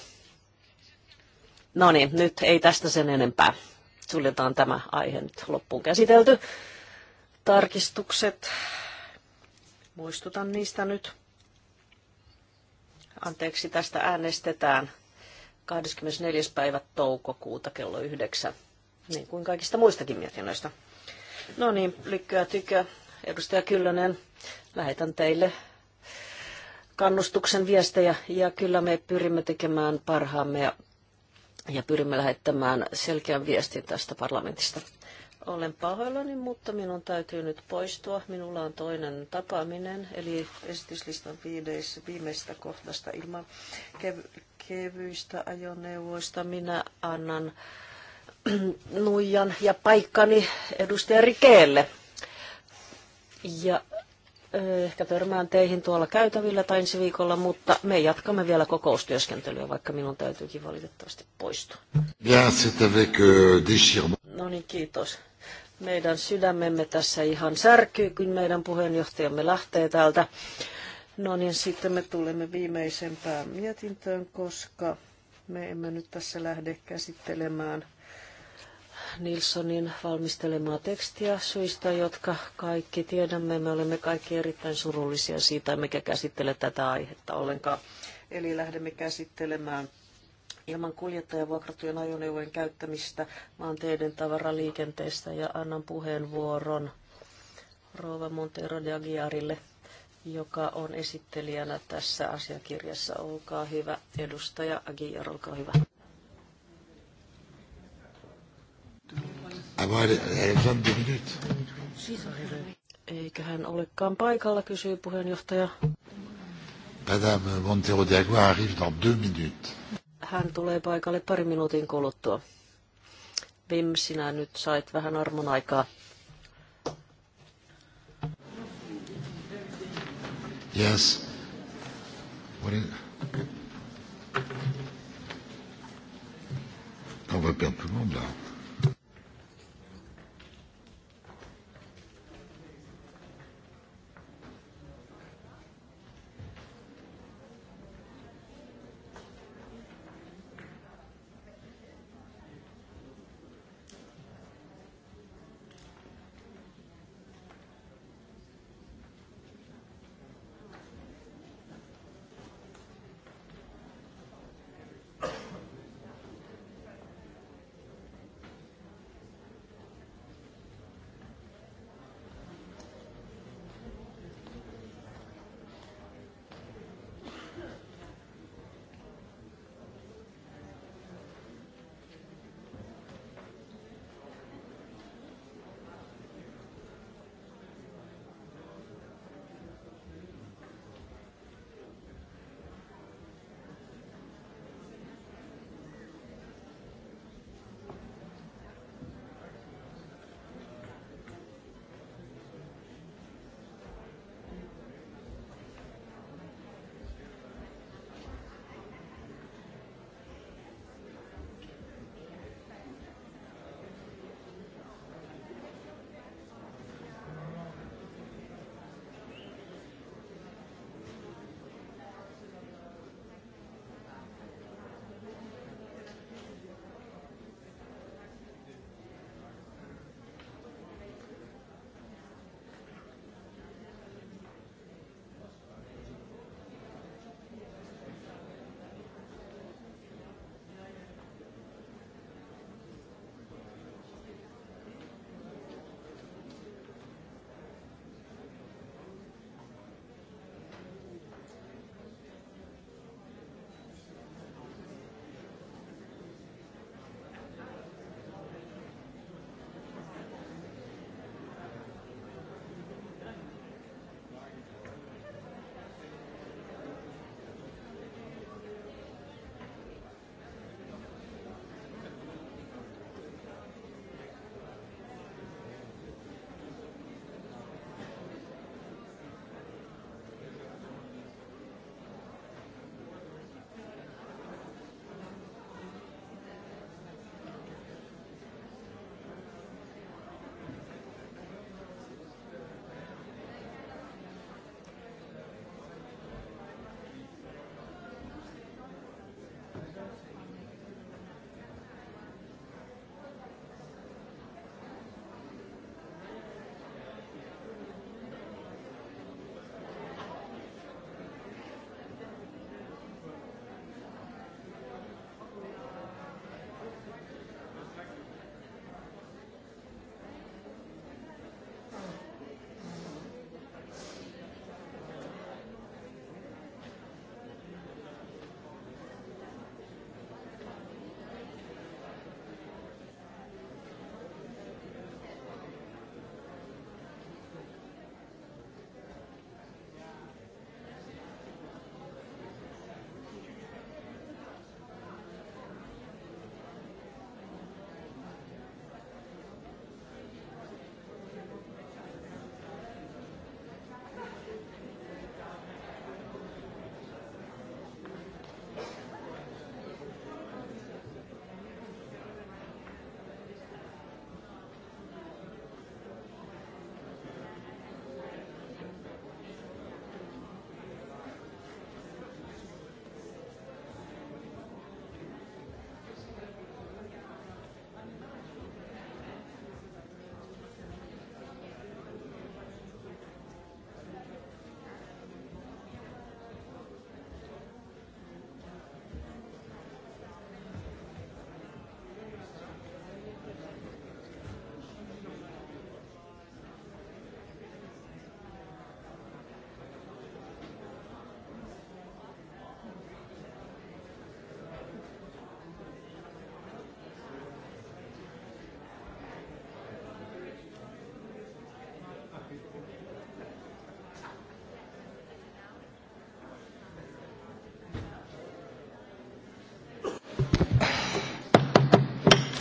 No niin, nyt ei tästä sen enempää suljetaan tämä aihe nyt loppuun käsitelty. Tarkistukset. Muistutan niistä nyt. Anteeksi, tästä äänestetään 24. päivä toukokuuta kello 9, niin kuin kaikista muistakin mietinnöistä. No niin, lykkää tykö. Edustaja Kyllönen, lähetän teille kannustuksen viestejä ja kyllä me pyrimme tekemään parhaamme ja ja pyrimme lähettämään selkeän viestin tästä parlamentista. Olen pahoillani, mutta minun täytyy nyt poistua. Minulla on toinen tapaaminen, eli esityslistan viimeistä kohdasta ilman kev- kevyistä ajoneuvoista. Minä annan [clears throat] nuijan ja paikkani edustaja Rikeelle. Ja ehkä törmään teihin tuolla käytävillä tai ensi viikolla, mutta me jatkamme vielä kokoustyöskentelyä, vaikka minun täytyykin valitettavasti poistua. Euh, no niin, kiitos. Meidän sydämemme tässä ihan särkyy, kun meidän puheenjohtajamme lähtee täältä. No niin, sitten me tulemme viimeisempään mietintöön, koska me emme nyt tässä lähde käsittelemään – Nilssonin valmistelemaa tekstiä syistä, jotka kaikki tiedämme. Me olemme kaikki erittäin surullisia siitä, emmekä käsittele tätä aihetta ollenkaan. Eli lähdemme käsittelemään ilman kuljettajan vuokrattujen ajoneuvojen käyttämistä maanteiden tavaraliikenteestä ja annan puheenvuoron Rova Montero de Aguiarille, joka on esittelijänä tässä asiakirjassa. Olkaa hyvä, edustaja Aguiar, olkaa hyvä. Eikä hän olekaan paikalla, kysyy puheenjohtaja. Madame Montero de Agua arrive dans deux minutes. Hän tulee paikalle pari minuutin kuluttua. Vim, sinä nyt sait vähän armon aikaa. Yes. What is... On va perdre tout le monde là.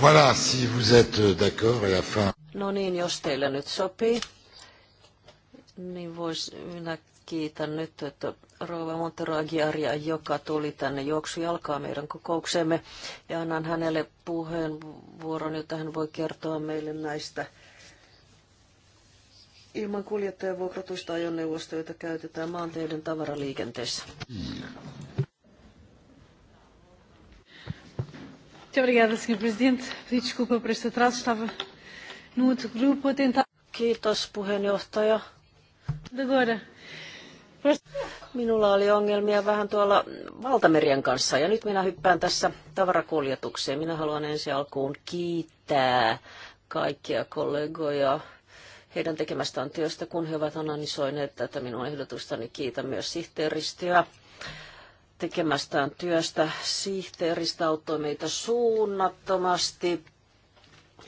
Voilà, si vous êtes euh, d'accord et la fin. No niin, jos teille nyt sopii, niin vois, minä kiitän nyt, että Rova Montero joka tuli tänne juoksujalkaa meidän kokoukseemme, ja annan hänelle puheenvuoron, jota hän voi kertoa meille näistä ilman kuljettajan vuokratuista ajoneuvoista, joita käytetään maanteiden tavaraliikenteessä. Mm. Muito obrigada, Sr. Presidente. Pedi desculpa por este atraso. Estava num outro grupo a tentar... Kiitos, puheenjohtaja. Agora. Minulla oli ongelmia vähän tuolla valtamerien kanssa ja nyt minä hyppään tässä tavarakuljetukseen. Minä haluan ensi alkuun kiittää kaikkia kollegoja heidän tekemästään työstä, kun he ovat analysoineet tätä minun ehdotustani. Kiitän myös sihteeristöä tekemästään työstä. Sihteeristä auttoi meitä suunnattomasti,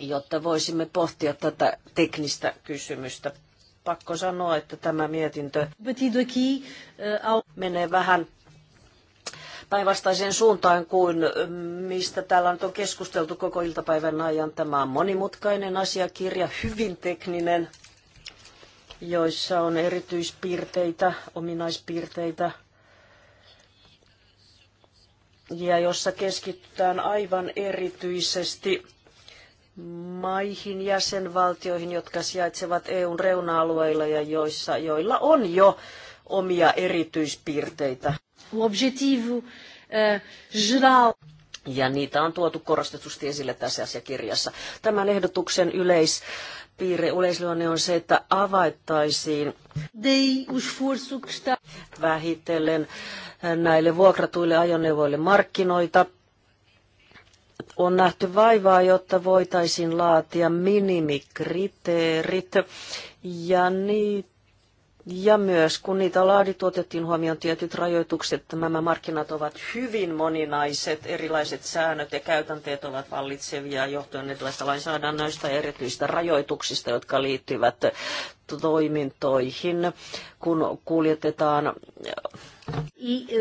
jotta voisimme pohtia tätä teknistä kysymystä. Pakko sanoa, että tämä mietintö euh, menee vähän päinvastaiseen suuntaan kuin mistä täällä on keskusteltu koko iltapäivän ajan. Tämä on monimutkainen asiakirja, hyvin tekninen, joissa on erityispiirteitä, ominaispiirteitä – ja jossa keskitytään aivan erityisesti maihin, jäsenvaltioihin, jotka sijaitsevat EUn reuna-alueilla ja joissa, joilla on jo omia erityispiirteitä. Euh, ja niitä on tuotu korostetusti esille tässä asiakirjassa. Tämän ehdotuksen yleis, piirre yleisluonne on se, että avaittaisiin vähitellen näille vuokratuille ajoneuvoille markkinoita. On nähty vaivaa, jotta voitaisiin laatia minimikriteerit ja niitä ja myös kun niitä laadittu, otettiin huomioon tietyt rajoitukset. Nämä markkinat ovat hyvin moninaiset, erilaiset säännöt ja käytänteet ovat vallitsevia johtuen erilaisista lainsäädännöistä ja erityisistä rajoituksista, jotka liittyvät toimintoihin, kun kuljetetaan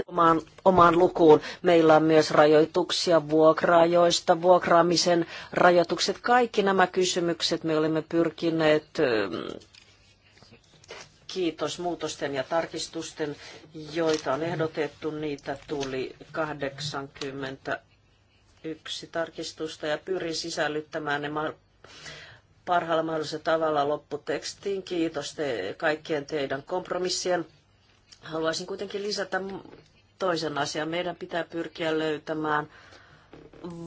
omaan, omaan lukuun. Meillä on myös rajoituksia vuokraajoista, vuokraamisen rajoitukset, kaikki nämä kysymykset me olemme pyrkineet kiitos muutosten ja tarkistusten, joita on ehdotettu. Niitä tuli 81 tarkistusta ja pyrin sisällyttämään ne parhaalla mahdollisella tavalla lopputekstiin. Kiitos te, kaikkien teidän kompromissien. Haluaisin kuitenkin lisätä toisen asian. Meidän pitää pyrkiä löytämään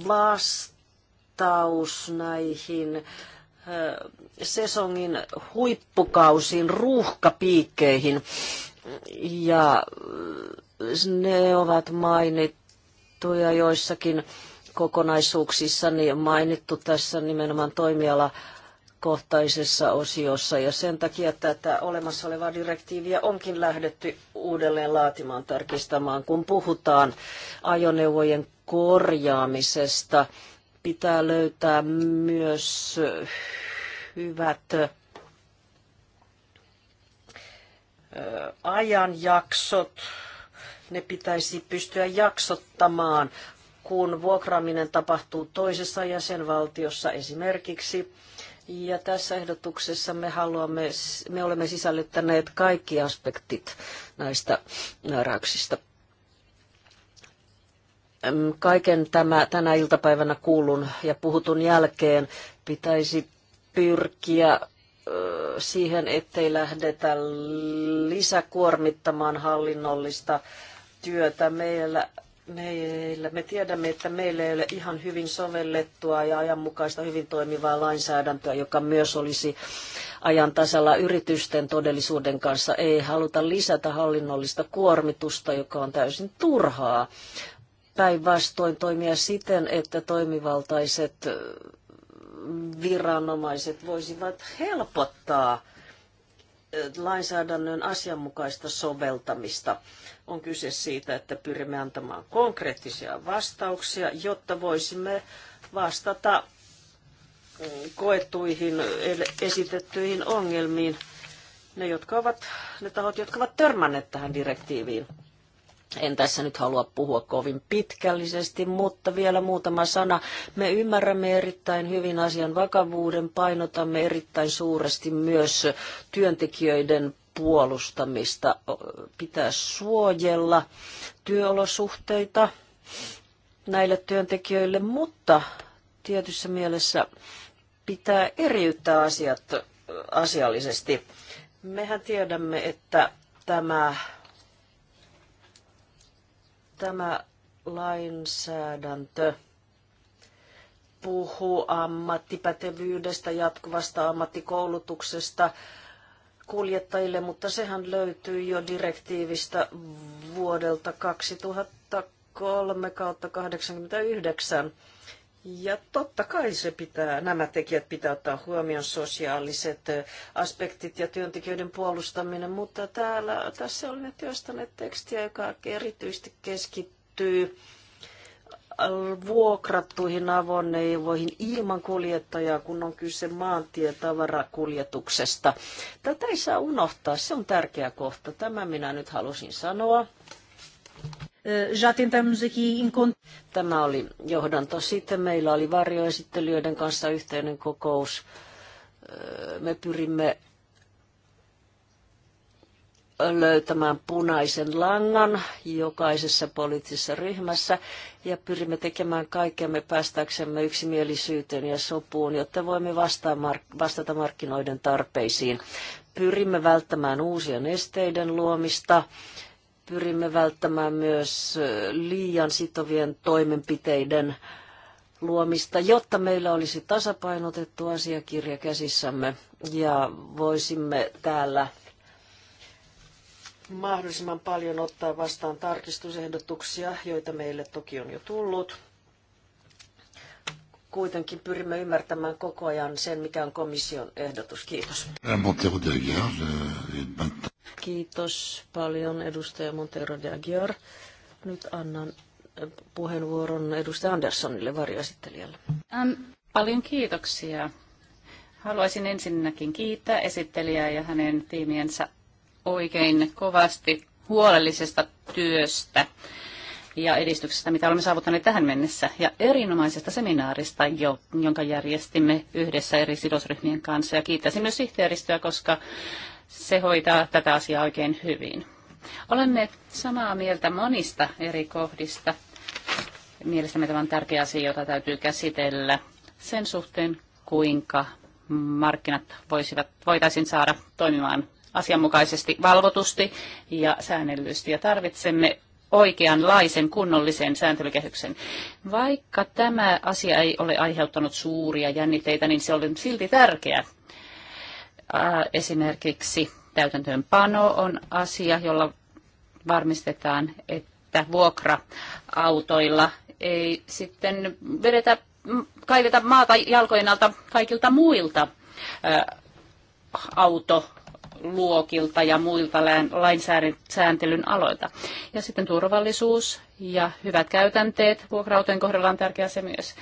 vastaus näihin äh, sesongin huippukausiin, ruuhkapiikkeihin. Ja ne ovat mainittuja joissakin kokonaisuuksissa, niin mainittu tässä nimenomaan toimiala kohtaisessa osiossa ja sen takia tätä olemassa olevaa direktiiviä onkin lähdetty uudelleen laatimaan, tarkistamaan, kun puhutaan ajoneuvojen korjaamisesta pitää löytää myös hyvät ajanjaksot. Ne pitäisi pystyä jaksottamaan, kun vuokraaminen tapahtuu toisessa jäsenvaltiossa esimerkiksi. Ja tässä ehdotuksessa me, haluamme, me olemme sisällyttäneet kaikki aspektit näistä määräyksistä. Kaiken tämä, tänä iltapäivänä kuulun ja puhutun jälkeen pitäisi pyrkiä siihen, ettei lähdetä lisäkuormittamaan hallinnollista työtä. Meillä, meillä, me tiedämme, että meillä ei ole ihan hyvin sovellettua ja ajanmukaista hyvin toimivaa lainsäädäntöä, joka myös olisi ajan tasalla yritysten todellisuuden kanssa. Ei haluta lisätä hallinnollista kuormitusta, joka on täysin turhaa päinvastoin toimia siten, että toimivaltaiset viranomaiset voisivat helpottaa lainsäädännön asianmukaista soveltamista. On kyse siitä, että pyrimme antamaan konkreettisia vastauksia, jotta voisimme vastata mm, koettuihin esitettyihin ongelmiin, ne, jotka ovat, ne tahot, jotka ovat törmänneet tähän direktiiviin. En tässä nyt halua puhua kovin pitkällisesti, mutta vielä muutama sana. Me ymmärrämme erittäin hyvin asian vakavuuden, painotamme erittäin suuresti myös työntekijöiden puolustamista. Pitää suojella työolosuhteita näille työntekijöille, mutta tietyssä mielessä pitää eriyttää asiat asiallisesti. Mehän tiedämme, että tämä Tämä lainsäädäntö puhuu ammattipätevyydestä, jatkuvasta ammattikoulutuksesta kuljettajille, mutta sehän löytyy jo direktiivistä vuodelta 2003 89. Ja totta kai se pitää, nämä tekijät pitää ottaa huomioon, sosiaaliset aspektit ja työntekijöiden puolustaminen, mutta täällä, tässä olemme työstäneet tekstiä, joka erityisesti keskittyy vuokrattuihin avoneivoihin ilman kuljettajaa, kun on kyse maantietavarakuljetuksesta. Tätä ei saa unohtaa, se on tärkeä kohta. Tämä minä nyt halusin sanoa já tentamos aqui encontrar... Tämä oli johdanto. Sitten meillä oli varjoesittelijöiden kanssa yhteinen kokous. Me pyrimme löytämään punaisen langan jokaisessa poliittisessa ryhmässä ja pyrimme tekemään kaikkemme päästäksemme yksimielisyyteen ja sopuun, jotta voimme vastata markkinoiden tarpeisiin. Pyrimme välttämään uusien esteiden luomista pyrimme välttämään myös liian sitovien toimenpiteiden luomista, jotta meillä olisi tasapainotettu asiakirja käsissämme ja voisimme täällä mahdollisimman paljon ottaa vastaan tarkistusehdotuksia, joita meille toki on jo tullut kuitenkin pyrimme ymmärtämään koko ajan sen, mikä on komission ehdotus. Kiitos. Euh, Kiitos paljon edustaja Montero de Aguiar. Nyt annan äh, puheenvuoron edustaja Anderssonille varjoesittelijälle. Um, paljon kiitoksia. Haluaisin ensinnäkin kiittää esittelijää ja hänen tiimiensä oikein kovasti huolellisesta työstä ja edistyksestä, mitä olemme saavuttaneet tähän mennessä, ja erinomaisesta seminaarista, jonka järjestimme yhdessä eri sidosryhmien kanssa. Ja kiittäisin myös sihteeristöä, koska se hoitaa tätä asiaa oikein hyvin. Olemme samaa mieltä monista eri kohdista. Mielestäni tämä on tärkeä asia, jota täytyy käsitellä sen suhteen, kuinka markkinat voisivat, voitaisiin saada toimimaan asianmukaisesti, valvotusti ja säännellysti. Ja tarvitsemme oikeanlaisen kunnollisen sääntelykehyksen. Vaikka tämä asia ei ole aiheuttanut suuria jännitteitä, niin se oli silti tärkeä. Esimerkiksi täytäntöönpano on asia, jolla varmistetaan, että vuokra-autoilla ei sitten vedetä, kaiveta maata jalkojen alta kaikilta muilta auto luokilta ja muilta lainsääntelyn aloilta. Ja sitten turvallisuus ja hyvät käytänteet vuokrautojen kohdalla on tärkeä se myös.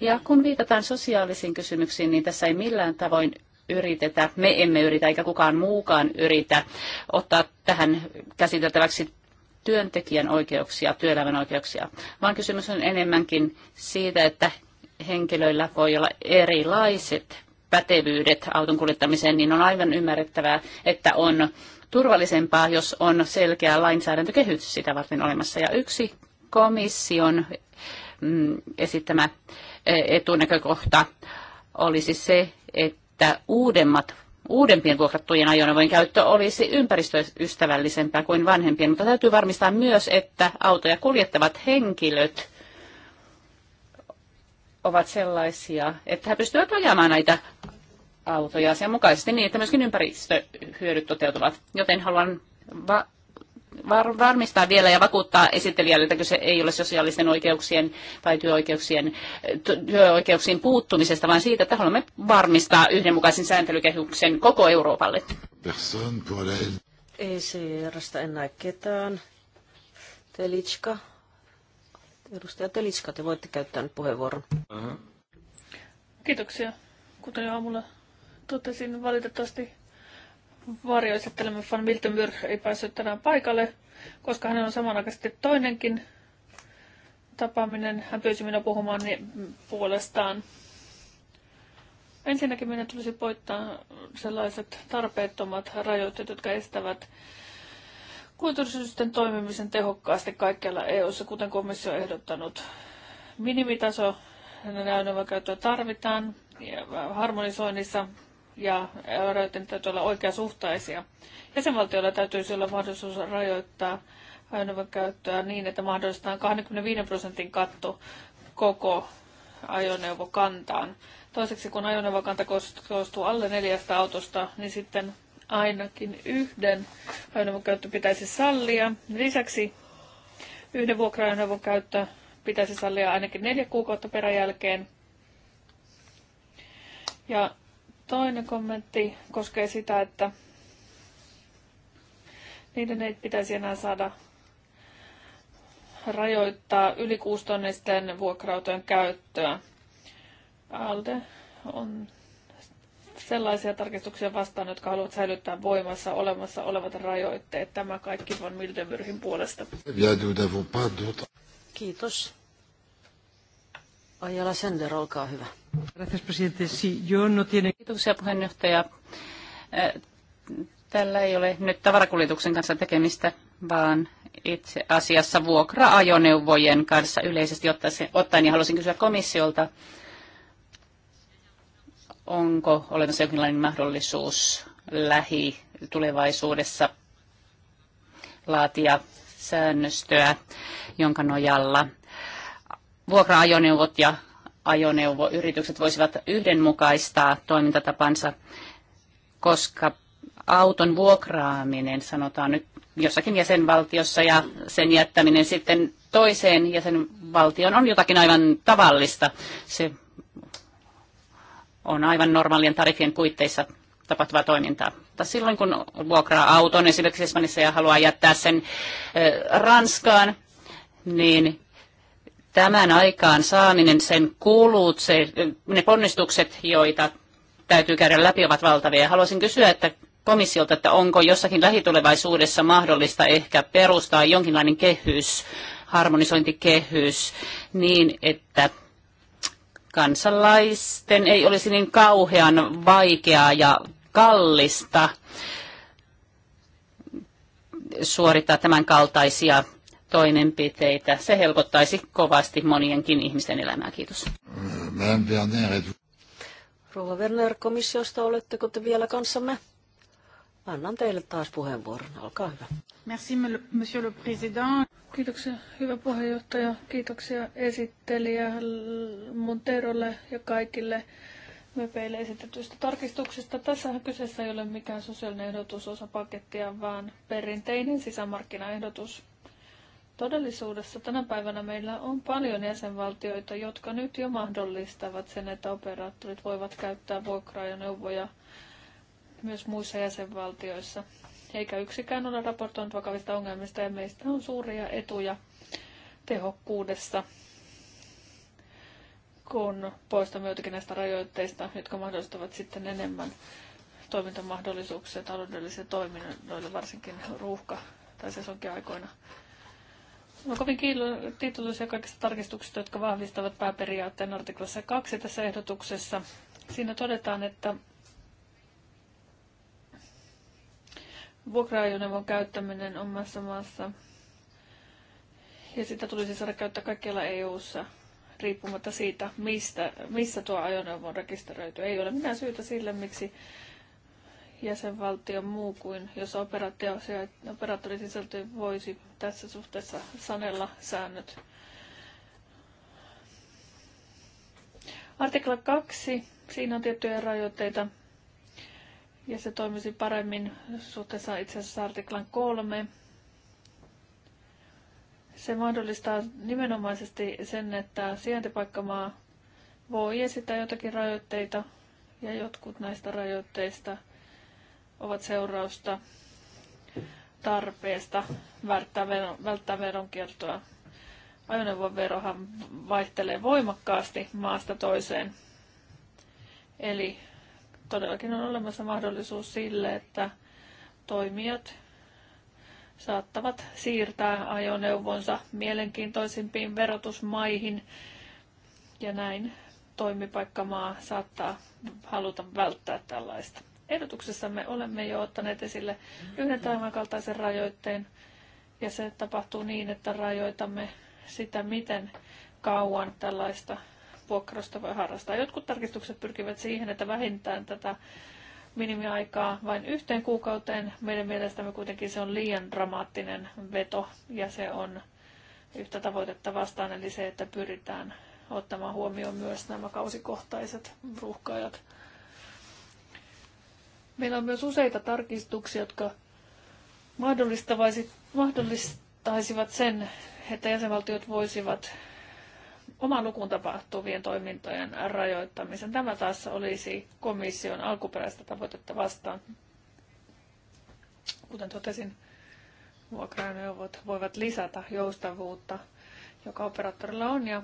Ja kun viitataan sosiaalisiin kysymyksiin, niin tässä ei millään tavoin yritetä, me emme yritä eikä kukaan muukaan yritä ottaa tähän käsiteltäväksi työntekijän oikeuksia, työelämän oikeuksia, vaan kysymys on enemmänkin siitä, että henkilöillä voi olla erilaiset pätevyydet auton kuljettamiseen, niin on aivan ymmärrettävää, että on turvallisempaa, jos on selkeä lainsäädäntökehys sitä varten olemassa. Ja yksi komission mm, esittämä e, etunäkökohta olisi se, että uudemmat uudempien vuokrattujen ajoneuvojen käyttö olisi ympäristöystävällisempää kuin vanhempien, mutta täytyy varmistaa myös, että autoja kuljettavat henkilöt ovat sellaisia, että he pystyvät ajamaan näitä autoja asianmukaisesti niin, että myöskin ympäristöhyödyt toteutuvat. Joten haluan va- var- varmistaa vielä ja vakuuttaa esittelijälle, että se ei ole sosiaalisten oikeuksien tai työoikeuksien, työoikeuksien puuttumisesta, vaan siitä, että haluamme varmistaa yhdenmukaisen sääntelykehyksen koko Euroopalle. Ei se järjestä enää ketään. Telitska. Edustaja Telitska, te voitte käyttää nyt puheenvuoron. Kiitoksia. Kuten jo aamulla totesin valitettavasti varjoisettelemme Van Miltenburg ei päässyt tänään paikalle, koska hän on samanaikaisesti toinenkin tapaaminen. Hän pyysi minua puhumaan niin puolestaan. Ensinnäkin meidän tulisi poittaa sellaiset tarpeettomat rajoitteet, jotka estävät kulttuurisyysten toimimisen tehokkaasti kaikkialla EU-ssa, kuten komissio on ehdottanut. Minimitaso näynnävä käyttöä tarvitaan ja harmonisoinnissa ja rajoitteen täytyy olla oikeasuhtaisia. Jäsenvaltioilla täytyisi olla mahdollisuus rajoittaa ajoneuvon käyttöä niin, että mahdollistetaan 25 prosentin katto koko ajoneuvokantaan. Toiseksi, kun ajoneuvokanta koostuu alle neljästä autosta, niin sitten ainakin yhden ajoneuvon käyttö pitäisi sallia. Lisäksi yhden vuokra käyttö pitäisi sallia ainakin neljä kuukautta peräjälkeen. Ja Toinen kommentti koskee sitä, että niiden ei pitäisi enää saada rajoittaa yli kuustonnisten vuokrautojen käyttöä. ALDE on sellaisia tarkistuksia vastaan, jotka haluavat säilyttää voimassa olemassa olevat rajoitteet. Tämä kaikki on Mildenbyrgin puolesta. Eh Kiitos. Ajala Sender, olkaa hyvä. No Kiitoksia puheenjohtaja. Tällä ei ole nyt tavarakuljetuksen kanssa tekemistä, vaan itse asiassa vuokra-ajoneuvojen kanssa yleisesti ottaen. Ja haluaisin kysyä komissiolta, onko olemassa jonkinlainen mahdollisuus lähi tulevaisuudessa laatia säännöstöä, jonka nojalla vuokra-ajoneuvot ja ajoneuvoyritykset voisivat yhdenmukaistaa toimintatapansa, koska auton vuokraaminen, sanotaan nyt jossakin jäsenvaltiossa ja sen jättäminen sitten toiseen jäsenvaltioon on jotakin aivan tavallista. Se on aivan normaalien tarifien puitteissa tapahtuvaa toimintaa. Mutta silloin kun vuokraa auton esimerkiksi Espanjassa ja haluaa jättää sen Ranskaan, niin tämän aikaan saaminen, sen kulut, se, ne ponnistukset, joita täytyy käydä läpi, ovat valtavia. Haluaisin kysyä, että komissiolta, että onko jossakin lähitulevaisuudessa mahdollista ehkä perustaa jonkinlainen kehys, harmonisointikehys, niin että kansalaisten ei olisi niin kauhean vaikeaa ja kallista suorittaa tämän kaltaisia toimenpiteitä. Se helpottaisi kovasti monienkin ihmisten elämää. Kiitos. Rouva Werner, komissiosta oletteko te vielä kanssamme? Annan teille taas puheenvuoron. Olkaa hyvä. Merci, monsieur le président. Kiitoksia, hyvä puheenjohtaja. Kiitoksia esittelijä Monterolle ja kaikille mepeille esitetyistä tarkistuksista. tässä kyseessä ei ole mikään sosiaalinen ehdotus osa pakettia, vaan perinteinen sisämarkkinaehdotus. Todellisuudessa tänä päivänä meillä on paljon jäsenvaltioita, jotka nyt jo mahdollistavat sen, että operaattorit voivat käyttää vuokraajaneuvoja myös muissa jäsenvaltioissa. Eikä yksikään ole raportoinut vakavista ongelmista ja meistä on suuria etuja tehokkuudessa, kun poistamme jotakin näistä rajoitteista, jotka mahdollistavat sitten enemmän toimintamahdollisuuksia taloudellisille toiminnoille, varsinkin ruuhka- tai sesonkiaikoina aikoina olen kovin kiitollisia kaikista tarkistuksista, jotka vahvistavat pääperiaatteen artiklassa 2 tässä ehdotuksessa. Siinä todetaan, että vuokraajoneuvon käyttäminen omassa maassa ja sitä tulisi saada käyttää kaikkialla EU-ssa riippumatta siitä, mistä, missä tuo ajoneuvo on rekisteröity. Ei ole mitään syytä sille, miksi jäsenvaltio muu kuin, jos operaattori sisältö voisi tässä suhteessa sanella säännöt. Artikla 2, siinä on tiettyjä rajoitteita ja se toimisi paremmin suhteessa itse asiassa artiklan 3. Se mahdollistaa nimenomaisesti sen, että sijaintipaikkamaa voi esittää jotakin rajoitteita ja jotkut näistä rajoitteista – ovat seurausta tarpeesta välttää, veron, välttää veronkiertoa. Ajoneuvon verohan vaihtelee voimakkaasti maasta toiseen. Eli todellakin on olemassa mahdollisuus sille, että toimijat saattavat siirtää ajoneuvonsa mielenkiintoisimpiin verotusmaihin ja näin toimipaikkamaa saattaa haluta välttää tällaista. Ehdotuksessamme olemme jo ottaneet esille yhden tämänkaltaisen rajoitteen, ja se tapahtuu niin, että rajoitamme sitä, miten kauan tällaista vuokrausta voi harrastaa. Jotkut tarkistukset pyrkivät siihen, että vähintään tätä minimiaikaa vain yhteen kuukauteen. Meidän mielestämme kuitenkin se on liian dramaattinen veto ja se on yhtä tavoitetta vastaan, eli se, että pyritään ottamaan huomioon myös nämä kausikohtaiset ruuhkaajat. Meillä on myös useita tarkistuksia, jotka mahdollistaisivat sen, että jäsenvaltiot voisivat oman lukuun tapahtuvien toimintojen rajoittamisen. Tämä taas olisi komission alkuperäistä tavoitetta vastaan. Kuten totesin, vuokraneuvot voivat lisätä joustavuutta, joka operaattorilla on, ja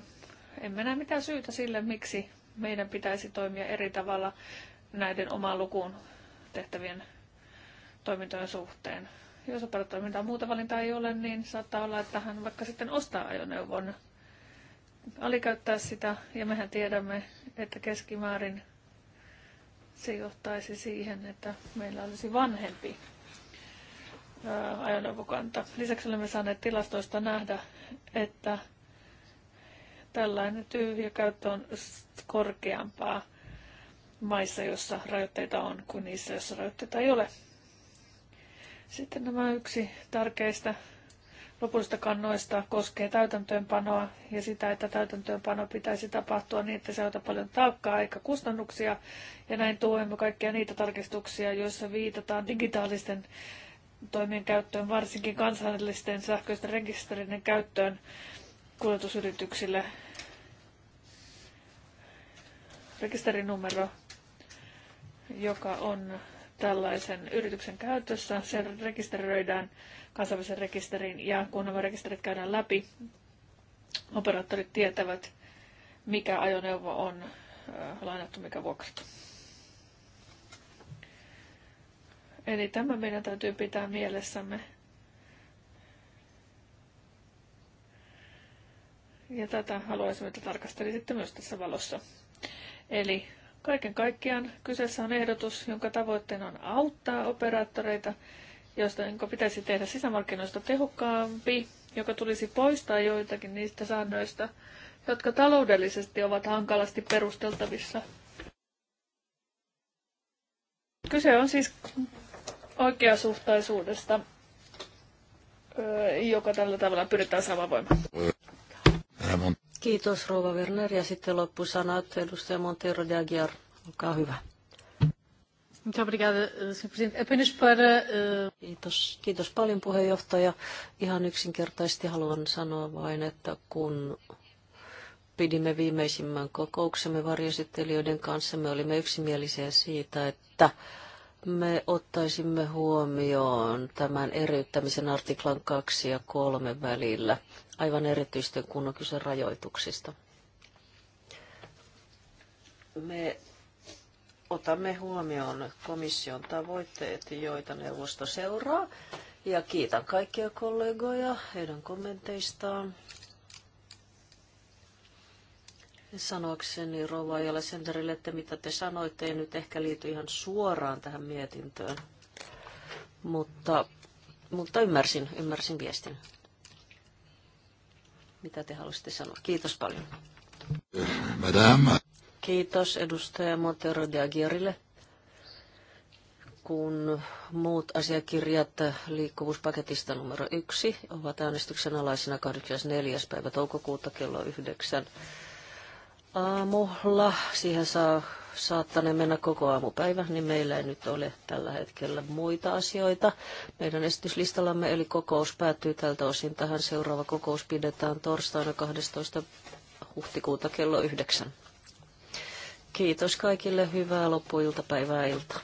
emme näe mitään syytä sille, miksi meidän pitäisi toimia eri tavalla näiden oman lukuun tehtävien toimintojen suhteen. Jos operatoimintaa muuta valintaa ei ole, niin saattaa olla, että hän vaikka sitten ostaa ajoneuvon, alikäyttää sitä, ja mehän tiedämme, että keskimäärin se johtaisi siihen, että meillä olisi vanhempi ajoneuvokanta. Lisäksi olemme saaneet tilastoista nähdä, että tällainen tyhjäkäyttö on korkeampaa maissa, joissa rajoitteita on, kuin niissä, joissa rajoitteita ei ole. Sitten nämä yksi tärkeistä lopullisista kannoista koskee täytäntöönpanoa ja sitä, että täytäntöönpano pitäisi tapahtua niin, että se ottaa paljon taakkaa eikä kustannuksia. Ja näin tuemme kaikkia niitä tarkistuksia, joissa viitataan digitaalisten toimien käyttöön, varsinkin kansallisten sähköisten rekisterien käyttöön kuljetusyrityksille. Rekisterinumero joka on tällaisen yrityksen käytössä. Se rekisteröidään kansainvälisen rekisteriin ja kun nämä rekisterit käydään läpi, operaattorit tietävät, mikä ajoneuvo on äh, lainattu, mikä vuokrattu. Eli tämä meidän täytyy pitää mielessämme. Ja tätä haluaisimme, että tarkastelisitte myös tässä valossa. Eli Kaiken kaikkiaan kyseessä on ehdotus, jonka tavoitteena on auttaa operaattoreita, joista pitäisi tehdä sisämarkkinoista tehokkaampi, joka tulisi poistaa joitakin niistä säännöistä, jotka taloudellisesti ovat hankalasti perusteltavissa. Kyse on siis oikeasuhtaisuudesta, joka tällä tavalla pyritään saamaan voimaan. Kiitos Rouva Werner ja sitten loppusanat edustaja Montero de Aguiar. Olkaa hyvä. Eh, eh, kiitos, kiitos paljon puheenjohtaja. Ihan yksinkertaisesti haluan sanoa vain, että kun pidimme viimeisimmän kokouksemme varjosittelijöiden kanssa, me olimme yksimielisiä siitä, että me ottaisimme huomioon tämän eriyttämisen artiklan 2 ja 3 välillä aivan erityisesti kun on kyse rajoituksista. Me otamme huomioon komission tavoitteet, joita neuvosto seuraa, ja kiitän kaikkia kollegoja heidän kommenteistaan. Sanoakseni Rouva Ajala Senterille, että mitä te sanoitte ei nyt ehkä liity ihan suoraan tähän mietintöön, mutta, mutta ymmärsin, ymmärsin viestin mitä te halusitte sanoa. Kiitos paljon. Madame. Kiitos edustaja Montero de Aguirille. Kun muut asiakirjat liikkuvuuspaketista numero yksi ovat äänestyksen alaisena 24. päivä toukokuuta kello 9 aamulla, siihen saa saattaneen mennä koko aamupäivä, niin meillä ei nyt ole tällä hetkellä muita asioita. Meidän esityslistallamme eli kokous päättyy tältä osin tähän. Seuraava kokous pidetään torstaina 12. huhtikuuta kello 9. Kiitos kaikille, hyvää loppuiltapäivää iltaa.